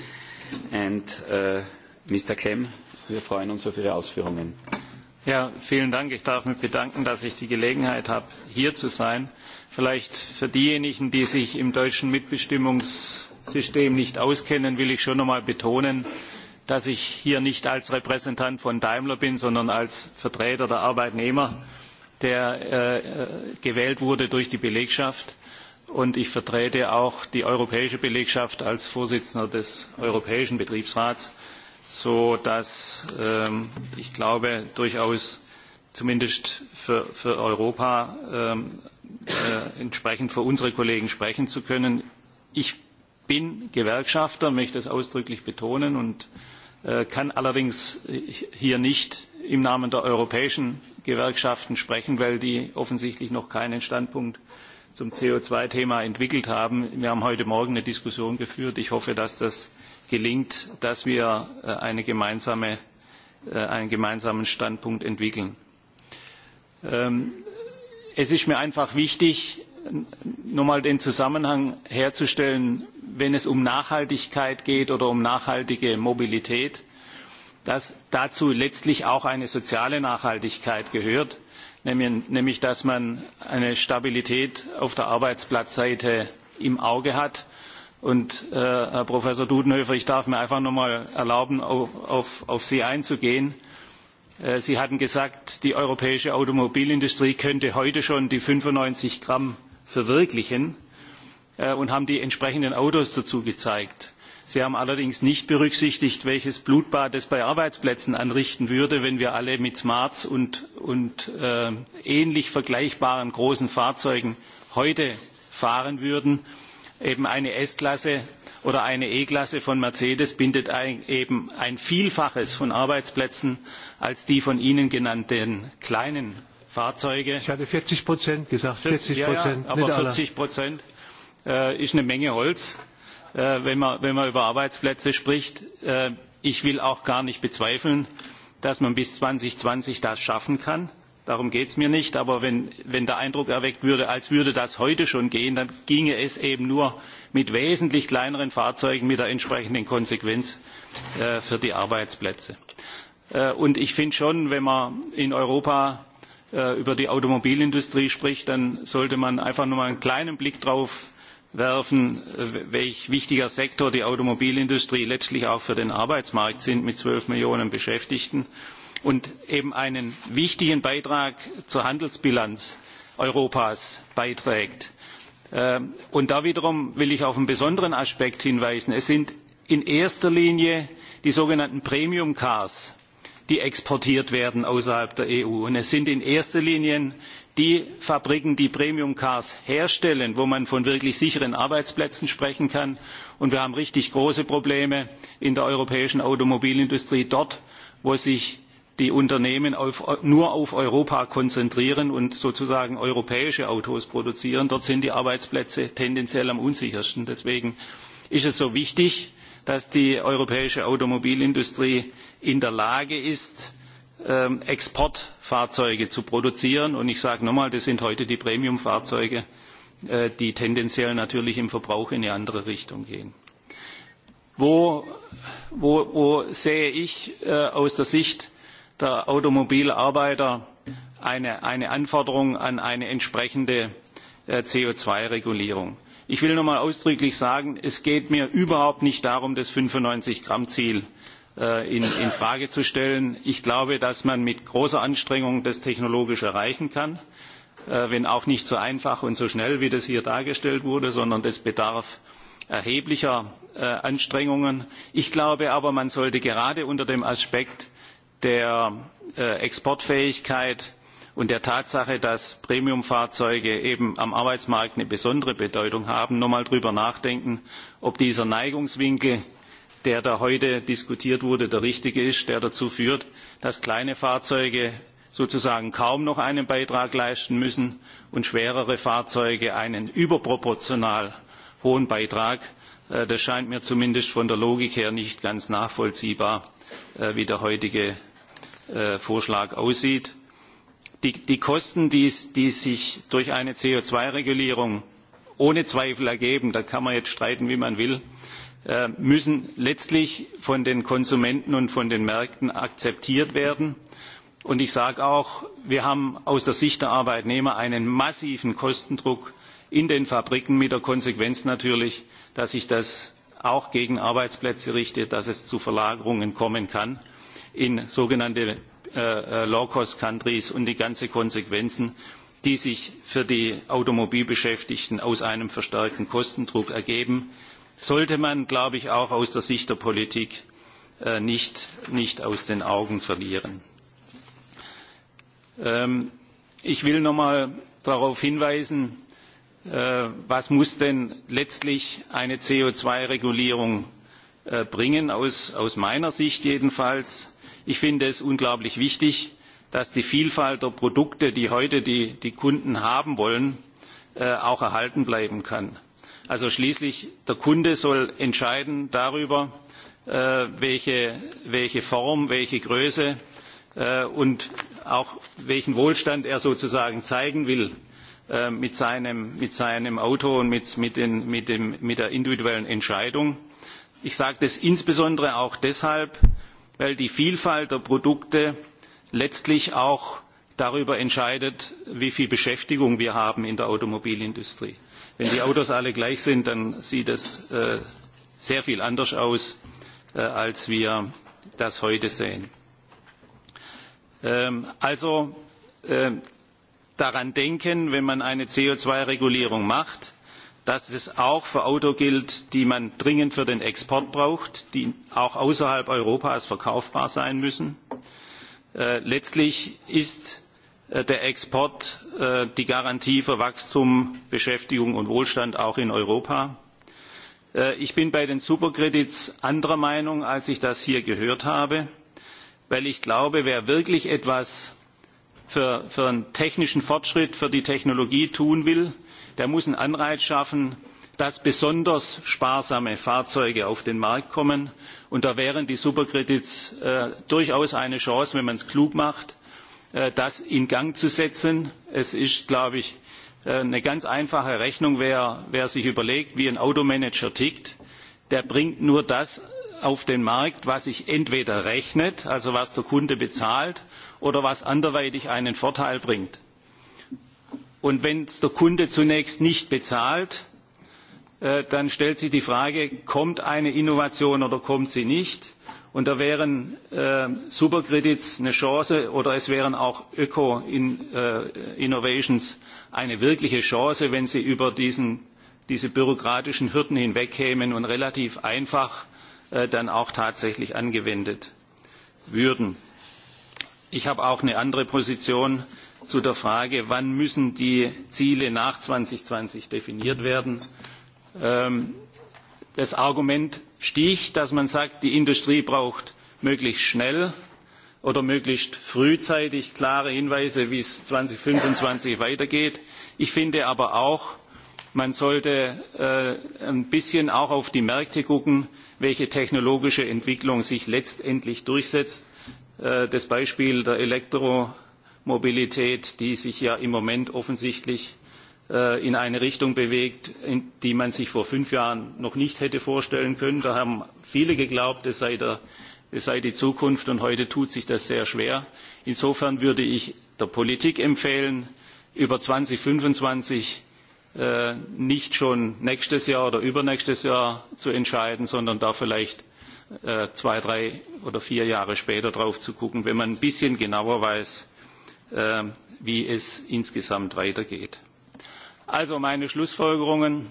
And uh, Mr. Kem, wir freuen uns auf Ihre Ausführungen. Ja, vielen Dank. Ich darf mich bedanken, dass ich die Gelegenheit habe, hier zu sein. Vielleicht für diejenigen, die sich im deutschen Mitbestimmungssystem nicht auskennen, will ich schon noch einmal betonen, dass ich hier nicht als Repräsentant von Daimler bin, sondern als Vertreter der Arbeitnehmer, der äh, gewählt wurde durch die Belegschaft. Und ich vertrete auch die europäische Belegschaft als Vorsitzender des Europäischen Betriebsrats, sodass ähm, ich glaube, durchaus zumindest für, für Europa ähm, äh, entsprechend für unsere Kollegen sprechen zu können. Ich bin Gewerkschafter, möchte das ausdrücklich betonen und Äh, kann allerdings äh, hier nicht im Namen der europäischen Gewerkschaften sprechen, weil die offensichtlich noch keinen Standpunkt zum co zwei thema entwickelt haben. Wir haben heute Morgen eine Diskussion geführt. Ich hoffe, dass das gelingt, dass wir äh, eine gemeinsame, einen gemeinsamen Standpunkt entwickeln. Ähm, es ist mir einfach wichtig, nur mal den Zusammenhang herzustellen, wenn es um Nachhaltigkeit geht oder um nachhaltige Mobilität, dass dazu letztlich auch eine soziale Nachhaltigkeit gehört, nämlich, nämlich dass man eine Stabilität auf der Arbeitsplatzseite im Auge hat. Und äh, Herr Professor Dudenhöfer, ich darf mir einfach noch mal erlauben, auf, auf, auf Sie einzugehen. Äh, Sie hatten gesagt, die europäische Automobilindustrie könnte heute schon die 95 Gramm verwirklichen äh, und haben die entsprechenden Autos dazu gezeigt. Sie haben allerdings nicht berücksichtigt, welches Blutbad es bei Arbeitsplätzen anrichten würde, wenn wir alle mit Smarts und, und äh, ähnlich vergleichbaren großen Fahrzeugen heute fahren würden. Eben eine S-Klasse oder eine E-Klasse von Mercedes bindet ein, eben ein Vielfaches von Arbeitsplätzen als die von Ihnen genannten kleinen Fahrzeuge. Ich hatte 40 Prozent gesagt, 40 Prozent. Ja, ja, aber 40 Prozent äh, ist eine Menge Holz, äh, wenn, man, wenn man über Arbeitsplätze spricht. Äh, ich will auch gar nicht bezweifeln, dass man bis 2020 das schaffen kann. Darum geht es mir nicht. Aber wenn, wenn der Eindruck erweckt würde, als würde das heute schon gehen, dann ginge es eben nur mit wesentlich kleineren Fahrzeugen mit der entsprechenden Konsequenz äh, für die Arbeitsplätze. Äh, und ich finde schon, wenn man in Europa Äh, über die Automobilindustrie spricht, dann sollte man einfach nur mal einen kleinen Blick darauf werfen, äh, welch wichtiger Sektor die Automobilindustrie letztlich auch für den Arbeitsmarkt sind mit zwölf Millionen Beschäftigten und eben einen wichtigen Beitrag zur Handelsbilanz Europas beiträgt. Ähm, und da wiederum will ich auf einen besonderen Aspekt hinweisen. Es sind in erster Linie die sogenannten Premium Cars, die exportiert werden außerhalb der EU. Und es sind in erster Linie die Fabriken, die Premium Cars herstellen, wo man von wirklich sicheren Arbeitsplätzen sprechen kann. Und wir haben richtig große Probleme in der europäischen Automobilindustrie dort, wo sich die Unternehmen auf, nur auf Europa konzentrieren und sozusagen europäische Autos produzieren. Dort sind die Arbeitsplätze tendenziell am unsichersten. Deswegen ist es so wichtig, dass die europäische Automobilindustrie in der Lage ist, ähm, Exportfahrzeuge zu produzieren. Und ich sage nochmal, das sind heute die Premiumfahrzeuge, äh, die tendenziell natürlich im Verbrauch in eine andere Richtung gehen. Wo, wo, wo sehe ich äh, aus der Sicht der Automobilarbeiter eine, eine Anforderung an eine entsprechende äh, CO2-Regulierung? Ich will nochmal ausdrücklich sagen, es geht mir überhaupt nicht darum, das 95-Gramm-Ziel äh, in, in Frage zu stellen. Ich glaube, dass man mit großer Anstrengung das technologisch erreichen kann, äh, wenn auch nicht so einfach und so schnell, wie das hier dargestellt wurde, sondern das bedarf erheblicher äh, Anstrengungen. Ich glaube aber, man sollte gerade unter dem Aspekt der Exportfähigkeit und der Tatsache, dass Premiumfahrzeuge eben am Arbeitsmarkt eine besondere Bedeutung haben, einmal darüber nachdenken, ob dieser Neigungswinkel, der da heute diskutiert wurde, der richtige ist, der dazu führt, dass kleine Fahrzeuge sozusagen kaum noch einen Beitrag leisten müssen und schwerere Fahrzeuge einen überproportional hohen Beitrag. Äh, das scheint mir zumindest von der Logik her nicht ganz nachvollziehbar, äh, wie der heutige äh, Vorschlag aussieht. Die, Kosten, die, die sich durch eine co zwei regulierung ohne Zweifel ergeben, da kann man jetzt streiten, wie man will, äh, müssen letztlich von den Konsumenten und von den Märkten akzeptiert werden. Und ich sage auch, wir haben aus der Sicht der Arbeitnehmer einen massiven Kostendruck in den Fabriken mit der Konsequenz natürlich, dass sich das auch gegen Arbeitsplätze richtet, dass es zu Verlagerungen kommen kann in sogenannte äh, äh Low-Cost Countries und die ganzen Konsequenzen, die sich für die Automobilbeschäftigten aus einem verstärkten Kostendruck ergeben, sollte man, glaube ich, auch aus der Sicht der Politik äh, nicht, nicht aus den Augen verlieren. Ähm, ich will noch mal darauf hinweisen, äh, was muss denn letztlich eine CO2-Regulierung äh, bringen, aus, aus meiner Sicht jedenfalls. Ich finde es unglaublich wichtig, dass die Vielfalt der Produkte, die heute die, die Kunden haben wollen, äh, auch erhalten bleiben kann. Also schließlich der Kunde soll entscheiden darüber, äh, welche, welche Form, welche Größe äh, und auch welchen Wohlstand er sozusagen zeigen will äh, mit, seinem, mit seinem Auto und mit, mit, den, mit, dem, mit der individuellen Entscheidung. Ich sage das insbesondere auch deshalb, weil die Vielfalt der Produkte letztlich auch darüber entscheidet, wie viel Beschäftigung wir haben in der Automobilindustrie. Wenn die Autos alle gleich sind, dann sieht es äh, sehr viel anders aus, äh, als wir das heute sehen. Ähm, also äh, daran denken, wenn man eine CO2-Regulierung macht, dass es auch für Autos gilt, die man dringend für den Export braucht, die auch außerhalb Europas verkaufbar sein müssen. Äh, letztlich ist äh, der Export äh, die Garantie für Wachstum, Beschäftigung und Wohlstand auch in Europa. Ich bin bei den Superkredits anderer Meinung, als ich das hier gehört habe, weil ich glaube, wer wirklich etwas für, für einen technischen Fortschritt, für die Technologie tun will, der muss einen Anreiz schaffen, dass besonders sparsame Fahrzeuge auf den Markt kommen. Und da wären die Superkredits äh, durchaus eine Chance, wenn man es klug macht, äh, das in Gang zu setzen. Es ist, glaube ich, äh, eine ganz einfache Rechnung, wer, wer sich überlegt, wie ein Automanager tickt, der bringt nur das auf den Markt, was sich entweder rechnet, also was der Kunde bezahlt, oder was anderweitig einen Vorteil bringt. Und wenn es der Kunde zunächst nicht bezahlt, äh, dann stellt sich die Frage, kommt eine Innovation oder kommt sie nicht? Und da wären äh, Superkredits eine Chance oder es wären auch Öko-Innovations -In, äh, eine wirkliche Chance, wenn sie über diesen, diese bürokratischen Hürden hinwegkämen und relativ einfach äh, dann auch tatsächlich angewendet würden. Ich habe auch eine andere Position zu der Frage, wann müssen die Ziele nach 2020 definiert werden. Ähm, das Argument stich, dass man sagt, die Industrie braucht möglichst schnell oder möglichst frühzeitig klare Hinweise, wie es 2025 weitergeht. Ich finde aber auch, man sollte äh, ein bisschen auch auf die Märkte gucken, welche technologische Entwicklung sich letztendlich durchsetzt. Äh, das Beispiel der Elektro- Mobilität, die sich ja im Moment offensichtlich äh, in eine Richtung bewegt, in die man sich vor fünf Jahren noch nicht hätte vorstellen können. Da haben viele geglaubt, es sei, der, es sei die Zukunft und heute tut sich das sehr schwer. Insofern würde ich der Politik empfehlen, über 2025 äh, nicht schon nächstes Jahr oder übernächstes Jahr zu entscheiden, sondern da vielleicht äh, zwei, drei oder vier Jahre später drauf zu gucken, wenn man ein bisschen genauer weiß, Ähm, wie es insgesamt weitergeht. Also meine Schlussfolgerungen.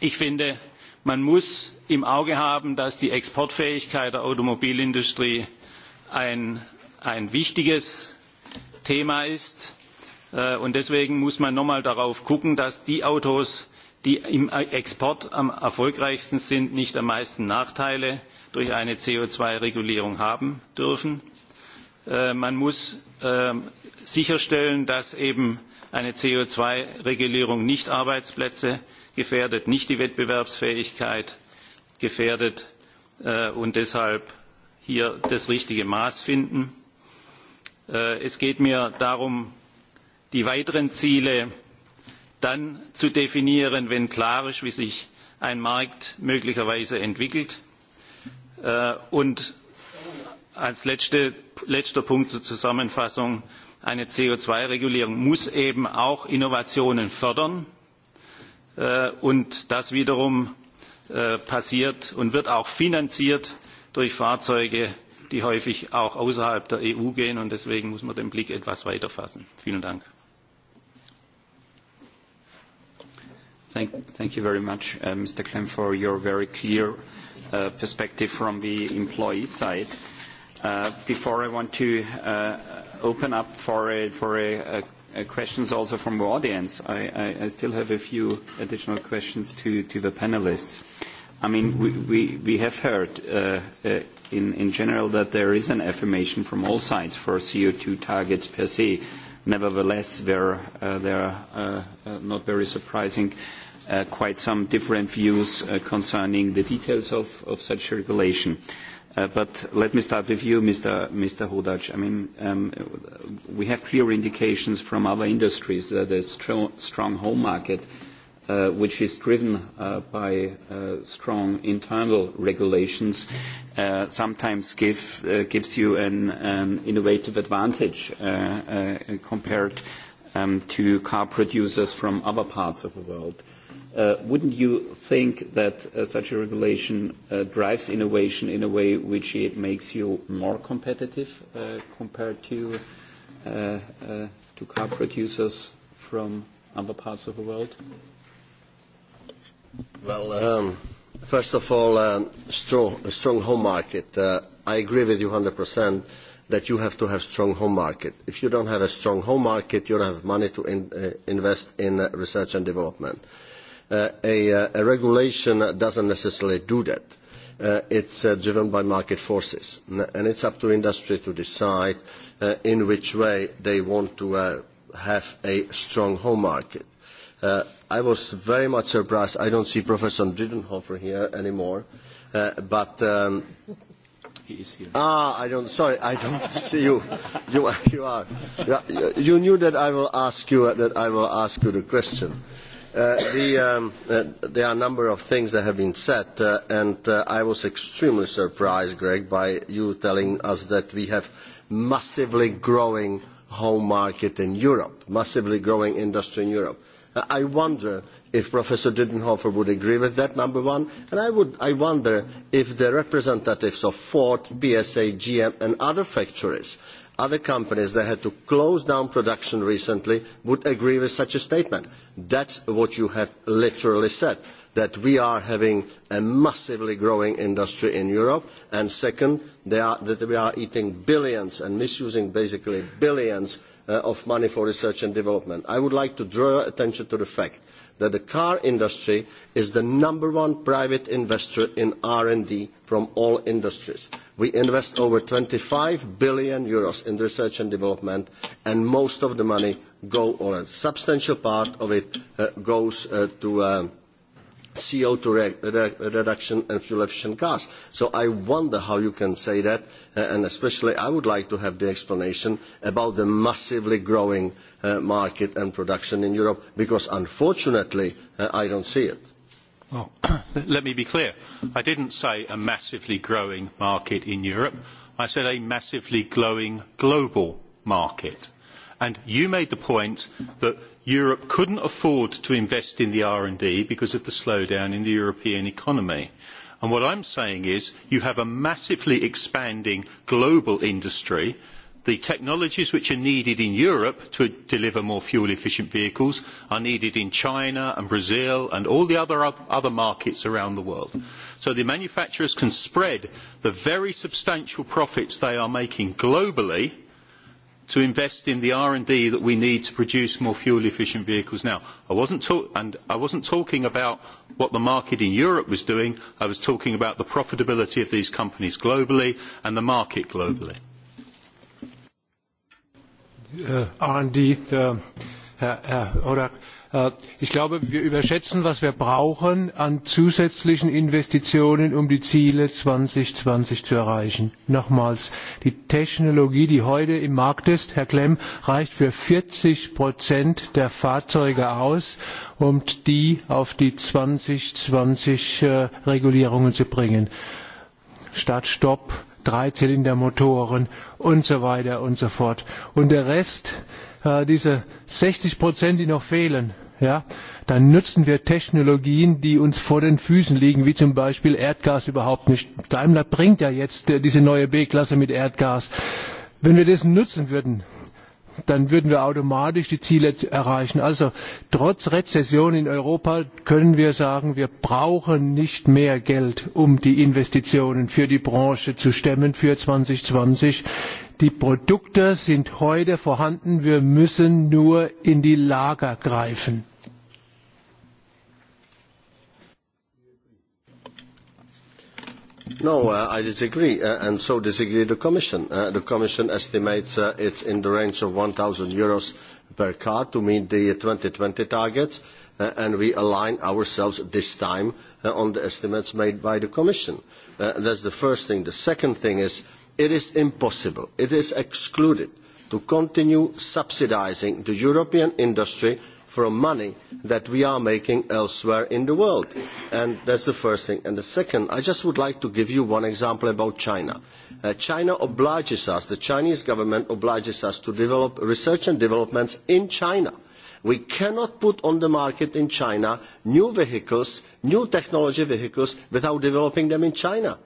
Ich finde, man muss im Auge haben, dass die Exportfähigkeit der Automobilindustrie ein, ein wichtiges Thema ist. Äh, und deswegen muss man nochmal darauf gucken, dass die Autos, die im Export am erfolgreichsten sind, nicht am meisten Nachteile durch eine CO2-Regulierung haben dürfen. Äh, man muss ähm, sicherstellen, dass eben eine co zwei regulierung nicht Arbeitsplätze gefährdet, nicht die Wettbewerbsfähigkeit gefährdet äh, und deshalb hier das richtige Maß finden. Äh, es geht mir darum, die weiteren Ziele dann zu definieren, wenn klar ist, wie sich ein Markt möglicherweise entwickelt und als letzte, letzter Punkt zur Zusammenfassung, eine co zwei regulierung muss eben auch Innovationen fördern. Äh, und das wiederum äh, passiert und wird auch finanziert durch Fahrzeuge, die häufig auch außerhalb der EU gehen. Und deswegen muss man den Blick etwas weiter fassen. Vielen Dank. Thank, thank you very much, uh, Mr. Clem, for your very clear uh, perspective from the employee side. Uh, before I want to uh, open up for, a, for a, a, questions also from the audience, I, I, I still have a few additional questions to, to the panelists. I mean, we, we, we have heard uh, uh, in, in general that there is an affirmation from all sides for CO2 targets per se. Nevertheless, there, uh, there are uh, uh, not very surprising uh, quite some different views uh, concerning the details of, of such regulation. Uh, but let me start with you, Mr. Mr. Hudac. I mean, um, we have clear indications from other industries that a strong, strong home market, uh, which is driven uh, by uh, strong internal regulations, uh, sometimes give, uh, gives you an, an innovative advantage uh, uh, compared um, to car producers from other parts of the world. Uh, Uh, wouldn't you think that uh, such a regulation uh, drives innovation in a way which it makes you more competitive uh, compared to, uh, uh, to car producers from other parts of the world? Well, um, first of all, um, strong, a strong home market. Uh, I agree with you 100% that you have to have a strong home market. If you don't have a strong home market, you don't have money to in, uh, invest in uh, research and development. Uh, Uh, a, uh, a regulation doesn't necessarily do that. Uh, it's uh, driven by market forces, and it's up to industry to decide uh, in which way they want to uh, have a strong home market. Uh, I was very much surprised. I don't see Professor Didenhofer here anymore, uh, but um, he is here. Ah, I don't. Sorry, I don't *laughs* see you. You, you are. You, you knew that I will ask you that I will ask you the question. Uh, Uh, the, um, uh, there are a number of things that have been said, uh, and I was extremely surprised, Greg, by you telling us that we have massively growing home market in Europe, massively growing industry in Europe. I wonder if Professor Didenhofer would agree with that, number one. And I, would, I wonder if the representatives of Ford, PSA, GM, and other factories other companies that had to close down production recently would agree with such a statement. That is what you have literally said, that we are having a massively growing industry in Europe, and second, are, that we are eating billions and misusing basically billions uh, of money for research and development. I would like to draw your attention to the fact that the car industry is the number one private investor in R&D from all industries. We invest over EUR twenty five billion in research and development, and most of the money, go, or a substantial part of it, uh, goes uh, to uh, CO2 re reduction and fuel efficient cars. So I wonder how you can say that, uh, and especially I would like to have the explanation about the massively growing uh, market and production in Europe, because unfortunately uh, I don't see it. Well, *coughs* let me be clear. I didn't say a massively growing market in Europe. I said a massively growing global market. And you made the point that Europe could not afford to invest in the R&D because of the slowdown in the European economy. And what I am saying is you have a massively expanding global industry. The technologies which are needed in Europe to deliver more fuel efficient vehicles are needed in China and Brazil and all the other, other markets around the world. So the manufacturers can spread the very substantial profits they are making globally to invest in the R&D that we need to produce more fuel efficient vehicles now. I wasn't, talk and I wasn't talking about what the market in Europe was doing, I was talking about the profitability of these companies globally and the market globally. Uh, R&D, uh, uh, uh, Äh, ich glaube, wir überschätzen, was wir brauchen an zusätzlichen Investitionen, um die Ziele 2020 zu erreichen. Nochmals, die Technologie, die heute im Markt ist, Herr Klemm, reicht für 40 Prozent der Fahrzeuge aus, um die auf die 2020 äh, Regulierungen zu bringen. Start, Stopp, Dreizylindermotoren und so weiter und so fort. Und der Rest, äh, diese 60 Prozent, die noch fehlen, ja, dann nutzen wir Technologien, die uns vor den Füßen liegen, wie zum Beispiel Erdgas überhaupt nicht. Daimler bringt ja jetzt äh, diese neue B-Klasse mit Erdgas. Wenn wir das nutzen würden, dann würden wir automatisch die Ziele erreichen. Also trotz Rezession in Europa können wir sagen, wir brauchen nicht mehr Geld, um die Investitionen für die Branche zu stemmen für 2020. Die Produkte sind heute vorhanden, wir müssen nur in die Lager greifen. No, uh, I disagree, uh, and so disagree the Commission. Uh, the Commission estimates uh, it's in the range of 1,000 euros per car to meet the 2020 targets, uh, and we align ourselves this time uh, on the estimates made by the Commission. Uh, that's the first thing. The second thing is it is impossible, it is excluded to continue subsidising the European industry from money that we are making elsewhere in the world. And that's the first thing. And the second, I just would like to give you one example about China. Uh, China obliges us, the Chinese government obliges us to develop research and developments in China. We cannot put on the market in China new vehicles, new technology vehicles, without developing them in China.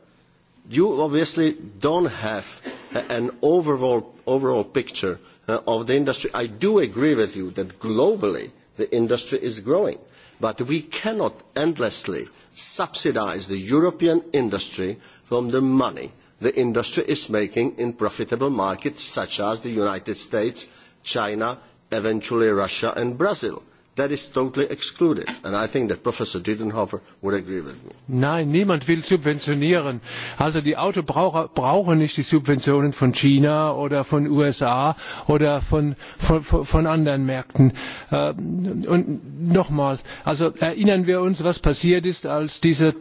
You obviously do not have an overall, overall picture Uh, of the industry. I do agree with you that globally the industry is growing, but we cannot endlessly subsidise the European industry from the money the industry is making in profitable markets such as the United States, China, eventually Russia and Brazil That is totally excluded. And I think that Professor Didenhofer would agree with me. Nein, niemand will subventionieren. Also die Autobraucher brauchen nicht die Subventionen von China oder von USA oder von, von, von anderen Märkten. Ähm, und nochmal, also erinnern wir uns, was passiert ist, als diese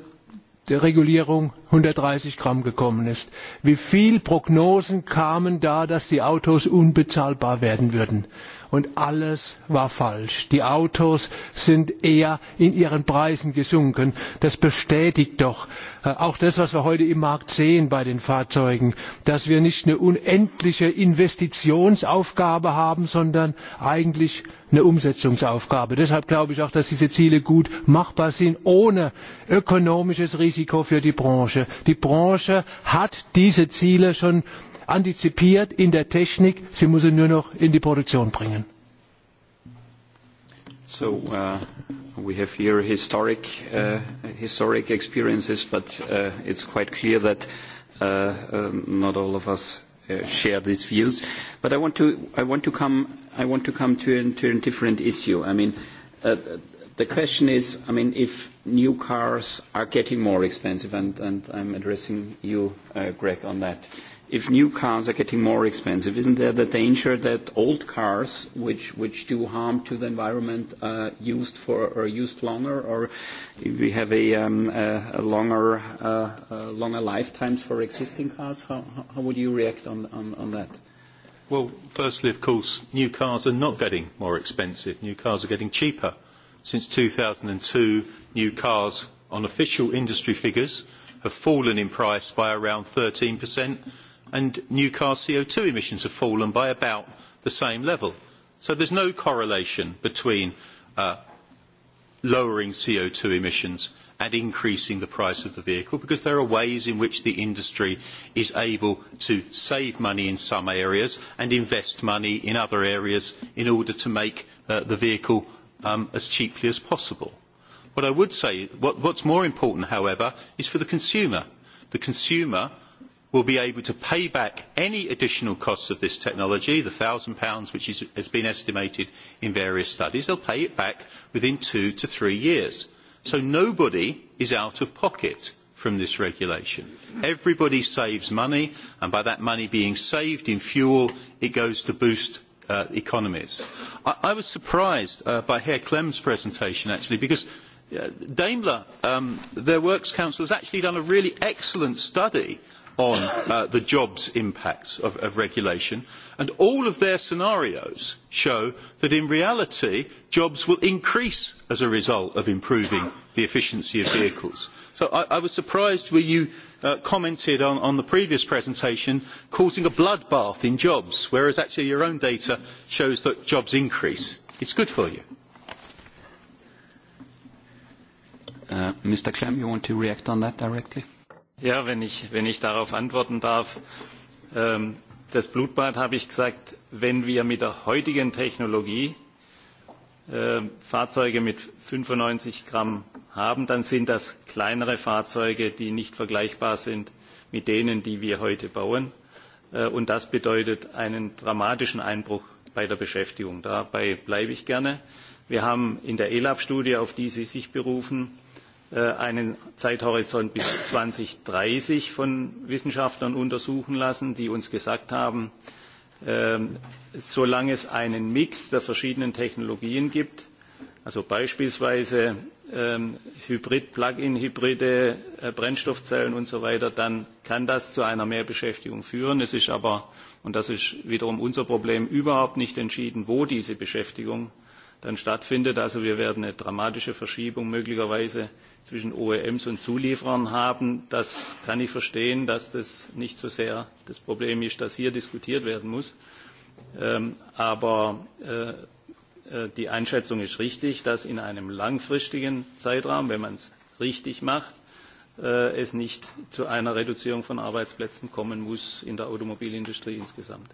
der Regulierung 130 Gramm gekommen ist. Wie viele Prognosen kamen da, dass die Autos unbezahlbar werden würden? und alles war falsch. Die Autos sind eher in ihren Preisen gesunken. Das bestätigt doch äh, auch das, was wir heute im Markt sehen bei den Fahrzeugen, dass wir nicht eine unendliche Investitionsaufgabe haben, sondern eigentlich eine Umsetzungsaufgabe. Deshalb glaube ich auch, dass diese Ziele gut machbar sind, ohne ökonomisches Risiko für die Branche. Die Branche hat diese Ziele schon antizipiert in der Technik, sie muss ihn nur noch in die Produktion bringen. So uh, we have here historic, uh, historic experiences, but uh, it's quite clear that uh, uh, not all of us uh, share these views. But I want to, I want to come, I want to, come to, an, to a different issue. I mean, uh, the question is, I mean, if new cars are getting more expensive, and, and I'm addressing you, uh, Greg, on that. Uh, if new cars are getting more expensive, isn't there the danger that old cars, which, which do harm to the environment, uh, used for or used longer, or if we have a, um, a, uh, a longer, uh, uh, longer lifetimes for existing cars? How, how would you react on, on, on that? Well, firstly, of course, new cars are not getting more expensive. New cars are getting cheaper. Since 2002, new cars, on official industry figures, have fallen in price by around 13 and new car co two emissions have fallen by about the same level. So there is no correlation between uh, lowering co two emissions and increasing the price of the vehicle because there are ways in which the industry is able to save money in some areas and invest money in other areas in order to make uh, the vehicle um, as cheaply as possible. What I would say, what, is more important, however, is for the consumer. The consumer will be able to pay back any additional costs of this technology, the £1,000 which is, has been estimated in various studies, they will pay it back within two to three years. So nobody is out of pocket from this regulation. Everybody saves money, and by that money being saved in fuel, it goes to boost uh, economies. I, I, was surprised uh, by Herr Klem's presentation, actually, because uh, Daimler, um, their Works Council, has actually done a really excellent study on uh, the jobs impacts of, of, regulation. And all of their scenarios show that in reality, jobs will increase as a result of improving the efficiency of vehicles. So I, I was surprised when you uh, commented on, on, the previous presentation causing a bloodbath in jobs, whereas actually your own data shows that jobs increase. It is good for you. Uh, Mr. Clem, you want to react on that directly? Ja, wenn ich, wenn ich darauf antworten darf. Ähm, das Blutbad habe ich gesagt, wenn wir mit der heutigen Technologie äh, Fahrzeuge mit 95 Gramm haben, dann sind das kleinere Fahrzeuge, die nicht vergleichbar sind mit denen, die wir heute bauen. Äh, und das bedeutet einen dramatischen Einbruch bei der Beschäftigung. Dabei bleibe ich gerne. Wir haben in der ELAB-Studie, auf die Sie sich berufen, Äh, einen Zeithorizont bis 2030 von Wissenschaftlern untersuchen lassen, die uns gesagt haben, ähm, solange es einen Mix der verschiedenen Technologien gibt, also beispielsweise ähm, Hybrid, Plug-in-Hybride, äh, Brennstoffzellen und so weiter, dann kann das zu einer Mehrbeschäftigung führen. Es ist aber, und das ist wiederum unser Problem, überhaupt nicht entschieden, wo diese Beschäftigung dann stattfindet. Also wir werden eine dramatische Verschiebung möglicherweise zwischen OEMs und Zulieferern haben, das kann ich verstehen, dass das nicht so sehr das Problem ist, das hier diskutiert werden muss. Ähm, aber äh, äh die Einschätzung ist richtig, dass in einem langfristigen Zeitraum, wenn man es richtig macht, äh, es nicht zu einer Reduzierung von Arbeitsplätzen kommen muss in der Automobilindustrie insgesamt.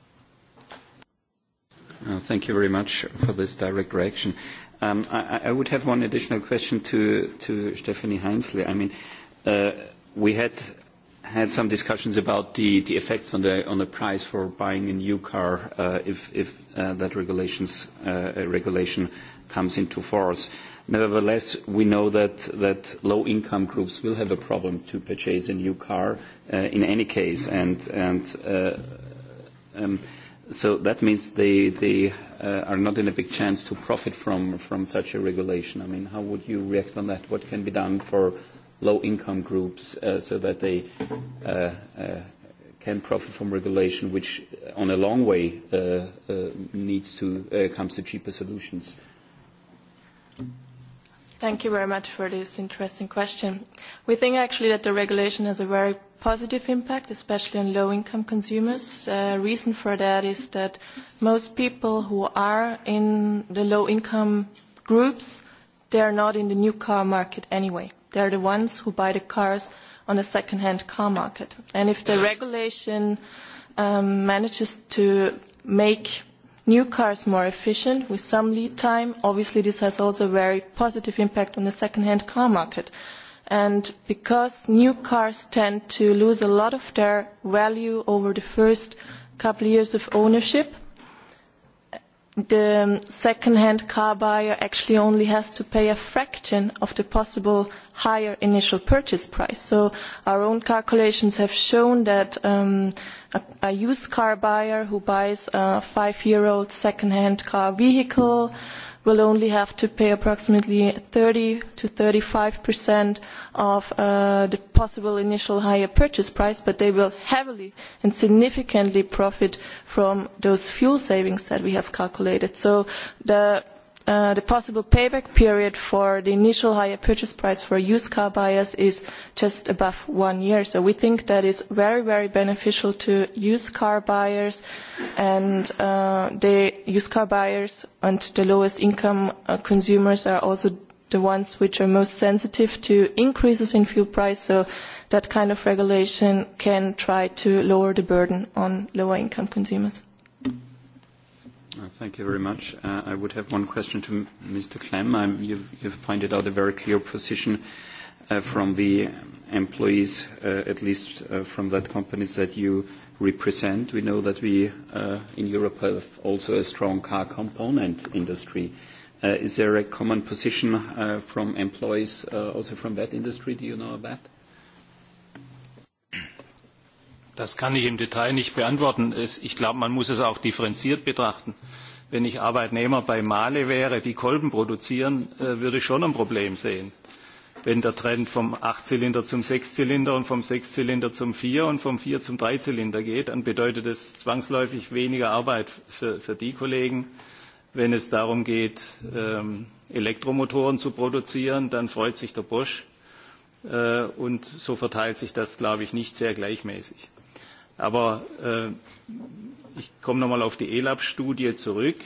Uh, thank you very much for this direct reaction. Um, I, I would have one additional question to, to Stephanie Heinzle. I mean, uh, we had had some discussions about the, the effects on the, on the price for buying a new car uh, if, if uh, that regulations, uh, regulation comes into force. Nevertheless, we know that, that low-income groups will have a problem to purchase a new car uh, in any case, and, and uh, um, so that means they, they uh, are not in a big chance to profit from, from such a regulation. I mean, how would you react on that? What can be done for low-income groups uh, so that they uh, uh, can profit from regulation, which uh, on a long way uh, uh, needs to uh, comes to cheaper solutions? Thank you very much for this interesting question. We think actually that the regulation has a very positive impact, especially on low-income consumers. The uh, reason for that is that most people who are in the low-income groups, they are not in the new car market anyway. They are the ones who buy the cars on the second-hand car market. And if the regulation um, manages to make new cars more efficient with some lead time, obviously this has also a very positive impact on the second-hand car market and because new cars tend to lose a lot of their value over the first couple of years of ownership, the second-hand car buyer actually only has to pay a fraction of the possible higher initial purchase price. So our own calculations have shown that um, a, a used car buyer who buys a five-year-old second-hand car vehicle will only have to pay approximately 30 to 35 percent of uh, the possible initial higher purchase price, but they will heavily and significantly profit from those fuel savings that we have calculated. So the Uh, the possible payback period for the initial higher purchase price for used car buyers is just above one year. So we think that is very, very beneficial to used car buyers and uh, the used car buyers and the lowest income uh, consumers are also the ones which are most sensitive to increases in fuel price. So that kind of regulation can try to lower the burden on lower income consumers. Uh, thank you very much. Uh, I would have one question to Mr. Klemm. you've, pointed out a very clear position uh, from the employees, at least from that companies that you represent. We know that we uh, in Europe have also a strong car component industry. Uh, is there a common position uh, from employees also from that industry? Do you know of that? Das kann ich im Detail nicht beantworten. ich glaube, man muss es auch differenziert betrachten. Wenn ich Arbeitnehmer bei Male wäre, die Kolben produzieren, äh, würde ich schon ein Problem sehen. Wenn der Trend vom Achtzylinder zum Sechszylinder und vom Sechszylinder zum Vier und vom Vier zum Dreizylinder geht, dann bedeutet es zwangsläufig weniger Arbeit für, für die Kollegen. Wenn es darum geht, ähm, Elektromotoren zu produzieren, dann freut sich der Bosch. Äh, und so verteilt sich das, glaube ich, nicht sehr gleichmäßig. Aber äh, ich komme nochmal auf die ELAB-Studie zurück.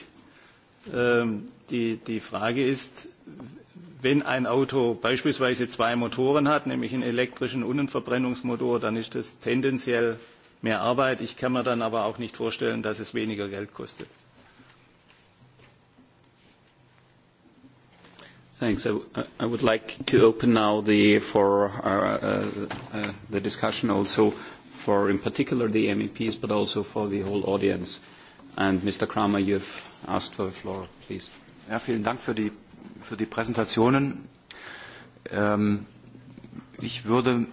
Ähm, die, die Frage ist, wenn ein Auto beispielsweise zwei Motoren hat, nämlich einen elektrischen und einen Verbrennungsmotor, dann ist das tendenziell mehr Arbeit. Ich kann mir dann aber auch nicht vorstellen, dass es weniger Geld kostet. Thanks. I, I would like to open now the, for our, uh, uh, uh, the discussion also for, in particular, the MEPs, but also for the whole audience. And Mr. Kramer, you've asked for the floor, please. Ja, vielen Dank für die, für die Präsentationen. Ähm, ich, würde,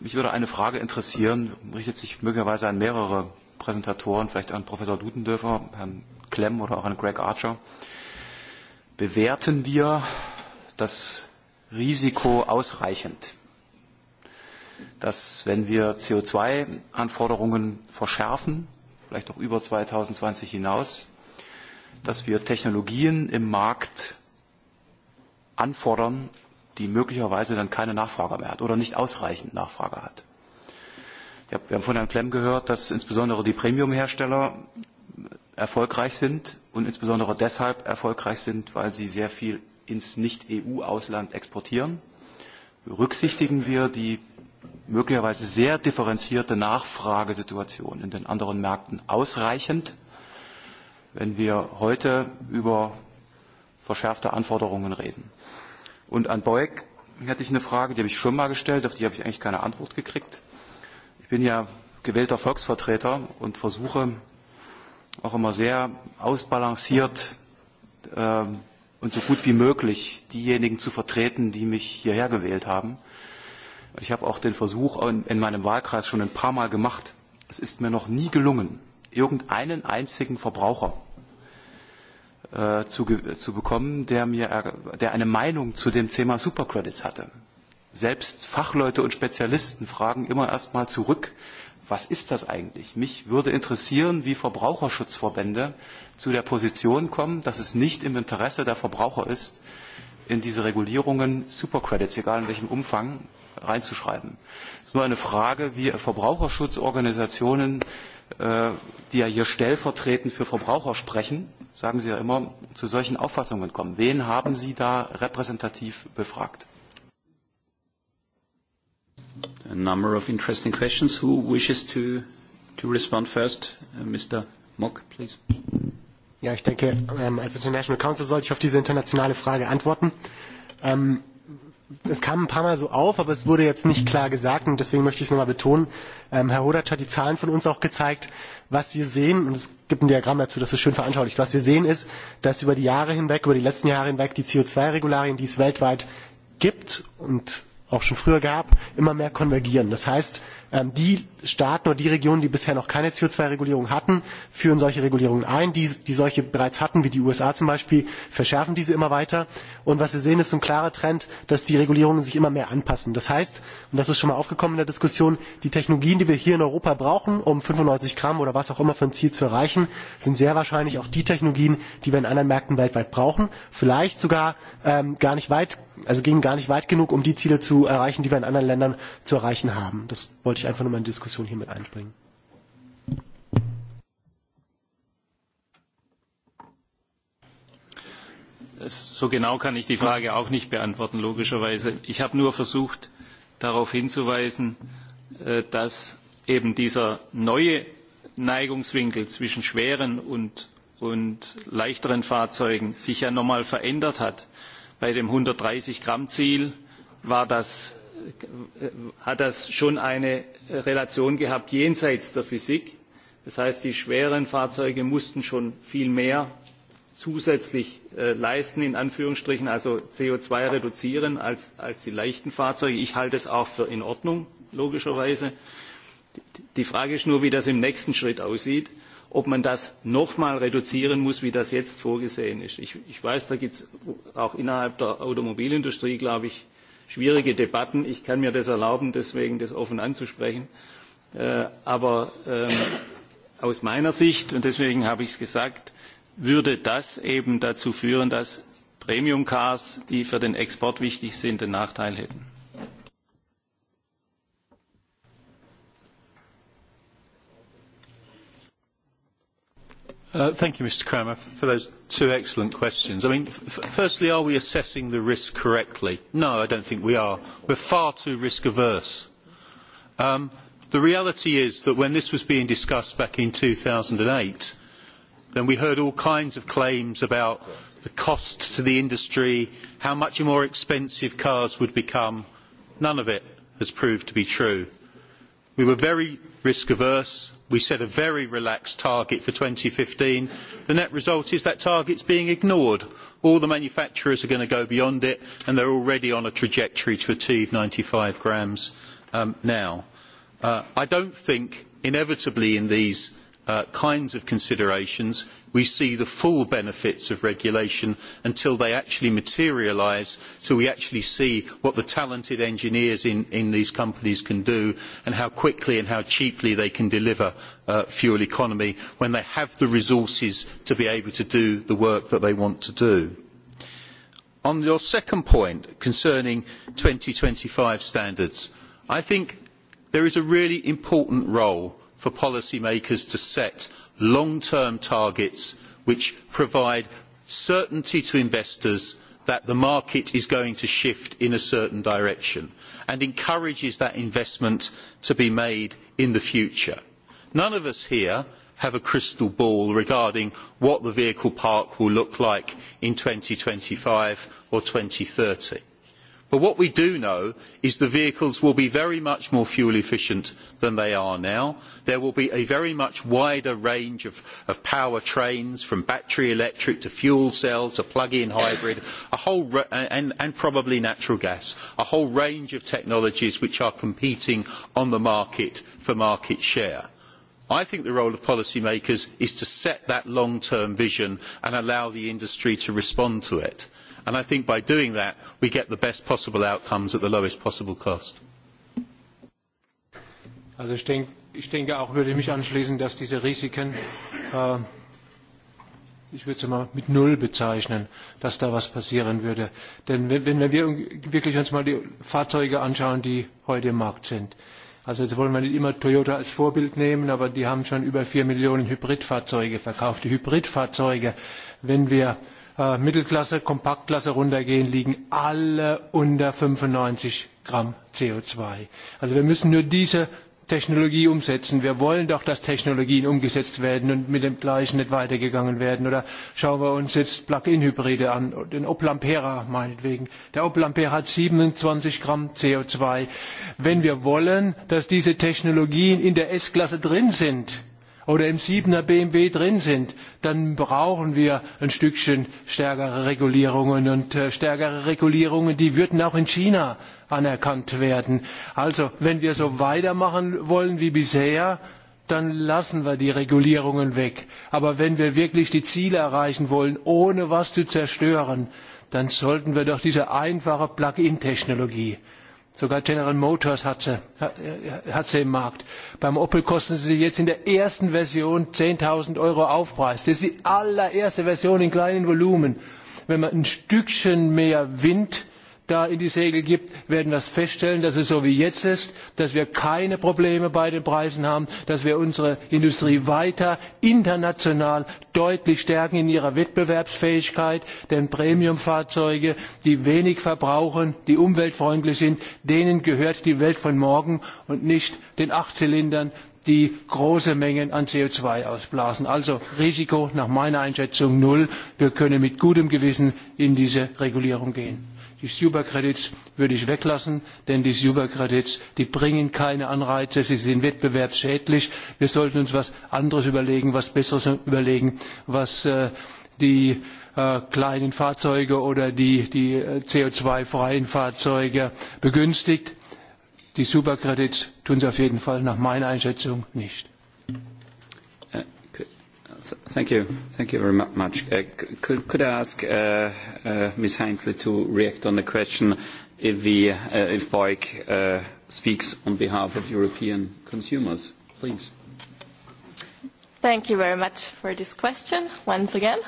mich würde eine Frage interessieren, richtet sich möglicherweise an mehrere Präsentatoren, vielleicht an Professor Dudendörfer, Herrn Klemm oder auch an Greg Archer. Bewerten wir das Risiko ausreichend? dass wenn wir CO2-Anforderungen verschärfen, vielleicht auch über 2020 hinaus, dass wir Technologien im Markt anfordern, die möglicherweise dann keine Nachfrage mehr hat oder nicht ausreichend Nachfrage hat. Ja, wir haben von Herrn Klemm gehört, dass insbesondere die Premium-Hersteller erfolgreich sind und insbesondere deshalb erfolgreich sind, weil sie sehr viel ins Nicht-EU-Ausland exportieren. Berücksichtigen wir die möglicherweise sehr differenzierte Nachfragesituation in den anderen Märkten ausreichend. Wenn wir heute über verschärfte Anforderungen reden. Und an Beug hätte ich eine Frage, die habe ich schon mal gestellt, auf die habe ich eigentlich keine Antwort gekriegt. Ich bin ja gewählter Volksvertreter und versuche auch immer sehr ausbalanciert äh, und so gut wie möglich diejenigen zu vertreten, die mich hierher gewählt haben. Ich habe auch den Versuch in, in meinem Wahlkreis schon ein paar Mal gemacht. Es ist mir noch nie gelungen, irgendeinen einzigen Verbraucher äh, zu, zu bekommen, der, mir, äh, der eine Meinung zu dem Thema Supercredits hatte. Selbst Fachleute und Spezialisten fragen immer erst mal zurück, was ist das eigentlich? Mich würde interessieren, wie Verbraucherschutzverbände zu der Position kommen, dass es nicht im Interesse der Verbraucher ist, in diese Regulierungen Supercredits, egal in welchem Umfang, reinzuschreiben. Es ist nur eine Frage, wie Verbraucherschutzorganisationen, äh, die ja hier stellvertretend für Verbraucher sprechen, sagen Sie ja immer, zu solchen Auffassungen kommen. Wen haben Sie da repräsentativ befragt? A number of interesting questions. Who wishes to, to respond first? Uh, Mr. Mock, please. Ja, ich denke, ähm, als International Council sollte ich auf diese internationale Frage antworten. Ähm, es kam ein paar Mal so auf, aber es wurde jetzt nicht klar gesagt und deswegen möchte ich es nochmal betonen. Ähm, Herr Hodatsch hat die Zahlen von uns auch gezeigt. Was wir sehen, und es gibt ein Diagramm dazu, das ist schön veranschaulicht, was wir sehen ist, dass über die Jahre hinweg, über die letzten Jahre hinweg die CO2-Regularien, die es weltweit gibt und auch schon früher gab, immer mehr konvergieren. Das heißt, Ähm, die Staaten oder die Regionen, die bisher noch keine co zwei regulierung hatten, führen solche Regulierungen ein. Die, die solche bereits hatten, wie die USA zum Beispiel, verschärfen diese immer weiter. Und was wir sehen, ist ein klarer Trend, dass die Regulierungen sich immer mehr anpassen. Das heißt, und das ist schon mal aufgekommen in der Diskussion, die Technologien, die wir hier in Europa brauchen, um 95 Gramm oder was auch immer für ein Ziel zu erreichen, sind sehr wahrscheinlich auch die Technologien, die wir in anderen Märkten weltweit brauchen. Vielleicht sogar ähm, gar nicht weit, also gehen gar nicht weit genug, um die Ziele zu erreichen, die wir in anderen Ländern zu erreichen haben. Das wollte ich ich einfach nochmal meine Diskussion hier mit einbringen. So genau kann ich die Frage auch nicht beantworten, logischerweise. Ich habe nur versucht, darauf hinzuweisen, äh, dass eben dieser neue Neigungswinkel zwischen schweren und, und leichteren Fahrzeugen sich ja nochmal verändert hat. Bei dem 130 Gramm Ziel war das hat das schon eine Relation gehabt jenseits der Physik. Das heißt, die schweren Fahrzeuge mussten schon viel mehr zusätzlich äh, leisten, in Anführungsstrichen, also co zwei reduzieren als, als die leichten Fahrzeuge. Ich halte es auch für in Ordnung, logischerweise. Die Frage ist nur, wie das im nächsten Schritt aussieht, ob man das nochmal reduzieren muss, wie das jetzt vorgesehen ist. Ich, ich weiß, da gibt es auch innerhalb der Automobilindustrie, glaube ich, schwierige Debatten. Ich kann mir das erlauben, deswegen das offen anzusprechen. Äh, aber ähm, aus meiner Sicht, und deswegen habe ich es gesagt, würde das eben dazu führen, dass Premium-Cars, die für den Export wichtig sind, einen Nachteil hätten. Uh, thank you, Mr. Cramer, for those two excellent questions. I mean, firstly, are we assessing the risk correctly? No, I don't think we are. We're far too risk averse. Um, the reality is that when this was being discussed back in two thousand eight, then we heard all kinds of claims about the cost to the industry, how much more expensive cars would become. None of it has proved to be true. We were very risk averse. We set a very relaxed target for fifteen. The net result is that target is being ignored. All the manufacturers are going to go beyond it, and they are already on a trajectory to achieve ninety five grams um, now. Uh, I do not think, inevitably, in these uh, kinds of considerations, we see the full benefits of regulation until they actually materialise, so we actually see what the talented engineers in, in, these companies can do and how quickly and how cheaply they can deliver uh, fuel economy when they have the resources to be able to do the work that they want to do. On your second point concerning twenty five standards, I think there is a really important role for policymakers to set long term targets which provide certainty to investors that the market is going to shift in a certain direction and encourages that investment to be made in the future. None of us here have a crystal ball regarding what the vehicle park will look like in twenty five or thirty. But what we do know is the vehicles will be very much more fuel efficient than they are now. There will be a very much wider range of, of power trains from battery electric to fuel cell to plug-in hybrid a whole and, and probably natural gas, a whole range of technologies which are competing on the market for market share. I think the role of policymakers is to set that long-term vision and allow the industry to respond to it. And I think by doing that, we get the best possible outcomes at the lowest possible cost. Also ich, ich denke auch, würde mich anschließen, dass diese Risiken, äh, ich würde es mal mit Null bezeichnen, dass da was passieren würde. Denn wenn, wenn wir wirklich uns mal die Fahrzeuge anschauen, die heute im Markt sind, Also jetzt wollen wir nicht immer Toyota als Vorbild nehmen, aber die haben schon über vier Millionen Hybridfahrzeuge verkauft. Die Hybridfahrzeuge, wenn wir Äh, Mittelklasse, Kompaktklasse runtergehen, liegen alle unter 95 Gramm CO2. Also wir müssen nur diese Technologie umsetzen. Wir wollen doch, dass Technologien umgesetzt werden und mit dem gleichen nicht weitergegangen werden. Oder schauen wir uns jetzt Plug-in-Hybride an, den Oplampera meinetwegen. Der Oplampera hat 27 Gramm CO2. Wenn wir wollen, dass diese Technologien in der S-Klasse drin sind, oder im 7er BMW drin sind, dann brauchen wir ein Stückchen stärkere Regulierungen und äh, stärkere Regulierungen, die würden auch in China anerkannt werden. Also, wenn wir so weitermachen wollen wie bisher, dann lassen wir die Regulierungen weg. Aber wenn wir wirklich die Ziele erreichen wollen, ohne was zu zerstören, dann sollten wir doch diese einfache Plug-in-Technologie Sogar General Motors hat sie, hat sie im Markt. Beim Opel kosten sie jetzt in der ersten Version 10.000 Euro Aufpreis. Das ist die allererste Version in kleinen Volumen. Wenn man ein Stückchen mehr Wind da in die Segel gibt, werden wir feststellen, dass es so wie jetzt ist, dass wir keine Probleme bei den Preisen haben, dass wir unsere Industrie weiter international deutlich stärken in ihrer Wettbewerbsfähigkeit, denn Premiumfahrzeuge, die wenig verbrauchen, die umweltfreundlich sind, denen gehört die Welt von morgen und nicht den Achtzylindern, die große Mengen an co zwei ausblasen. Also Risiko nach meiner Einschätzung null. Wir können mit gutem Gewissen in diese Regulierung gehen. Die Superkredits würde ich weglassen, denn die Superkredits, die bringen keine Anreize, sie sind wettbewerbsschädlich. Wir sollten uns was anderes überlegen, was Besseres überlegen, was äh, die äh, kleinen Fahrzeuge oder die, die äh, CO2-freien Fahrzeuge begünstigt. Die Superkredits tun sie auf jeden Fall nach meiner Einschätzung nicht. Thank you. Thank you very much. Uh, could, could I ask uh, uh, Ms. Heinzle to react on the question if, we, uh, if BOIC uh, speaks on behalf of European consumers? Please. Thank you very much for this question once again.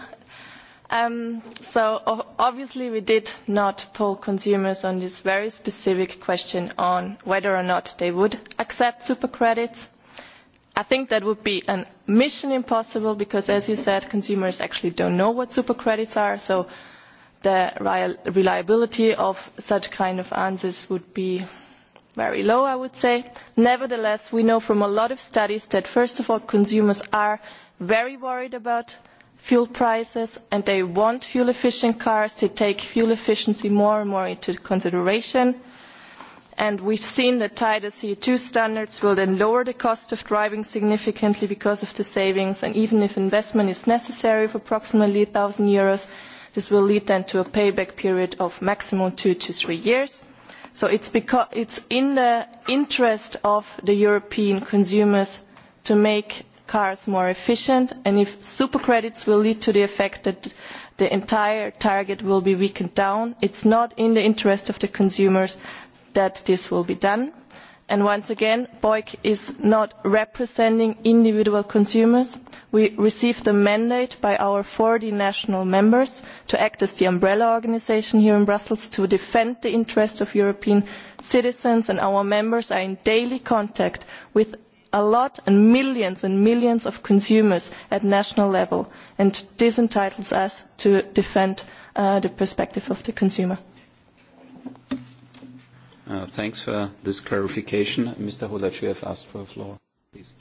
Um, so obviously we did not poll consumers on this very specific question on whether or not they would accept super credits I think that would be a mission impossible because, as you said, consumers actually don't know what super credits are, so the reliability of such kind of answers would be very low, I would say. Nevertheless, we know from a lot of studies that, first of all, consumers are very worried about fuel prices and they want fuel-efficient cars. to take fuel efficiency more and more into consideration and we have seen that tighter co two standards will then lower the cost of driving significantly because of the savings, and even if investment is necessary of approximately EUR 1,000 euros, this will lead then to a payback period of maximum two to three years. So it is in the interest of the European consumers to make cars more efficient, and if super credits will lead to the effect that the entire target will be weakened down, it is not in the interest of the consumers that this will be done. And once again, BOIC is not representing individual consumers. We received a mandate by our forty national members to act as the umbrella organisation here in Brussels to defend the interests of European citizens, and our members are in daily contact with a lot and millions and millions of consumers at national level, and this entitles us to defend uh, the perspective of the consumer. Uh, thanks for this clarification. Mr. Hulach, you have asked for the floor.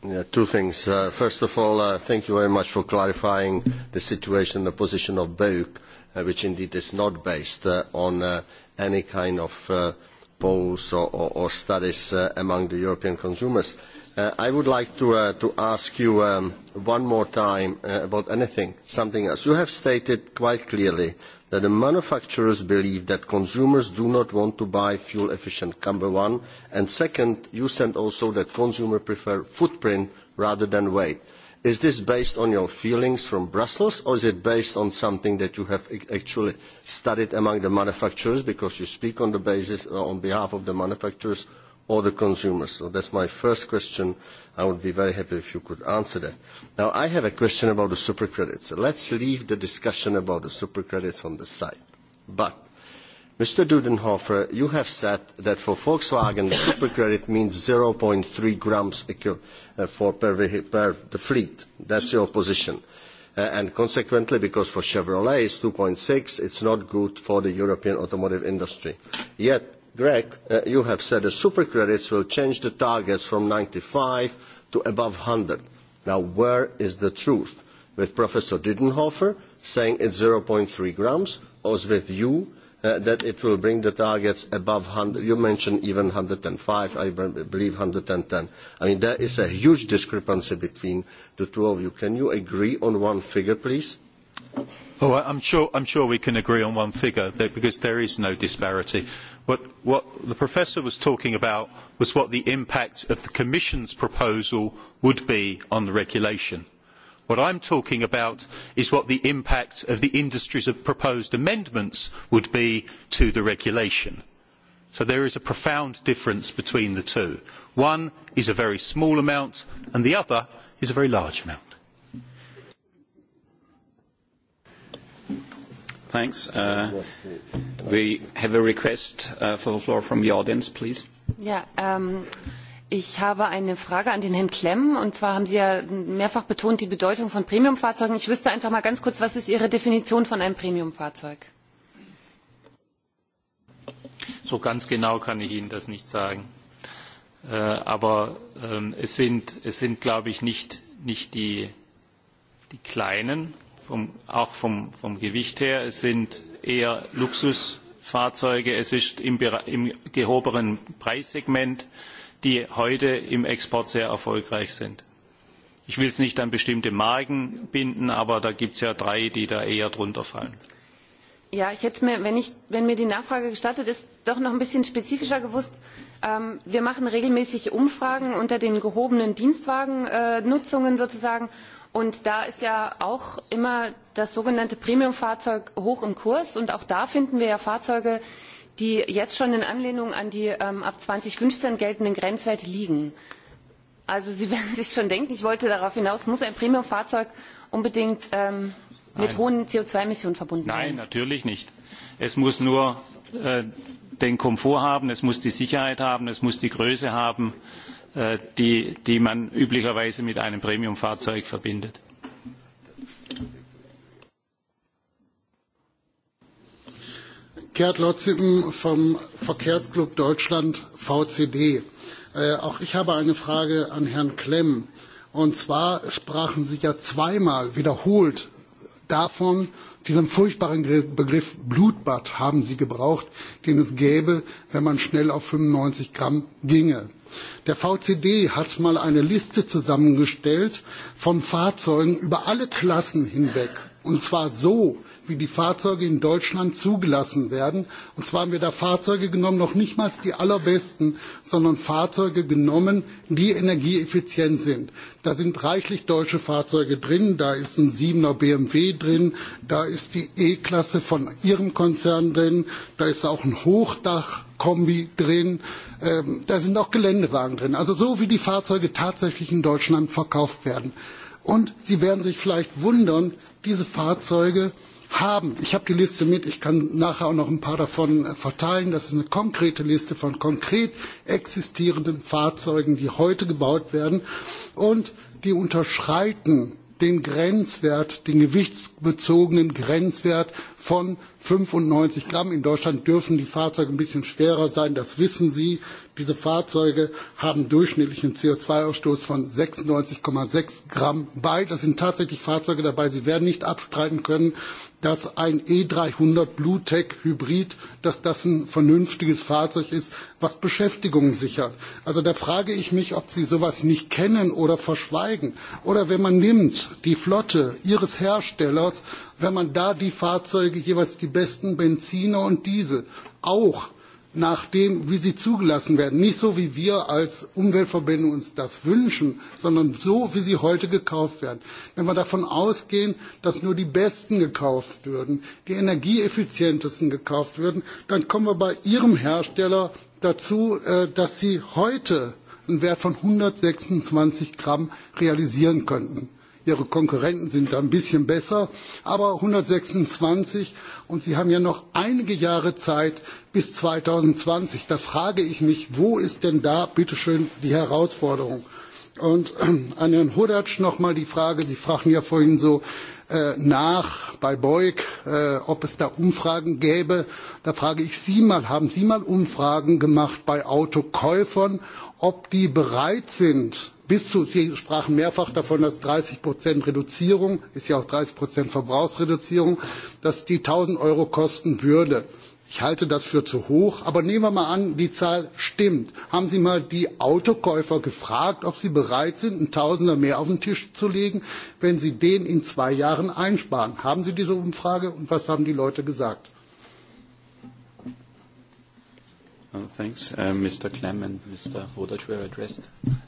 Yeah, two things. Uh, first of all, uh, thank you very much for clarifying the situation, the position of BEUC, uh, which indeed is not based uh, on uh, any kind of uh, polls or, or, or studies uh, among the European consumers. Uh, I would like to, uh, to ask you um, one more time uh, about anything, something else. You have stated quite clearly that the manufacturers believe that consumers do not want to buy fuel efficient number one and second you said also that consumers prefer footprint rather than weight. Is this based on your feelings from Brussels or is it based on something that you have actually studied among the manufacturers because you speak on the basis uh, on behalf of the manufacturers or the consumers? So that is my first question. I would be very happy if you could answer that. Now, I have a question about the super credits. Let's leave the discussion about the super credits on the side. But, Mr. Dudenhofer, you have said that for Volkswagen, the super credit means 0.3 grams uh, for per, per the fleet. That's your position. Uh, and consequently, because for Chevrolet it's 2.6, it's not good for the European automotive industry. Yet, Greg, uh, you have said the supercredits will change the targets from 95 to above 100. Now, where is the truth? With Professor Didenhofer saying it's 0.3 grams, or with you uh, that it will bring the targets above 100. You mentioned even 105, I believe 110. I mean, there is a huge discrepancy between the two of you. Can you agree on one figure, please? Oh, I'm sure, I'm sure we can agree on one figure, because there is no disparity. But what the Professor was talking about was what the impact of the Commission's proposal would be on the regulation. What I am talking about is what the impact of the industry's proposed amendments would be to the regulation. So there is a profound difference between the two. One is a very small amount and the other is a very large amount. Thanks. Uh, we have a request uh, for the floor from the audience, please. Yeah, um, ich habe eine Frage an den Herrn Klemm. Und zwar haben Sie ja mehrfach betont die Bedeutung von Premiumfahrzeugen. Ich wüsste einfach mal ganz kurz, was ist Ihre Definition von einem Premiumfahrzeug? So ganz genau kann ich Ihnen das nicht sagen. Äh, aber ähm, es sind, es sind glaube ich, nicht, nicht die, die kleinen auch vom, vom Gewicht her. Es sind eher Luxusfahrzeuge. Es ist im, im gehobenen Preissegment, die heute im Export sehr erfolgreich sind. Ich will es nicht an bestimmte Marken binden, aber da gibt es ja drei, die da eher drunter fallen. Ja, ich hätte mir, wenn, ich, wenn mir die Nachfrage gestattet ist, doch noch ein bisschen spezifischer gewusst. Ähm, wir machen regelmäßig Umfragen unter den gehobenen Dienstwagennutzungen äh, sozusagen Und da ist ja auch immer das sogenannte Premium Fahrzeug hoch im Kurs. Und auch da finden wir ja Fahrzeuge, die jetzt schon in Anlehnung an die ähm, ab 2015 geltenden Grenzwerte liegen. Also Sie *laughs* werden sich schon denken, ich wollte darauf hinaus, muss ein Premium Fahrzeug unbedingt ähm, Nein. mit hohen CO2-Emissionen verbunden Nein, sein? Nein, natürlich nicht. Es muss nur äh, den Komfort haben, es muss die Sicherheit haben, es muss die Größe haben. Äh, die, die man üblicherweise mit einem Premiumfahrzeug verbindet. Gerd Lotzippen vom Verkehrsclub Deutschland VCD. Äh, auch ich habe eine Frage an Herrn Klemm. Und zwar sprachen Sie ja zweimal wiederholt davon, diesen furchtbaren Begriff Blutbad haben Sie gebraucht, den es gäbe, wenn man schnell auf 95 Gramm ginge. Der VCD hat mal eine Liste zusammengestellt von Fahrzeugen über alle Klassen hinweg. Und zwar so, wie die Fahrzeuge in Deutschland zugelassen werden. Und zwar haben wir da Fahrzeuge genommen, noch nicht mal die allerbesten, sondern Fahrzeuge genommen, die energieeffizient sind. Da sind reichlich deutsche Fahrzeuge drin, da ist ein 7er BMW drin, da ist die E-Klasse von Ihrem Konzern drin, da ist auch ein Hochdachkombi drin, ähm, da sind auch Geländewagen drin. Also so wie die Fahrzeuge tatsächlich in Deutschland verkauft werden. Und Sie werden sich vielleicht wundern, diese Fahrzeuge haben. Ich habe die Liste mit, ich kann nachher auch noch ein paar davon verteilen. Das ist eine konkrete Liste von konkret existierenden Fahrzeugen, die heute gebaut werden und die unterschreiten den Grenzwert, den gewichtsbezogenen Grenzwert von 95 Gramm. In Deutschland dürfen die Fahrzeuge ein bisschen schwerer sein, das wissen Sie. Diese Fahrzeuge haben durchschnittlichen CO2-Ausstoß von 96,6 Gramm bei. Das sind tatsächlich Fahrzeuge dabei. Sie werden nicht abstreiten können, dass ein E300 Bluetech Hybrid, dass das ein vernünftiges Fahrzeug ist, was Beschäftigung sichert. Also da frage ich mich, ob Sie sowas nicht kennen oder verschweigen. Oder wenn man nimmt die Flotte Ihres Herstellers, wenn man da die Fahrzeuge jeweils die besten Benziner und Diesel auch nach dem, wie sie zugelassen werden. Nicht so, wie wir als Umweltverbände uns das wünschen, sondern so, wie sie heute gekauft werden. Wenn wir davon ausgehen, dass nur die Besten gekauft würden, die energieeffizientesten gekauft würden, dann kommen wir bei Ihrem Hersteller dazu, äh, dass Sie heute einen Wert von 126 Gramm realisieren könnten. Ihre Konkurrenten sind da ein bisschen besser, aber 126 und Sie haben ja noch einige Jahre Zeit bis 2020. Da frage ich mich, wo ist denn da bitteschön die Herausforderung? Und äh, an Herrn Hudatsch nochmal die Frage, Sie fragen ja vorhin so äh, nach bei Beug, äh, ob es da Umfragen gäbe. Da frage ich Sie mal, haben Sie mal Umfragen gemacht bei Autokäufern, ob die bereit sind, bis zu, Sie sprachen mehrfach davon, dass 30 Prozent Reduzierung, ist ja auch 30 Prozent Verbrauchsreduzierung, dass die 1000 Euro kosten würde. Ich halte das für zu hoch, aber nehmen wir mal an, die Zahl stimmt. Haben Sie mal die Autokäufer gefragt, ob sie bereit sind, einen Tausender mehr auf den Tisch zu legen, wenn sie den in zwei Jahren einsparen? Haben Sie diese Umfrage und was haben die Leute gesagt? Oh, thanks. Uh, Mr. Clem and Mr. Hodach were addressed.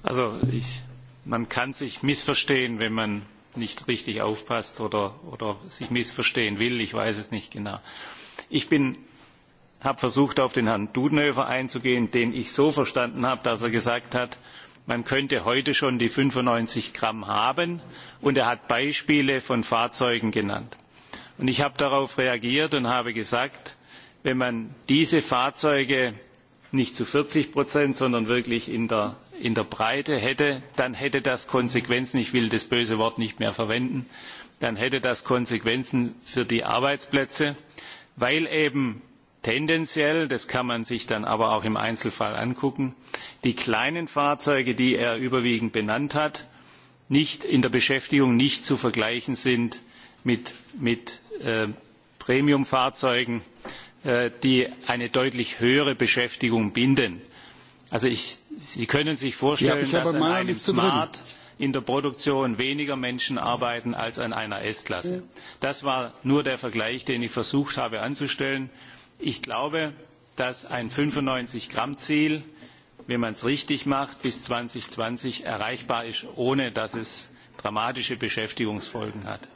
Also ich, man kann sich missverstehen, wenn man nicht richtig aufpasst oder, oder sich missverstehen will. Ich weiß es nicht genau. Ich bin habe versucht, auf den Herrn Dudenhöfer einzugehen, den ich so verstanden habe, dass er gesagt hat, man könnte heute schon die 95 Gramm haben und er hat Beispiele von Fahrzeugen genannt. Und ich habe darauf reagiert und habe gesagt, wenn man diese Fahrzeuge nicht zu 40 Prozent, sondern wirklich in der, in der Breite hätte, dann hätte das Konsequenzen, ich will das böse Wort nicht mehr verwenden, dann hätte das Konsequenzen für die Arbeitsplätze, weil eben tendenziell, das kann man sich dann aber auch im Einzelfall angucken, die kleinen Fahrzeuge, die er überwiegend benannt hat, nicht in der Beschäftigung nicht zu vergleichen sind mit, mit äh, Premiumfahrzeugen, Äh, die eine deutlich höhere Beschäftigung binden. Also ich, Sie können sich vorstellen, ja, dass an einem Smart in der Produktion weniger Menschen arbeiten als an einer S-Klasse. Ja. Das war nur der Vergleich, den ich versucht habe anzustellen. Ich glaube, dass ein 95-Gramm-Ziel, wenn man es richtig macht, bis 2020 erreichbar ist, ohne dass es dramatische Beschäftigungsfolgen hat.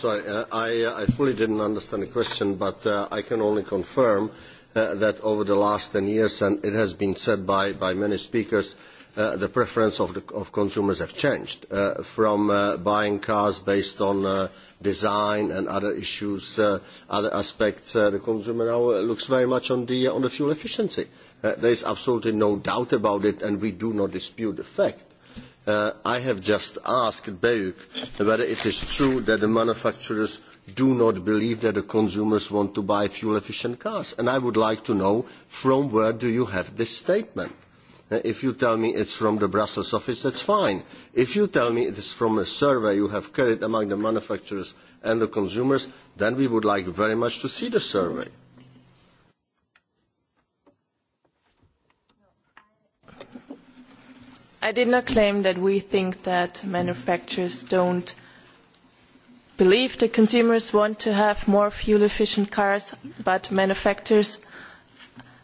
Sorry, uh, I, uh, I fully didn't understand the question, but uh, I can only confirm uh, that over the last 10 years, and it has been said by, by many speakers, uh, the preference of, the, of consumers have changed uh, from uh, buying cars based on uh, design and other issues, uh, other aspects. Uh, the consumer now uh, looks very much on the, uh, on the fuel efficiency. Uh, there is absolutely no doubt about it, and we do not dispute the fact Uh, I have just asked BEUC whether it is true that the manufacturers do not believe that the consumers want to buy fuel-efficient cars. And I would like to know from where do you have this statement? Uh, if you tell me it is from the Brussels office, that is fine. If you tell me it is from a survey you have carried among the manufacturers and the consumers, then we would like very much to see the survey. Mm -hmm. I did not claim that we think that manufacturers don't believe that consumers want to have more fuel efficient cars, but manufacturers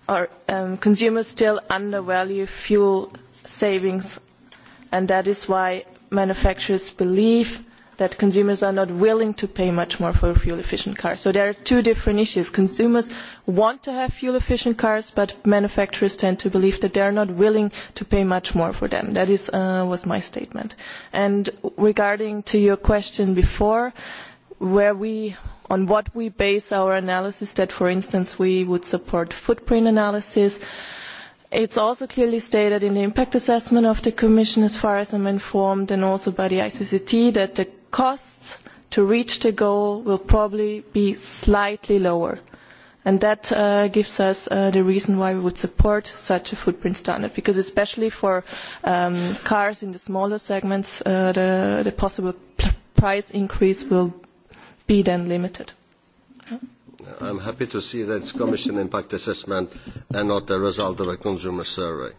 or um, consumers still undervalue fuel savings, and that is why manufacturers believe that consumers are not willing to pay much more for fuel efficient cars. So there are two different issues. Consumers want to have fuel efficient cars, but manufacturers tend to believe that they are not willing to pay much more for them. That is, uh, was my statement. And regarding to your question before, where we on what we base our analysis that for instance we would support footprint analysis it's also clearly stated in the impact assessment of the Commission as far as I am informed and also by the ICCT that the costs to reach the goal will probably be slightly lower. And that uh, gives us uh, the reason why we would support such a footprint standard, because especially for um, cars in the smaller segments, uh, the, the possible price increase will be then limited. I'm happy to see that it's Commission impact assessment and not the result of a consumer survey.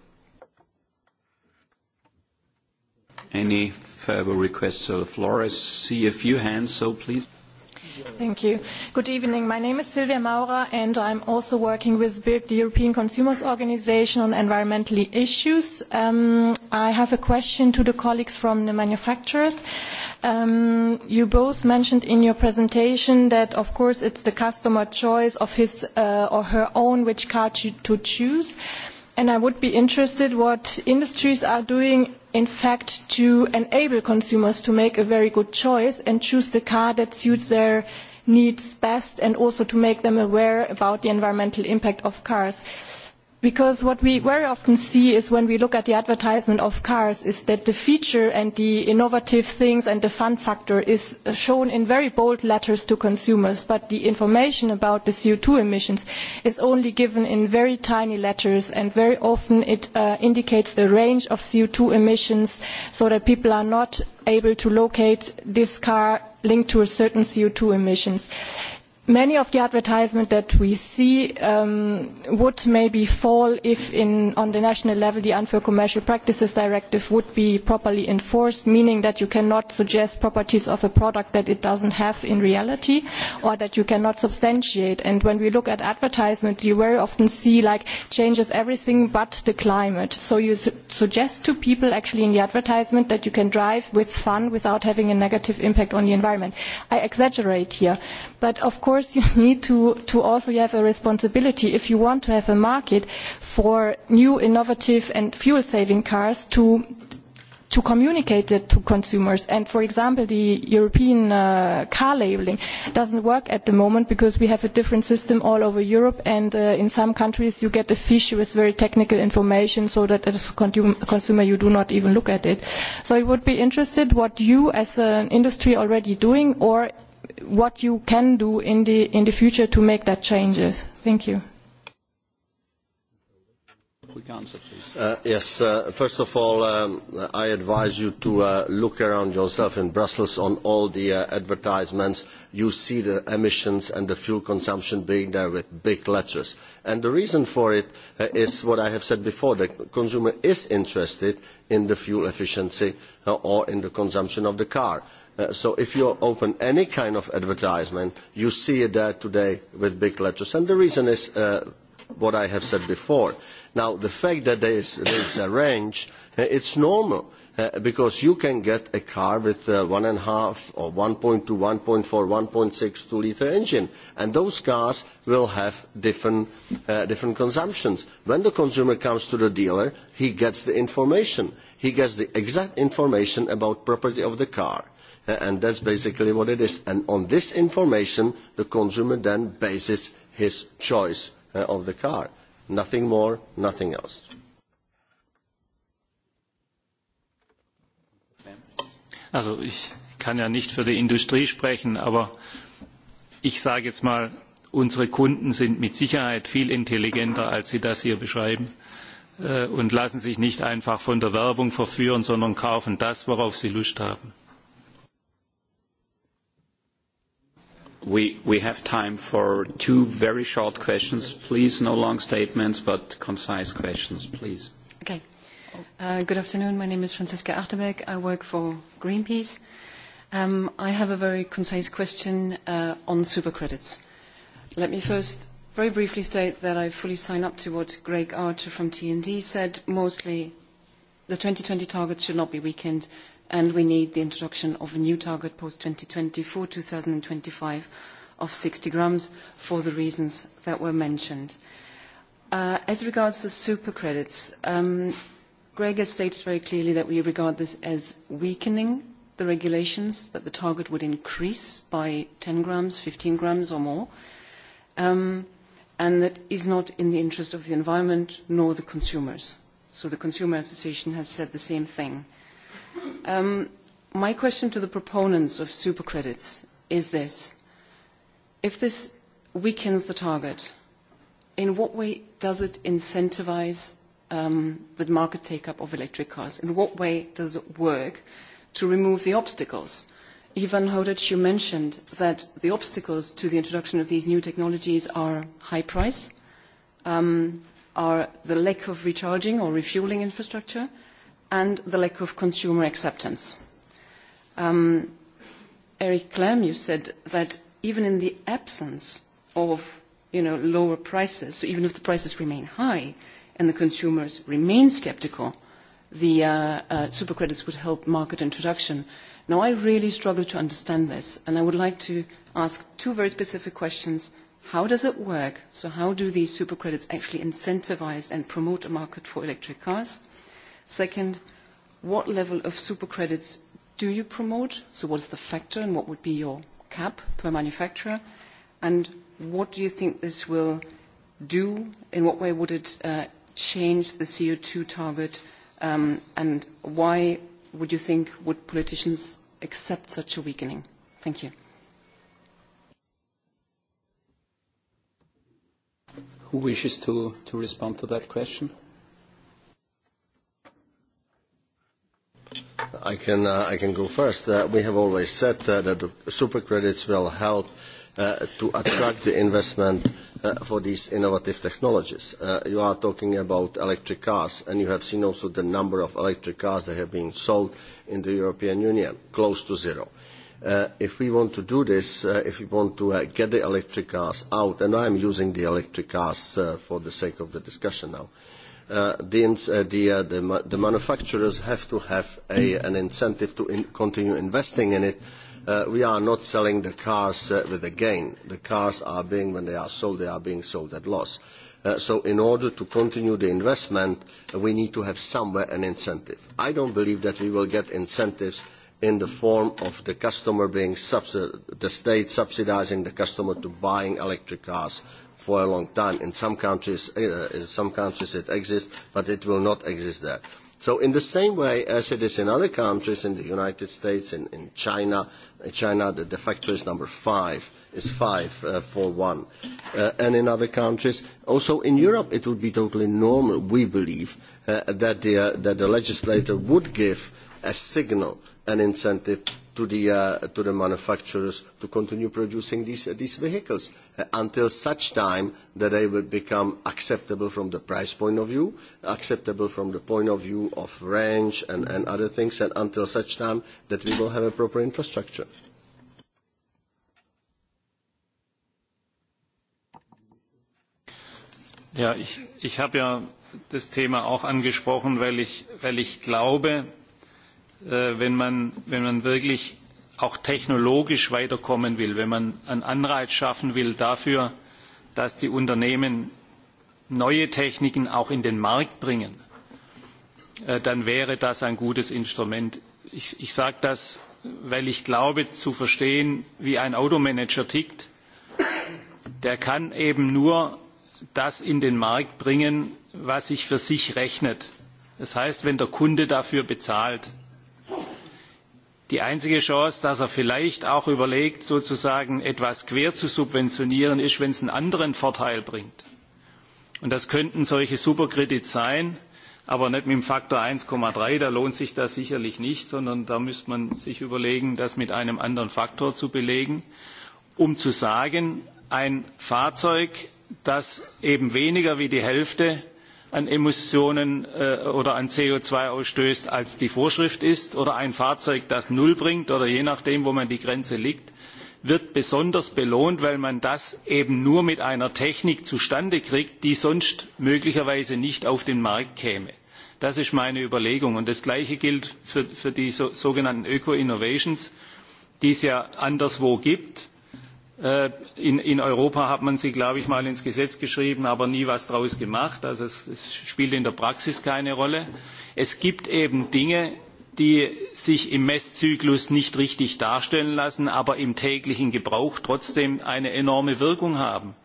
any further requests to the floor? I see a few hands, so please. Thank you. Good evening. My name is Silvia Maurer, and I'm also working with BIRC, the European Consumers Organization, on environmental issues. Um, I have a question to the colleagues from the manufacturers. Um, you both mentioned in your presentation that, of course, it's the customer choice of his uh, or her own which car to choose. And I would be interested what industries are doing in fact to enable consumers to make a very good choice and choose the car that suits their needs best and also to make them aware about the environmental impact of cars. Uh, Because what we very often see is when we look at the advertisement of cars is that the feature and the innovative things and the fun factor is shown in very bold letters to consumers, but the information about the co two emissions is only given in very tiny letters and very often it uh, indicates the range of co two emissions so that people are not able to locate this car linked to a certain co two emissions. Uh, many of the advertisements that we see um, would maybe fall if in, on the national level the unfair commercial practices directive would be properly enforced, meaning that you cannot suggest properties of a product that it doesn't have in reality or that you cannot substantiate. And when we look at advertisement, you very often see like changes everything but the climate. So you su suggest to people actually in the advertisement that you can drive with fun without having a negative impact on the environment. I exaggerate here, but of course course, you *laughs* need to, to also have a responsibility if you want to have a market for new innovative and fuel-saving cars to to communicate it to consumers. And for example, the European uh, car labeling doesn't work at the moment because we have a different system all over Europe. And uh, in some countries, you get a fish with very technical information so that as a consumer, you do not even look at it. So it would be interested what you as an industry already doing or what you can do in the, in the future to make that changes. Thank you. Quick answer, please. Uh, yes, uh, first of all, um, I advise you to uh, look around yourself in Brussels on all the uh, advertisements. You see the emissions and the fuel consumption being there with big letters. And the reason for it uh, is what I have said before. The consumer is interested in the fuel efficiency uh, or in the consumption of the car. Uh, so if you open any kind of advertisement, you see it there today with big letters. And the reason is uh, what I have said before. Now, the fact that there is, there is a range, uh, it's normal. Uh, because you can get a car with uh, one and a half or 1.2, 1.4, 1.6 two litre engine, and those cars will have different, uh, different consumptions. When the consumer comes to the dealer, he gets the information. He gets the exact information about property of the car and that's basically what it is. And on this information, the consumer then bases his choice uh, of the car. Nothing more, nothing else. Also ich kann ja nicht für die Industrie sprechen, aber ich sage jetzt mal, unsere Kunden sind mit Sicherheit viel intelligenter, als sie das hier beschreiben äh, und lassen sich nicht einfach von der Werbung verführen, sondern kaufen das, worauf sie Lust haben. We, we have time for two very short questions. Please, no long statements, but concise questions, please. Okay. Uh, good afternoon. My name is Francesca Achterbeck. I work for Greenpeace. Um, I have a very concise question uh, on credits. Let me first very briefly state that I fully sign up to what Greg Archer from TND said. Mostly, the 2020 targets should not be weakened and we need the introduction of a new target post-2020 for 2025 of 60 grams for the reasons that were mentioned. Uh, as regards the super credits, um, Greg has stated very clearly that we regard this as weakening the regulations, that the target would increase by 10 grams, 15 grams or more, um, and that is not in the interest of the environment nor the consumers. So the Consumer Association has said the same thing. Um, my question to the proponents of supercredits is this. If this weakens the target, in what way does it incentivize um, the market take-up of electric cars? In what way does it work to remove the obstacles? Ivan Hodic, you mentioned that the obstacles to the introduction of these new technologies are high price, um, are the lack of recharging or refueling infrastructure, and the lack of consumer acceptance. Um, Eric Clem, you said that even in the absence of you know, lower prices, so even if the prices remain high and the consumers remain skeptical, the uh, uh, super credits would help market introduction. Now, I really struggle to understand this, and I would like to ask two very specific questions. How does it work? So how do these super credits actually incentivize and promote a market for electric cars? Second, what level of super credits do you promote? So what is the factor and what would be your cap per manufacturer? And what do you think this will do? In what way would it uh, change the CO2 target? Um, and why would you think would politicians accept such a weakening? Thank you. Who wishes to, to respond to that question? I can, uh, I can go first. Uh, we have always said uh, that the super credits will help uh, to attract the investment uh, for these innovative technologies. Uh, you are talking about electric cars, and you have seen also the number of electric cars that have been sold in the European Union, close to zero. Uh, if we want to do this, uh, if we want to uh, get the electric cars out, and I am using the electric cars uh, for the sake of the discussion now, uh, uh, the, uh, the, uh, the, the manufacturers have to have a, an incentive to in continue investing in it. Uh, we are not selling the cars uh, with a gain. The cars are being, when they are sold, they are being sold at loss. Uh, so in order to continue the investment, uh, we need to have somewhere an incentive. I don't believe that we will get incentives in the form of the customer being subsid the state subsidizing the customer to buying electric cars for a long time. In some countries, uh, in some countries it exists, but it will not exist there. So in the same way as it is in other countries, in the United States, in, in China, in China the, the factor is number five, is five uh, for one, uh, and in other countries. Also in Europe it would be totally normal, we believe, uh, that, the, uh, that the legislator would give a signal an incentive to the, uh, to the manufacturers to continue producing these, uh, these vehicles uh, until such time that they will become acceptable from the price point of view, acceptable from the point of view of range and, and other things, and until such time that we will have a proper infrastructure. Ja, ich, ich habe ja das Thema auch angesprochen, weil ich, weil ich glaube, Äh, wenn man, wenn man wirklich auch technologisch weiterkommen will, wenn man einen Anreiz schaffen will dafür, dass die Unternehmen neue Techniken auch in den Markt bringen, äh, dann wäre das ein gutes Instrument. Ich, ich sage das, weil ich glaube zu verstehen, wie ein Automanager tickt. Der kann eben nur das in den Markt bringen, was sich für sich rechnet. Das heißt, wenn der Kunde dafür bezahlt die einzige Chance, dass er vielleicht auch überlegt, sozusagen etwas quer zu subventionieren, ist, wenn es einen anderen Vorteil bringt. Und das könnten solche Superkredits sein, aber nicht mit dem Faktor 1,3, da lohnt sich das sicherlich nicht, sondern da müsste man sich überlegen, das mit einem anderen Faktor zu belegen, um zu sagen, ein Fahrzeug, das eben weniger wie die Hälfte an Emissionen äh, oder an co zwei ausstößt, als die Vorschrift ist, oder ein Fahrzeug, das null bringt, oder je nachdem, wo man die Grenze liegt, wird besonders belohnt, weil man das eben nur mit einer Technik zustande kriegt, die sonst möglicherweise nicht auf den Markt käme. Das ist meine Überlegung. Und das Gleiche gilt für, für die so, sogenannten Öko-Innovations, die es ja anderswo gibt Äh, in, in Europa hat man sie, glaube ich, mal ins Gesetz geschrieben, aber nie etwas daraus gemacht. Also es, es spielt in der Praxis keine Rolle. Es gibt eben Dinge, die sich im Messzyklus nicht richtig darstellen lassen, aber im täglichen Gebrauch trotzdem eine enorme Wirkung haben.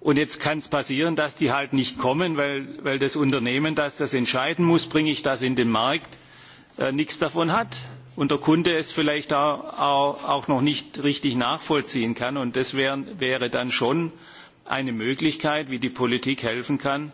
Und jetzt kann es passieren, dass die halt nicht kommen, weil, weil das Unternehmen, das das entscheiden muss, bringe ich das in den Markt, äh, nichts davon hat und der Kunde es vielleicht auch noch nicht richtig nachvollziehen kann. Und das wäre dann schon eine Möglichkeit, wie die Politik helfen kann,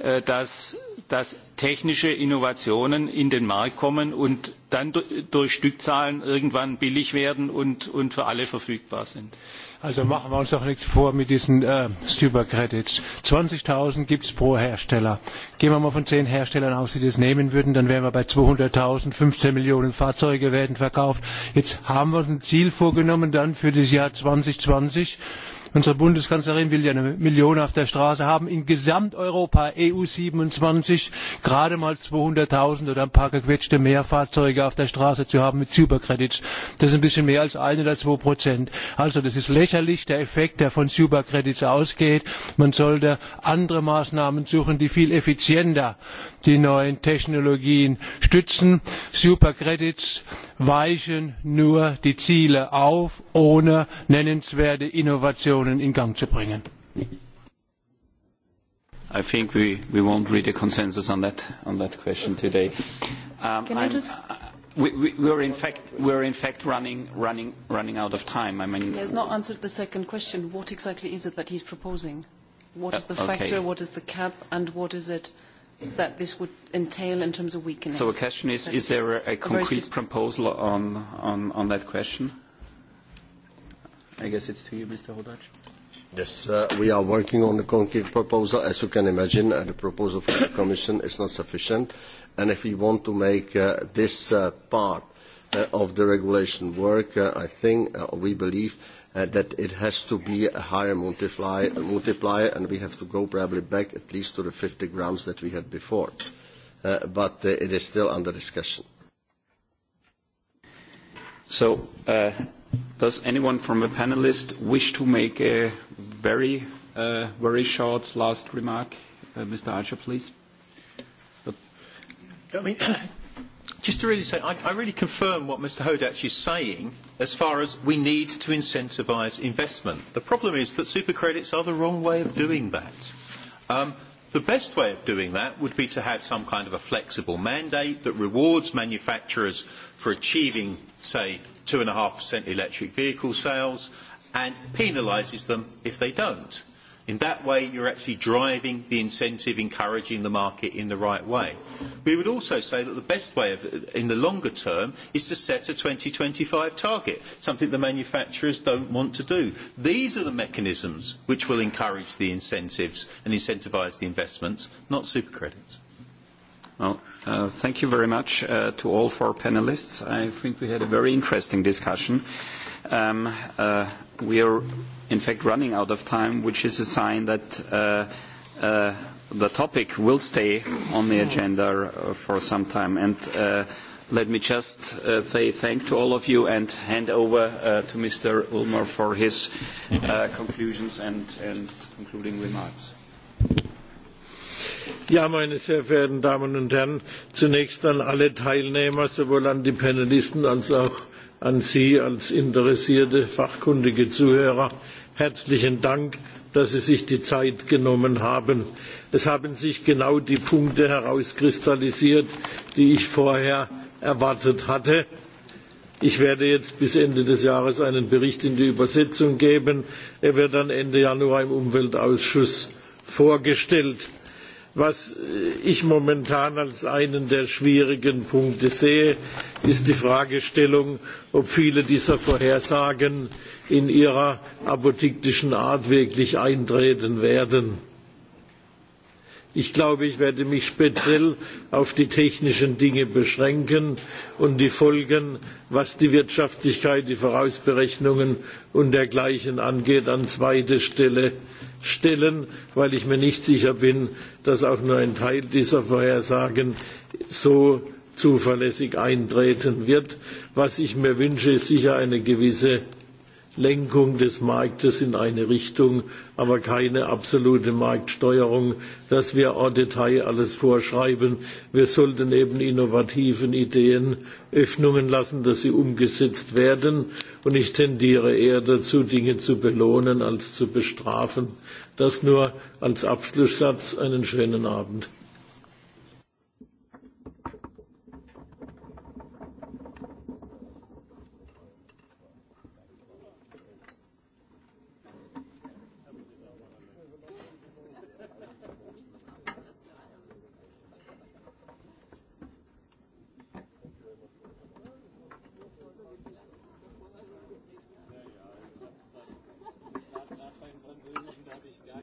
Äh, dass, dass technische Innovationen in den Markt kommen und dann durch Stückzahlen irgendwann billig werden und, und für alle verfügbar sind. Also machen wir uns doch nichts vor mit diesen äh, Stuber Credits. 20.000 gibt es pro Hersteller. Gehen wir mal von zehn Herstellern aus, die das nehmen würden, dann wären wir bei 200.000, 15 Millionen Fahrzeuge werden verkauft. Jetzt haben wir uns ein Ziel vorgenommen dann für das Jahr 2020. Unsere Bundeskanzlerin will ja eine Million auf der Straße haben. In Gesamteuropa, EU 27, gerade mal 200.000 oder ein paar gequetschte Mehrfahrzeuge auf der Straße zu haben mit Superkredits. Das ist ein bisschen mehr als ein oder zwei Prozent. Also das ist lächerlich, der Effekt, der von Superkredits ausgeht. Man sollte andere Maßnahmen suchen, die viel effizienter die neuen Technologien stützen. Supercredits weichen nur die Ziele auf, ohne nennenswerte Innovationen in Gang zu bringen. I think we, we won't read a consensus on that, on that question today. Um, Can I just... Uh, we, we, we're in fact, we're in fact running, running, running out of time. I mean, he has not answered the second question. What exactly is it that he's proposing? What is uh, the uh, okay. factor, what is the cap, and what is it that this would entail in terms of weakening. So the question is, is there a, a concrete a proposal on, on, on that question? I guess it's to you, Mr. Hodach. Yes, uh, we are working on a concrete proposal. As you can imagine, uh, the proposal from the Commission is not sufficient. And if we want to make uh, this uh, part uh, of the regulation work, uh, I think uh, we believe uh, that it has to be a higher multiply, multiplier, and we have to go probably back at least to the 50 grams that we had before. Uh, but uh, it is still under discussion. So, uh, does anyone from the panelists wish to make a very, uh, very short last remark? Uh, Mr. Archer, please. But I mean, just to really say, I, I really confirm what Mr. Hodach is saying as far as we need to incentivise investment. The problem is that super credits are the wrong way of doing that. Um, the best way of doing that would be to have some kind of a flexible mandate that rewards manufacturers for achieving, say, 2.5% electric vehicle sales and penalises them if they don't. In that way, you are actually driving the incentive, encouraging the market in the right way. We would also say that the best way of, in the longer term is to set a twenty five target, something the manufacturers do not want to do. These are the mechanisms which will encourage the incentives and incentivise the investments, not super credits. Well, uh, thank you very much uh, to all four panelists. I think we had a very interesting discussion. Um, uh, we are in fact running out of time, which is a sign that uh, uh, the topic will stay on the agenda uh, for some time. And uh, let me just uh, say thank to all of you and hand over uh, to Mr. Ulmer for his uh, conclusions and, and concluding remarks. Ja, meine sehr verehrten Damen und Herren, zunächst an alle Teilnehmer, sowohl an die Panelisten als auch an Sie als interessierte, fachkundige Zuhörer herzlichen Dank, dass Sie sich die Zeit genommen haben. Es haben sich genau die Punkte herauskristallisiert, die ich vorher erwartet hatte. Ich werde jetzt bis Ende des Jahres einen Bericht in die Übersetzung geben. Er wird dann Ende Januar im Umweltausschuss vorgestellt. Was äh, ich momentan als einen der schwierigen Punkte sehe, ist die Fragestellung, ob viele dieser Vorhersagen in ihrer apodiktischen Art wirklich eintreten werden. Ich glaube, ich werde mich speziell auf die technischen Dinge beschränken und die Folgen, was die Wirtschaftlichkeit, die Vorausberechnungen und dergleichen angeht, an zweite Stelle stellen, weil ich mir nicht sicher bin, dass auch nur ein Teil dieser Vorhersagen so zuverlässig eintreten wird. Was ich mir wünsche, ist sicher eine gewisse Lenkung des Marktes in eine Richtung, aber keine absolute Marktsteuerung, dass wir au Detail alles vorschreiben. Wir sollten eben innovativen Ideen Öffnungen lassen, dass sie umgesetzt werden. Und ich tendiere eher dazu, Dinge zu belohnen als zu bestrafen. Das nur als Abschlusssatz. Einen schönen Abend.